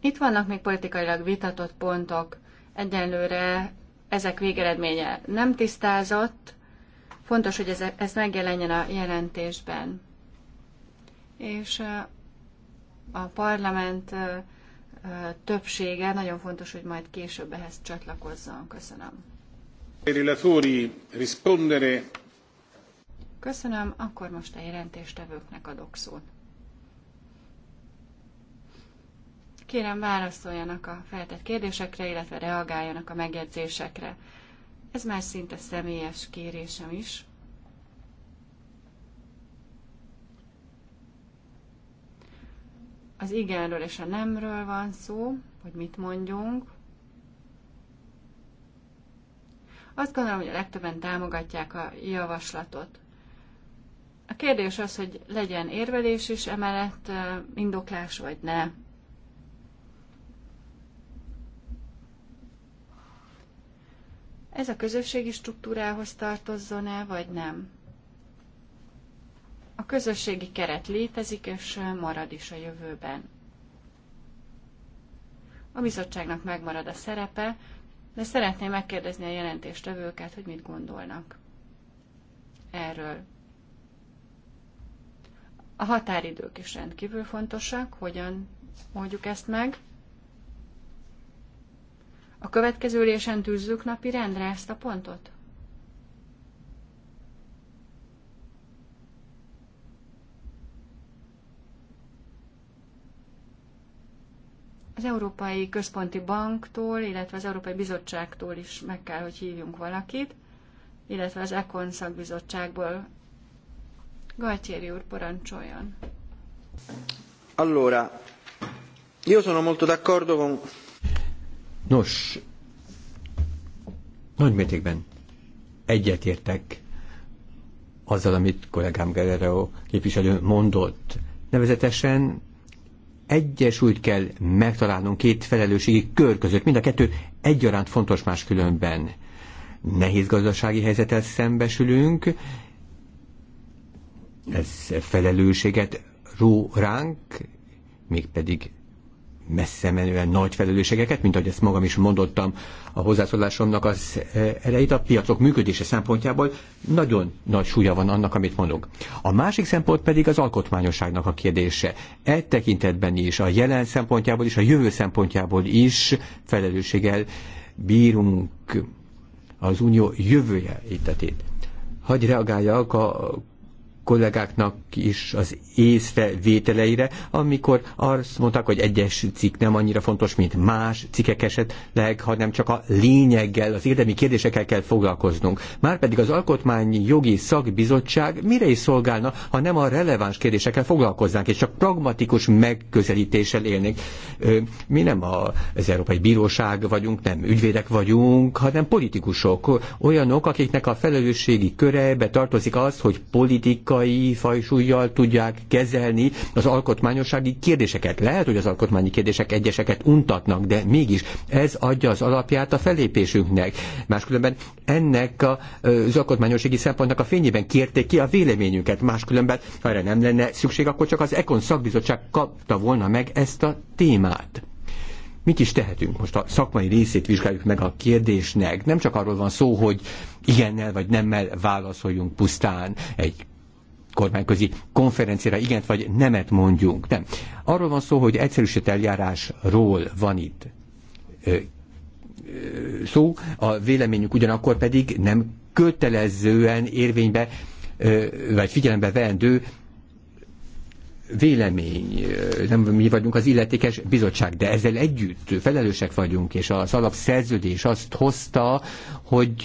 S3: Itt vannak még politikailag vitatott pontok. Egyenlőre ezek végeredménye nem tisztázott, fontos, hogy ez, ez megjelenjen a jelentésben. És a parlament többsége nagyon fontos, hogy majd később ehhez csatlakozzon. Köszönöm. Köszönöm, akkor most a jelentéstevőknek adok szót. Kérem, válaszoljanak a feltett kérdésekre, illetve reagáljanak a megjegyzésekre. Ez már szinte személyes kérésem is. Az igenről és a nemről van szó, hogy mit mondjunk. Azt gondolom, hogy a legtöbben támogatják a javaslatot. A kérdés az, hogy legyen érvelés is emellett, indoklás vagy ne. ez a közösségi struktúrához tartozzon-e, vagy nem. A közösségi keret létezik, és marad is a jövőben. A bizottságnak megmarad a szerepe, de szeretném megkérdezni a jelentéstevőket, hogy mit gondolnak erről. A határidők is rendkívül fontosak, hogyan oldjuk ezt meg. A következő ülésen tűzzük napi rendre ezt a pontot? Az Európai Központi Banktól, illetve az Európai Bizottságtól is meg kell, hogy hívjunk valakit, illetve az Econ szakbizottságból. Galtieri úr, parancsoljon!
S1: Allora, io sono molto d'accordo con
S2: Nos, nagy mértékben egyetértek azzal, amit kollégám Guerrero képviselő mondott. Nevezetesen egyesült kell megtalálnunk két felelősségi kör között. Mind a kettő egyaránt fontos máskülönben. Nehéz gazdasági helyzettel szembesülünk, ez felelősséget ró ránk, mégpedig messze menően nagy felelősségeket, mint ahogy ezt magam is mondottam a hozzászólásomnak az e, elejét, a piacok működése szempontjából nagyon nagy súlya van annak, amit mondok. A másik szempont pedig az alkotmányosságnak a kérdése. E tekintetben is, a jelen szempontjából is, a jövő szempontjából is felelősséggel bírunk az unió jövője ittetét. Hagy reagáljak a kollégáknak is az észrevételeire, amikor azt mondták, hogy egyes cikk nem annyira fontos, mint más cikkek esetleg, hanem csak a lényeggel, az érdemi kérdésekkel kell foglalkoznunk. Márpedig az Alkotmányi Jogi Szakbizottság mire is szolgálna, ha nem a releváns kérdésekkel foglalkoznánk, és csak pragmatikus megközelítéssel élnénk. Mi nem az Európai Bíróság vagyunk, nem ügyvédek vagyunk, hanem politikusok, olyanok, akiknek a felelősségi körébe tartozik az, hogy politika politikai fajsúlyjal tudják kezelni az alkotmányossági kérdéseket. Lehet, hogy az alkotmányi kérdések egyeseket untatnak, de mégis ez adja az alapját a felépésünknek. Máskülönben ennek a, az alkotmányossági szempontnak a fényében kérték ki a véleményünket. Máskülönben, ha erre nem lenne szükség, akkor csak az Ekon szakbizottság kapta volna meg ezt a témát mit is tehetünk? Most a szakmai részét vizsgáljuk meg a kérdésnek. Nem csak arról van szó, hogy igennel vagy nemmel válaszoljunk pusztán egy kormányközi konferenciára igent vagy nemet mondjunk. Nem. Arról van szó, hogy egyszerűsített eljárásról van itt szó, a véleményük ugyanakkor pedig nem kötelezően érvénybe vagy figyelembe veendő vélemény, nem mi vagyunk az illetékes bizottság, de ezzel együtt felelősek vagyunk, és az alapszerződés azt hozta, hogy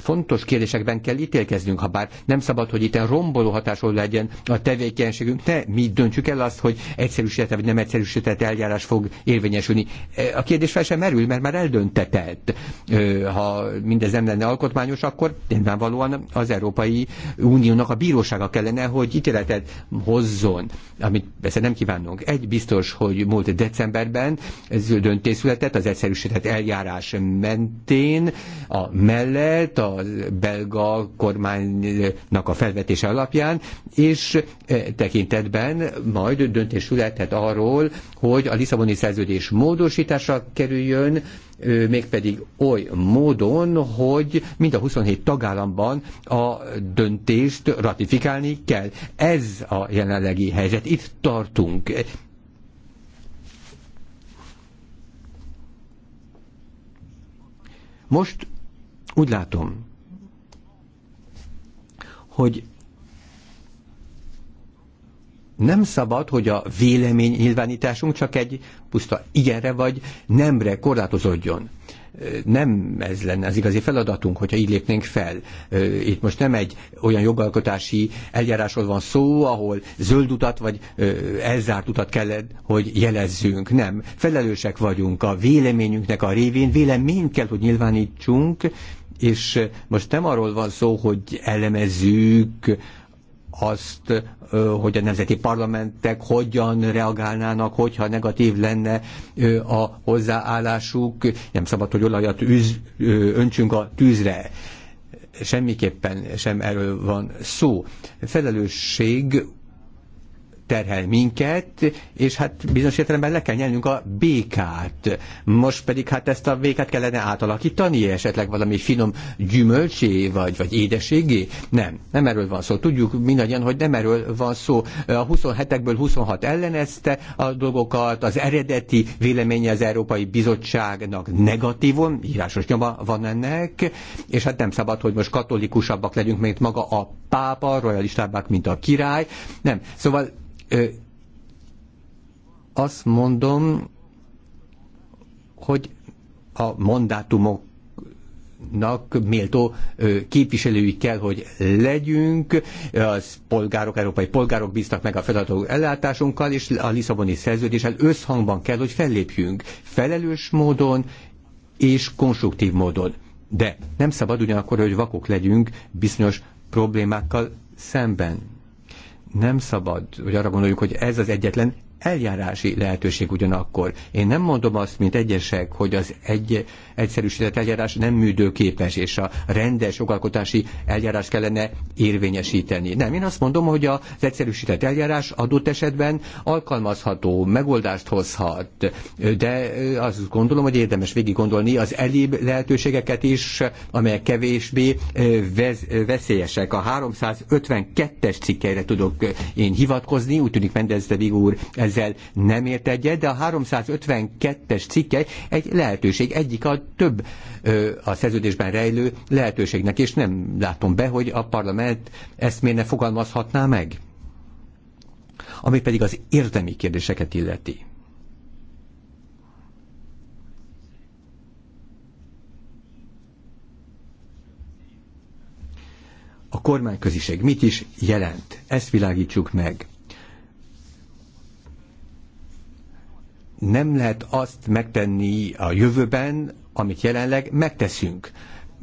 S2: fontos kérdésekben kell ítélkeznünk, ha bár nem szabad, hogy itt romboló hatású legyen a tevékenységünk, ne mi döntsük el azt, hogy egyszerűsített vagy nem egyszerűsített eljárás fog érvényesülni. E, a kérdés fel sem merül, mert már eldöntetett. Ha mindez nem lenne alkotmányos, akkor nyilvánvalóan az Európai Uniónak a bírósága kellene, hogy ítéletet hozzon, amit persze nem kívánunk. Egy biztos, hogy múlt decemberben ez döntés született az egyszerűsített eljárás mentén, a mellett, a belga kormánynak a felvetése alapján, és e, tekintetben majd döntés születhet arról, hogy a Lisszaboni szerződés módosítása kerüljön, e, mégpedig oly módon, hogy mind a 27 tagállamban a döntést ratifikálni kell. Ez a jelenlegi helyzet. Itt tartunk. Most úgy látom, hogy nem szabad, hogy a vélemény nyilvánításunk csak egy puszta igenre vagy nemre korlátozódjon. Nem ez lenne az igazi feladatunk, hogyha így lépnénk fel. Itt most nem egy olyan jogalkotási eljárásról van szó, ahol zöld utat vagy elzárt utat kellett, hogy jelezzünk. Nem. Felelősek vagyunk a véleményünknek a révén. Véleményt kell, hogy nyilvánítsunk, és most nem arról van szó, hogy elemezzük azt, hogy a nemzeti parlamentek hogyan reagálnának, hogyha negatív lenne a hozzáállásuk. Nem szabad, hogy olajat üz, öntsünk a tűzre semmiképpen sem erről van szó. Felelősség terhel minket, és hát bizonyos értelemben le kell nyelnünk a békát. Most pedig hát ezt a békát kellene átalakítani, esetleg valami finom gyümölcsé, vagy, vagy édeségé? Nem, nem erről van szó. Tudjuk mindannyian, hogy nem erről van szó. A 27-ekből 26 ellenezte a dolgokat, az eredeti véleménye az Európai Bizottságnak negatívon, írásos nyoma van ennek, és hát nem szabad, hogy most katolikusabbak legyünk, mint maga a pápa, royalistábbak, mint a király. Nem. Szóval azt mondom, hogy a mandátumoknak méltó képviselői kell, hogy legyünk, az polgárok, európai polgárok bíztak meg a feladatok ellátásunkkal, és a Lisszaboni szerződéssel összhangban kell, hogy fellépjünk felelős módon és konstruktív módon. De nem szabad ugyanakkor, hogy vakok legyünk bizonyos problémákkal szemben nem szabad, hogy arra gondoljuk, hogy ez az egyetlen eljárási lehetőség ugyanakkor. Én nem mondom azt, mint egyesek, hogy az egy egyszerűsített eljárás nem műdőképes, és a rendes jogalkotási eljárás kellene érvényesíteni. Nem, én azt mondom, hogy az egyszerűsített eljárás adott esetben alkalmazható, megoldást hozhat, de azt gondolom, hogy érdemes végig gondolni az elébb lehetőségeket is, amelyek kevésbé veszélyesek. A 352-es cikkeire tudok én hivatkozni, úgy tűnik Mendez úr ez ezzel nem ért egyet, de a 352-es cikke egy lehetőség, egyik a több ö, a szerződésben rejlő lehetőségnek, és nem látom be, hogy a parlament ezt miért ne fogalmazhatná meg. Ami pedig az érdemi kérdéseket illeti. a kormányköziség mit is jelent. Ezt világítsuk meg. nem lehet azt megtenni a jövőben, amit jelenleg megteszünk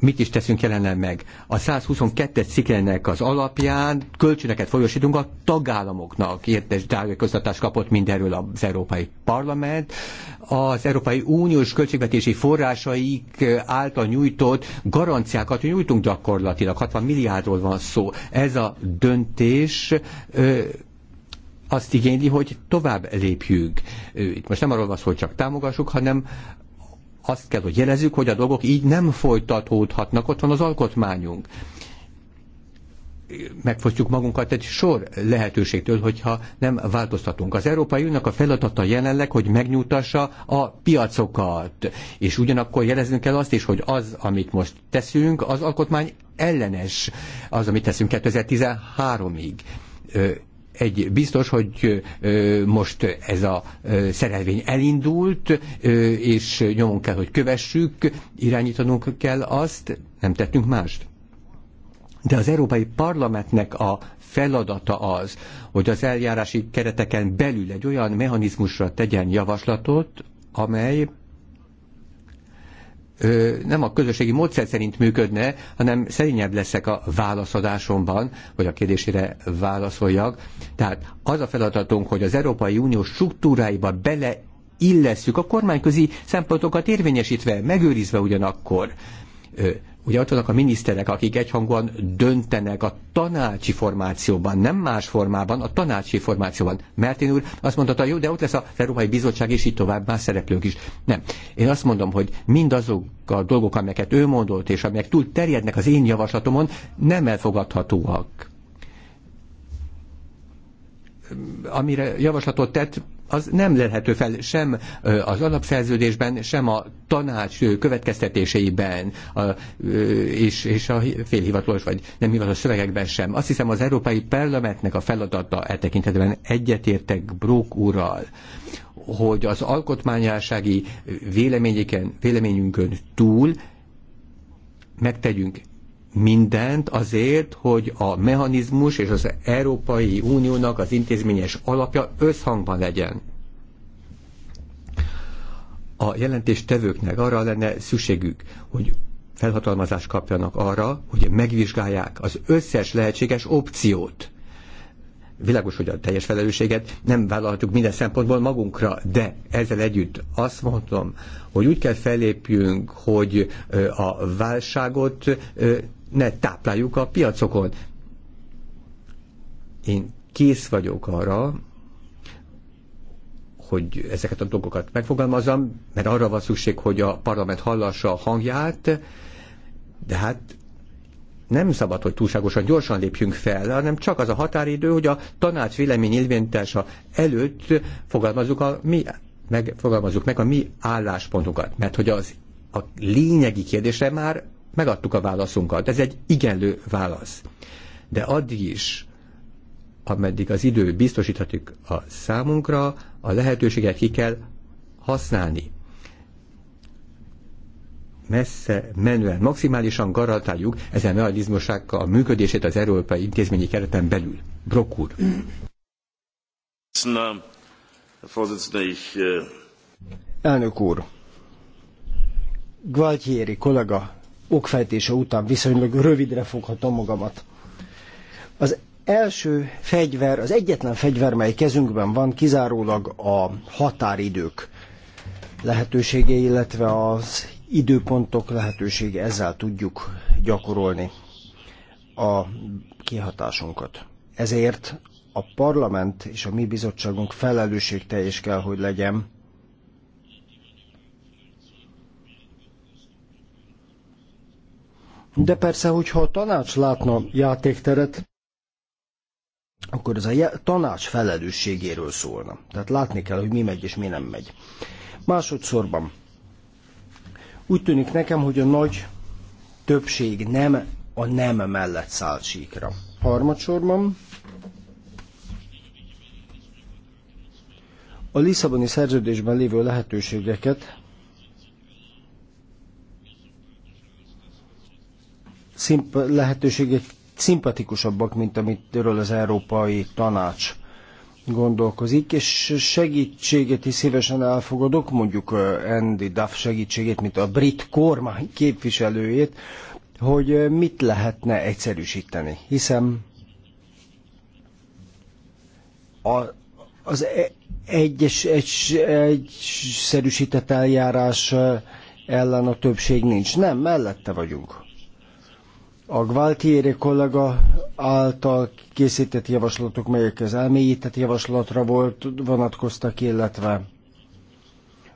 S2: mit is teszünk jelenleg meg. A 122-es cikkelnek az alapján kölcsönöket folyosítunk a tagállamoknak. Értes tájékoztatást kapott mindenről az Európai Parlament. Az Európai Uniós költségvetési forrásaik által nyújtott garanciákat nyújtunk gyakorlatilag. 60 milliárdról van szó. Ez a döntés azt igényli, hogy tovább lépjünk. Itt most nem arról van szó, hogy csak támogassuk, hanem azt kell, hogy jelezzük, hogy a dolgok így nem folytatódhatnak, ott van az alkotmányunk. Megfosztjuk magunkat egy sor lehetőségtől, hogyha nem változtatunk. Az Európai Uniónak a feladata jelenleg, hogy megnyújtassa a piacokat, és ugyanakkor jeleznünk kell azt is, hogy az, amit most teszünk, az alkotmány ellenes az, amit teszünk 2013-ig egy biztos, hogy most ez a szerelvény elindult, és nyomon kell, hogy kövessük, irányítanunk kell azt, nem tettünk mást. De az Európai Parlamentnek a feladata az, hogy az eljárási kereteken belül egy olyan mechanizmusra tegyen javaslatot, amely nem a közösségi módszer szerint működne, hanem szerényebb leszek a válaszadásomban, hogy a kérdésére válaszoljak. Tehát az a feladatunk, hogy az Európai Unió struktúráiba beleillesszük a kormányközi szempontokat érvényesítve, megőrizve ugyanakkor Ugye ott vannak a miniszterek, akik egyhangúan döntenek a tanácsi formációban, nem más formában, a tanácsi formációban. én úr azt mondta, jó, de ott lesz az Európai Bizottság, és így tovább más szereplők is. Nem. Én azt mondom, hogy mindazok a dolgok, amelyeket ő mondott, és amelyek túl terjednek az én javaslatomon, nem elfogadhatóak amire javaslatot tett, az nem lehető fel sem az alapszerződésben, sem a tanács következtetéseiben, a, és, és a félhivatalos vagy nem hivatalos szövegekben sem. Azt hiszem az Európai Parlamentnek a feladata e tekintetben egyetértek Brók úrral, hogy az alkotmányásági véleményeken, véleményünkön túl megtegyünk mindent azért, hogy a mechanizmus és az Európai Uniónak az intézményes alapja összhangban legyen. A jelentéstevőknek arra lenne szükségük, hogy felhatalmazást kapjanak arra, hogy megvizsgálják az összes lehetséges opciót. Világos, hogy a teljes felelősséget nem vállalhatjuk minden szempontból magunkra, de ezzel együtt azt mondom, hogy úgy kell fellépjünk, hogy a válságot ne tápláljuk a piacokon. Én kész vagyok arra, hogy ezeket a dolgokat megfogalmazom, mert arra van szükség, hogy a parlament hallassa a hangját, de hát nem szabad, hogy túlságosan gyorsan lépjünk fel, hanem csak az a határidő, hogy a tanács vélemény nyilvánítása előtt fogalmazzuk, a mi, meg, fogalmazzuk meg a mi álláspontunkat. Mert hogy az a lényegi kérdésre már megadtuk a válaszunkat. Ez egy igenlő válasz. De addig is, ameddig az idő biztosíthatjuk a számunkra, a lehetőséget ki kell használni. Messze menően, maximálisan garantáljuk ezen realizmusákkal a működését az európai intézményi kereten belül. Brok úr.
S1: Äh,
S2: Elnök úr,
S1: Gvaltieri kollega okfejtése után viszonylag rövidre foghatom magamat. Az első fegyver, az egyetlen fegyver, mely kezünkben van, kizárólag a határidők lehetősége, illetve az időpontok lehetősége, ezzel tudjuk gyakorolni a kihatásunkat. Ezért a parlament és a mi bizottságunk felelősségteljes kell, hogy legyen De persze, hogyha a tanács látna játékteret, akkor ez a tanács felelősségéről szólna. Tehát látni kell, hogy mi megy és mi nem megy. Másodszorban úgy tűnik nekem, hogy a nagy többség nem a nem mellett száll síkra. Harmadsorban a Lisszaboni szerződésben lévő lehetőségeket szimp- lehetőségek szimpatikusabbak, mint amitől az Európai Tanács gondolkozik, és segítséget is szívesen elfogadok, mondjuk Andy Duff segítségét, mint a brit kormány képviselőjét, hogy mit lehetne egyszerűsíteni. Hiszen a, az e- egyes, egy, egyszerűsített eljárás ellen a többség nincs. Nem, mellette vagyunk a Gvaltieri kollega által készített javaslatok, melyek az elmélyített javaslatra volt, vonatkoztak, illetve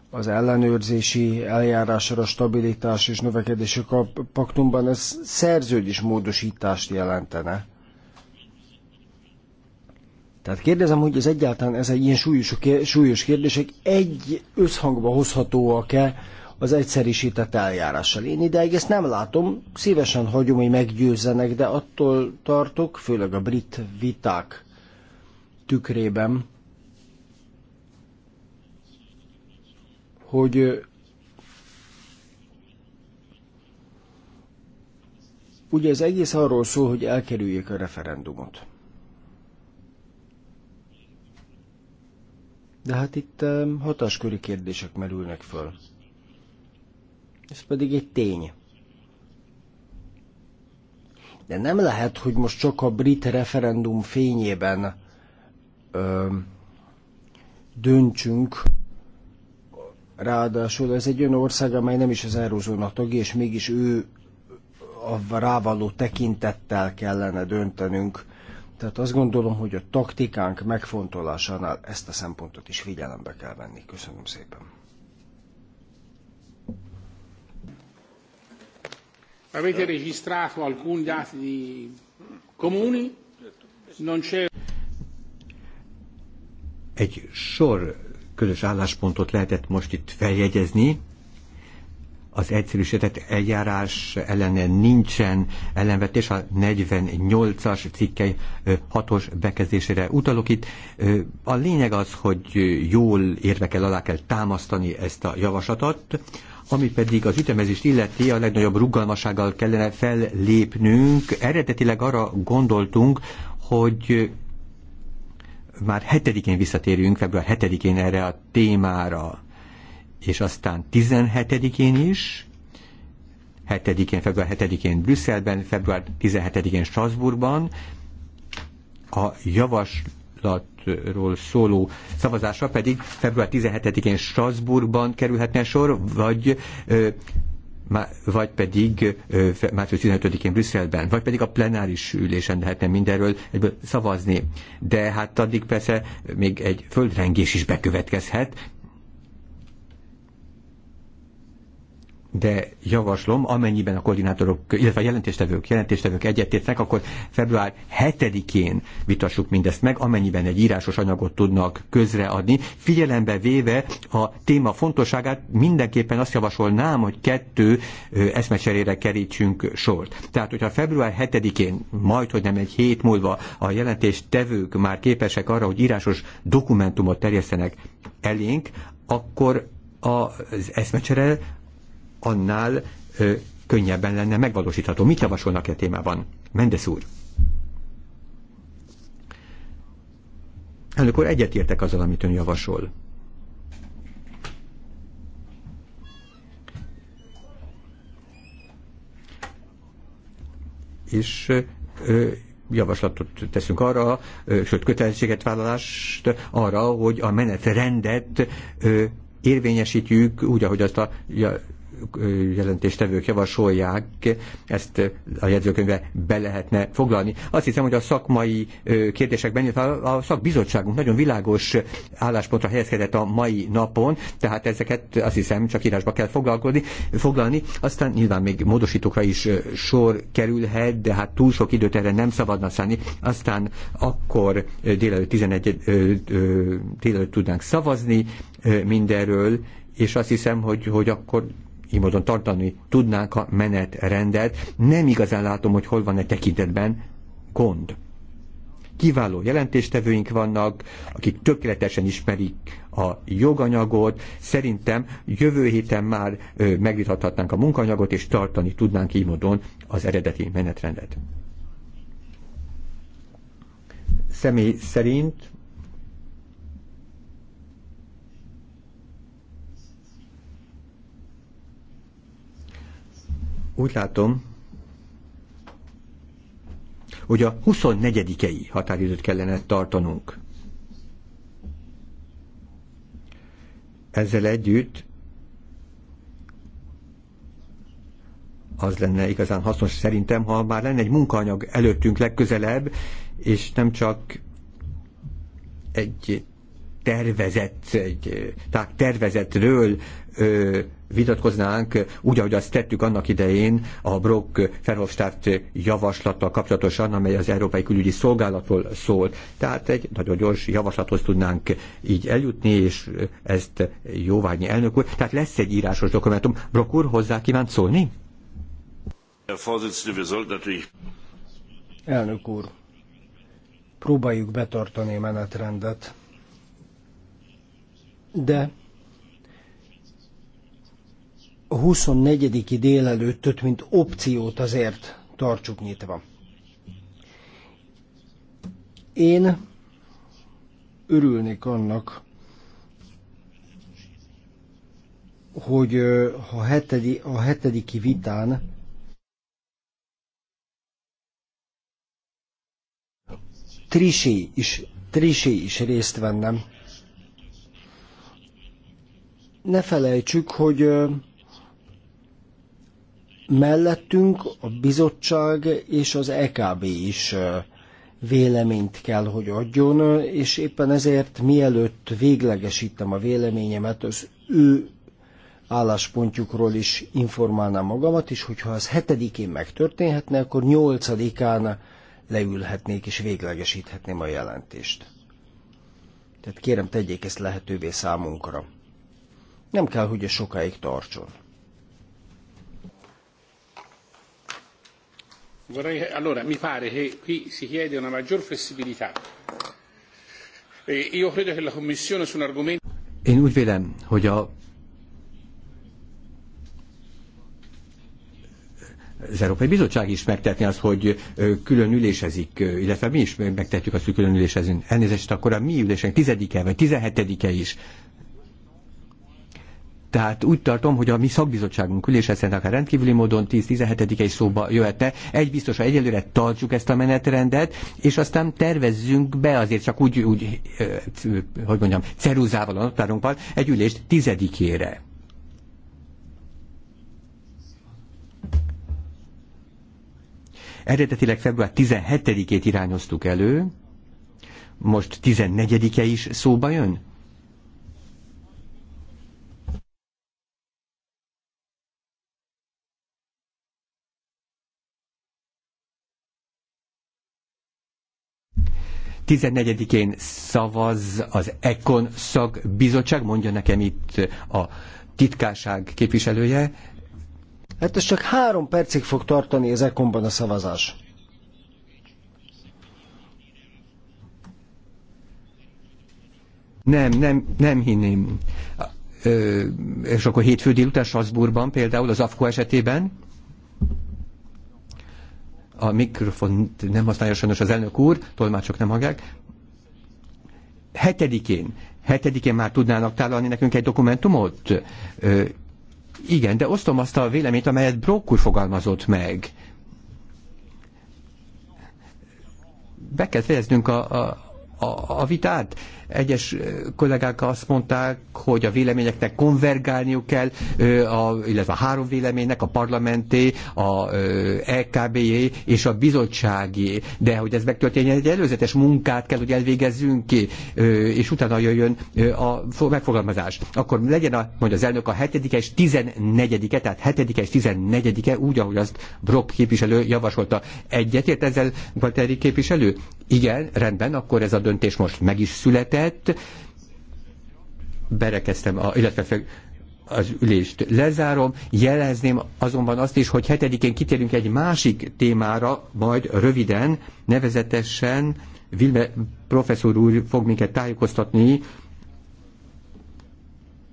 S1: az ellenőrzési eljárásra stabilitás és növekedési paktumban ez szerződés módosítást jelentene. Tehát kérdezem, hogy ez egyáltalán ez egy ilyen súlyos, súlyos kérdések egy összhangba hozhatóak-e az egyszerűsített eljárással. Én ideig ezt nem látom, szívesen hagyom, hogy meggyőzzenek, de attól tartok, főleg a brit viták tükrében, hogy ugye az egész arról szól, hogy elkerüljék a referendumot. De hát itt hatásköri kérdések merülnek föl. Ez pedig egy tény. De nem lehet, hogy most csak a brit referendum fényében ö, döntsünk. Ráadásul ez egy olyan ország, amely nem is az Eurózóna tagja, és mégis ő a rávaló tekintettel kellene döntenünk. Tehát azt gondolom, hogy a taktikánk megfontolásánál ezt a szempontot is figyelembe kell venni. Köszönöm szépen.
S3: Avete registrato alcuni dati
S2: comuni? Non c'è... Egy sor közös álláspontot lehetett most itt feljegyezni. Az egyszerűsített eljárás ellene nincsen ellenvetés, a 48-as cikkely 6-os bekezdésére utalok itt. A lényeg az, hogy jól érve kell, alá kell támasztani ezt a javaslatot. Ami pedig az ütemezést illeti, a legnagyobb rugalmasággal kellene fellépnünk. Eredetileg arra gondoltunk, hogy már 7-én visszatérjünk, február 7-én erre a témára, és aztán 17-én is, 7-én, február 7-én Brüsszelben, február 17-én Strasbourgban, a javas javaslatról szóló szavazásra pedig február 17-én Strasbourgban kerülhetne sor, vagy vagy pedig március 15-én Brüsszelben, vagy pedig a plenáris ülésen lehetne mindenről szavazni. De hát addig persze még egy földrengés is bekövetkezhet, de javaslom, amennyiben a koordinátorok, illetve a jelentéstevők, jelentéstevők egyetértnek, akkor február 7-én vitassuk mindezt meg, amennyiben egy írásos anyagot tudnak közreadni. Figyelembe véve a téma fontosságát mindenképpen azt javasolnám, hogy kettő eszmecserére kerítsünk sort. Tehát, hogyha február 7-én, majd, hogy nem egy hét múlva a jelentéstevők már képesek arra, hogy írásos dokumentumot terjesztenek elénk, akkor az eszmecsere annál ö, könnyebben lenne megvalósítható. Mit javasolnak e témában? Mendes úr. Elnök úr, egyetértek azzal, amit ön javasol. És ö, javaslatot teszünk arra, ö, sőt kötelezettséget vállalást arra, hogy a menetrendet ö, érvényesítjük úgy, ahogy azt a jelentéstevők javasolják, ezt a jegyzőkönyvbe be lehetne foglalni. Azt hiszem, hogy a szakmai kérdésekben, a szakbizottságunk nagyon világos álláspontra helyezkedett a mai napon, tehát ezeket azt hiszem csak írásba kell foglalkozni, foglalni, aztán nyilván még módosítókra is sor kerülhet, de hát túl sok időt erre nem szabadna szállni, aztán akkor délelőtt 11 délelőtt tudnánk szavazni mindenről, és azt hiszem, hogy, hogy akkor így módon tartani tudnánk a menetrendet. Nem igazán látom, hogy hol van egy tekintetben gond. Kiváló jelentéstevőink vannak, akik tökéletesen ismerik a joganyagot. Szerintem jövő héten már ö, megvitathatnánk a munkanyagot, és tartani tudnánk így módon az eredeti menetrendet. Személy szerint Úgy látom, hogy a 24-i határidőt kellene tartanunk. Ezzel együtt az lenne igazán hasznos szerintem, ha már lenne egy munkaanyag előttünk legközelebb, és nem csak egy tervezett, egy tehát tervezetről ö, vitatkoznánk, úgy, ahogy azt tettük annak idején a Brock Ferhofstadt javaslattal kapcsolatosan, amely az Európai Külügyi Szolgálatról szól. Tehát egy nagyon gyors javaslathoz tudnánk így eljutni, és ezt jóvágyni elnök úr. Tehát lesz egy írásos dokumentum. Brock úr, hozzá kívánt szólni? Elnök
S1: úr, próbáljuk betartani a menetrendet de a 24. délelőttöt, mint opciót azért tartsuk nyitva. Én örülnék annak, hogy a, hetedi, a hetediki vitán Trisi is, Trisé is részt vennem, ne felejtsük, hogy mellettünk a bizottság és az EKB is véleményt kell, hogy adjon, és éppen ezért mielőtt véglegesítem a véleményemet, az ő álláspontjukról is informálnám magamat, és hogyha az hetedikén megtörténhetne, akkor nyolcadikán leülhetnék és véglegesíthetném a jelentést. Tehát kérem, tegyék ezt lehetővé számunkra. Nem kell, hogy ez sokáig tartson.
S3: Vorrei, allora, mi pare che qui si chiede una maggior flessibilità. E io credo che la Commissione su un argomento...
S2: Én úgy vélem, hogy a az Európai Bizottság is megtetni azt, hogy külön ülésezik, illetve mi is megtetjük azt, hogy külön ülésezünk. Elnézést, akkor a mi ülésünk tizedike vagy tizenhetedike is tehát úgy tartom, hogy a mi szakbizottságunk ülése szerint akár rendkívüli módon 10-17-e szóba jöhetne. Egy biztos, hogy egyelőre tartsuk ezt a menetrendet, és aztán tervezzünk be azért csak úgy, úgy hogy mondjam, ceruzával a naptárunkban egy ülést tizedikére. Eredetileg február 17-ét irányoztuk elő, most 14-e is szóba jön? 14-én szavaz az Ekon szakbizottság, mondja nekem itt a titkárság képviselője. Hát ez csak három percig fog tartani az Ekonban a szavazás. Nem, nem, nem hinném. Ö, és akkor hétfő délután Strasbourgban például az AFKO esetében a mikrofon nem használja sajnos az elnök úr, tolmácsok nem hallják. Hetedikén, hetedikén már tudnának tálalni nekünk egy dokumentumot? Ö, igen, de osztom azt a véleményt, amelyet Brock úr fogalmazott meg. Be kell fejeznünk a, a, a, a vitát egyes kollégák azt mondták, hogy a véleményeknek konvergálniuk kell, a, illetve a három véleménynek, a parlamenté, a ekb és a bizottsági. De hogy ez megtörténjen, egy előzetes munkát kell, hogy elvégezzünk ki, és utána jöjjön a megfogalmazás. Akkor legyen, a, mondja az elnök, a hetedike és tizennegyedike, tehát hetedike és tizennegyedike, úgy, ahogy azt Brock képviselő javasolta. Egyetért ezzel Gualteri képviselő? Igen, rendben, akkor ez a döntés most meg is született, ügyet. Berekeztem, a, illetve fel, az ülést lezárom, jelezném azonban azt is, hogy hetedikén kitérünk egy másik témára, majd röviden, nevezetesen Vilme professzor úr fog minket tájékoztatni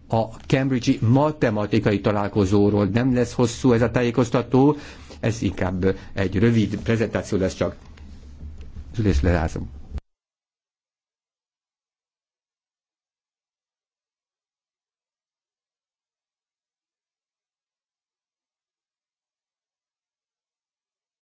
S2: a Cambridge-i matematikai találkozóról. Nem lesz hosszú ez a tájékoztató, ez inkább egy rövid prezentáció lesz csak. Az ülést lezárom.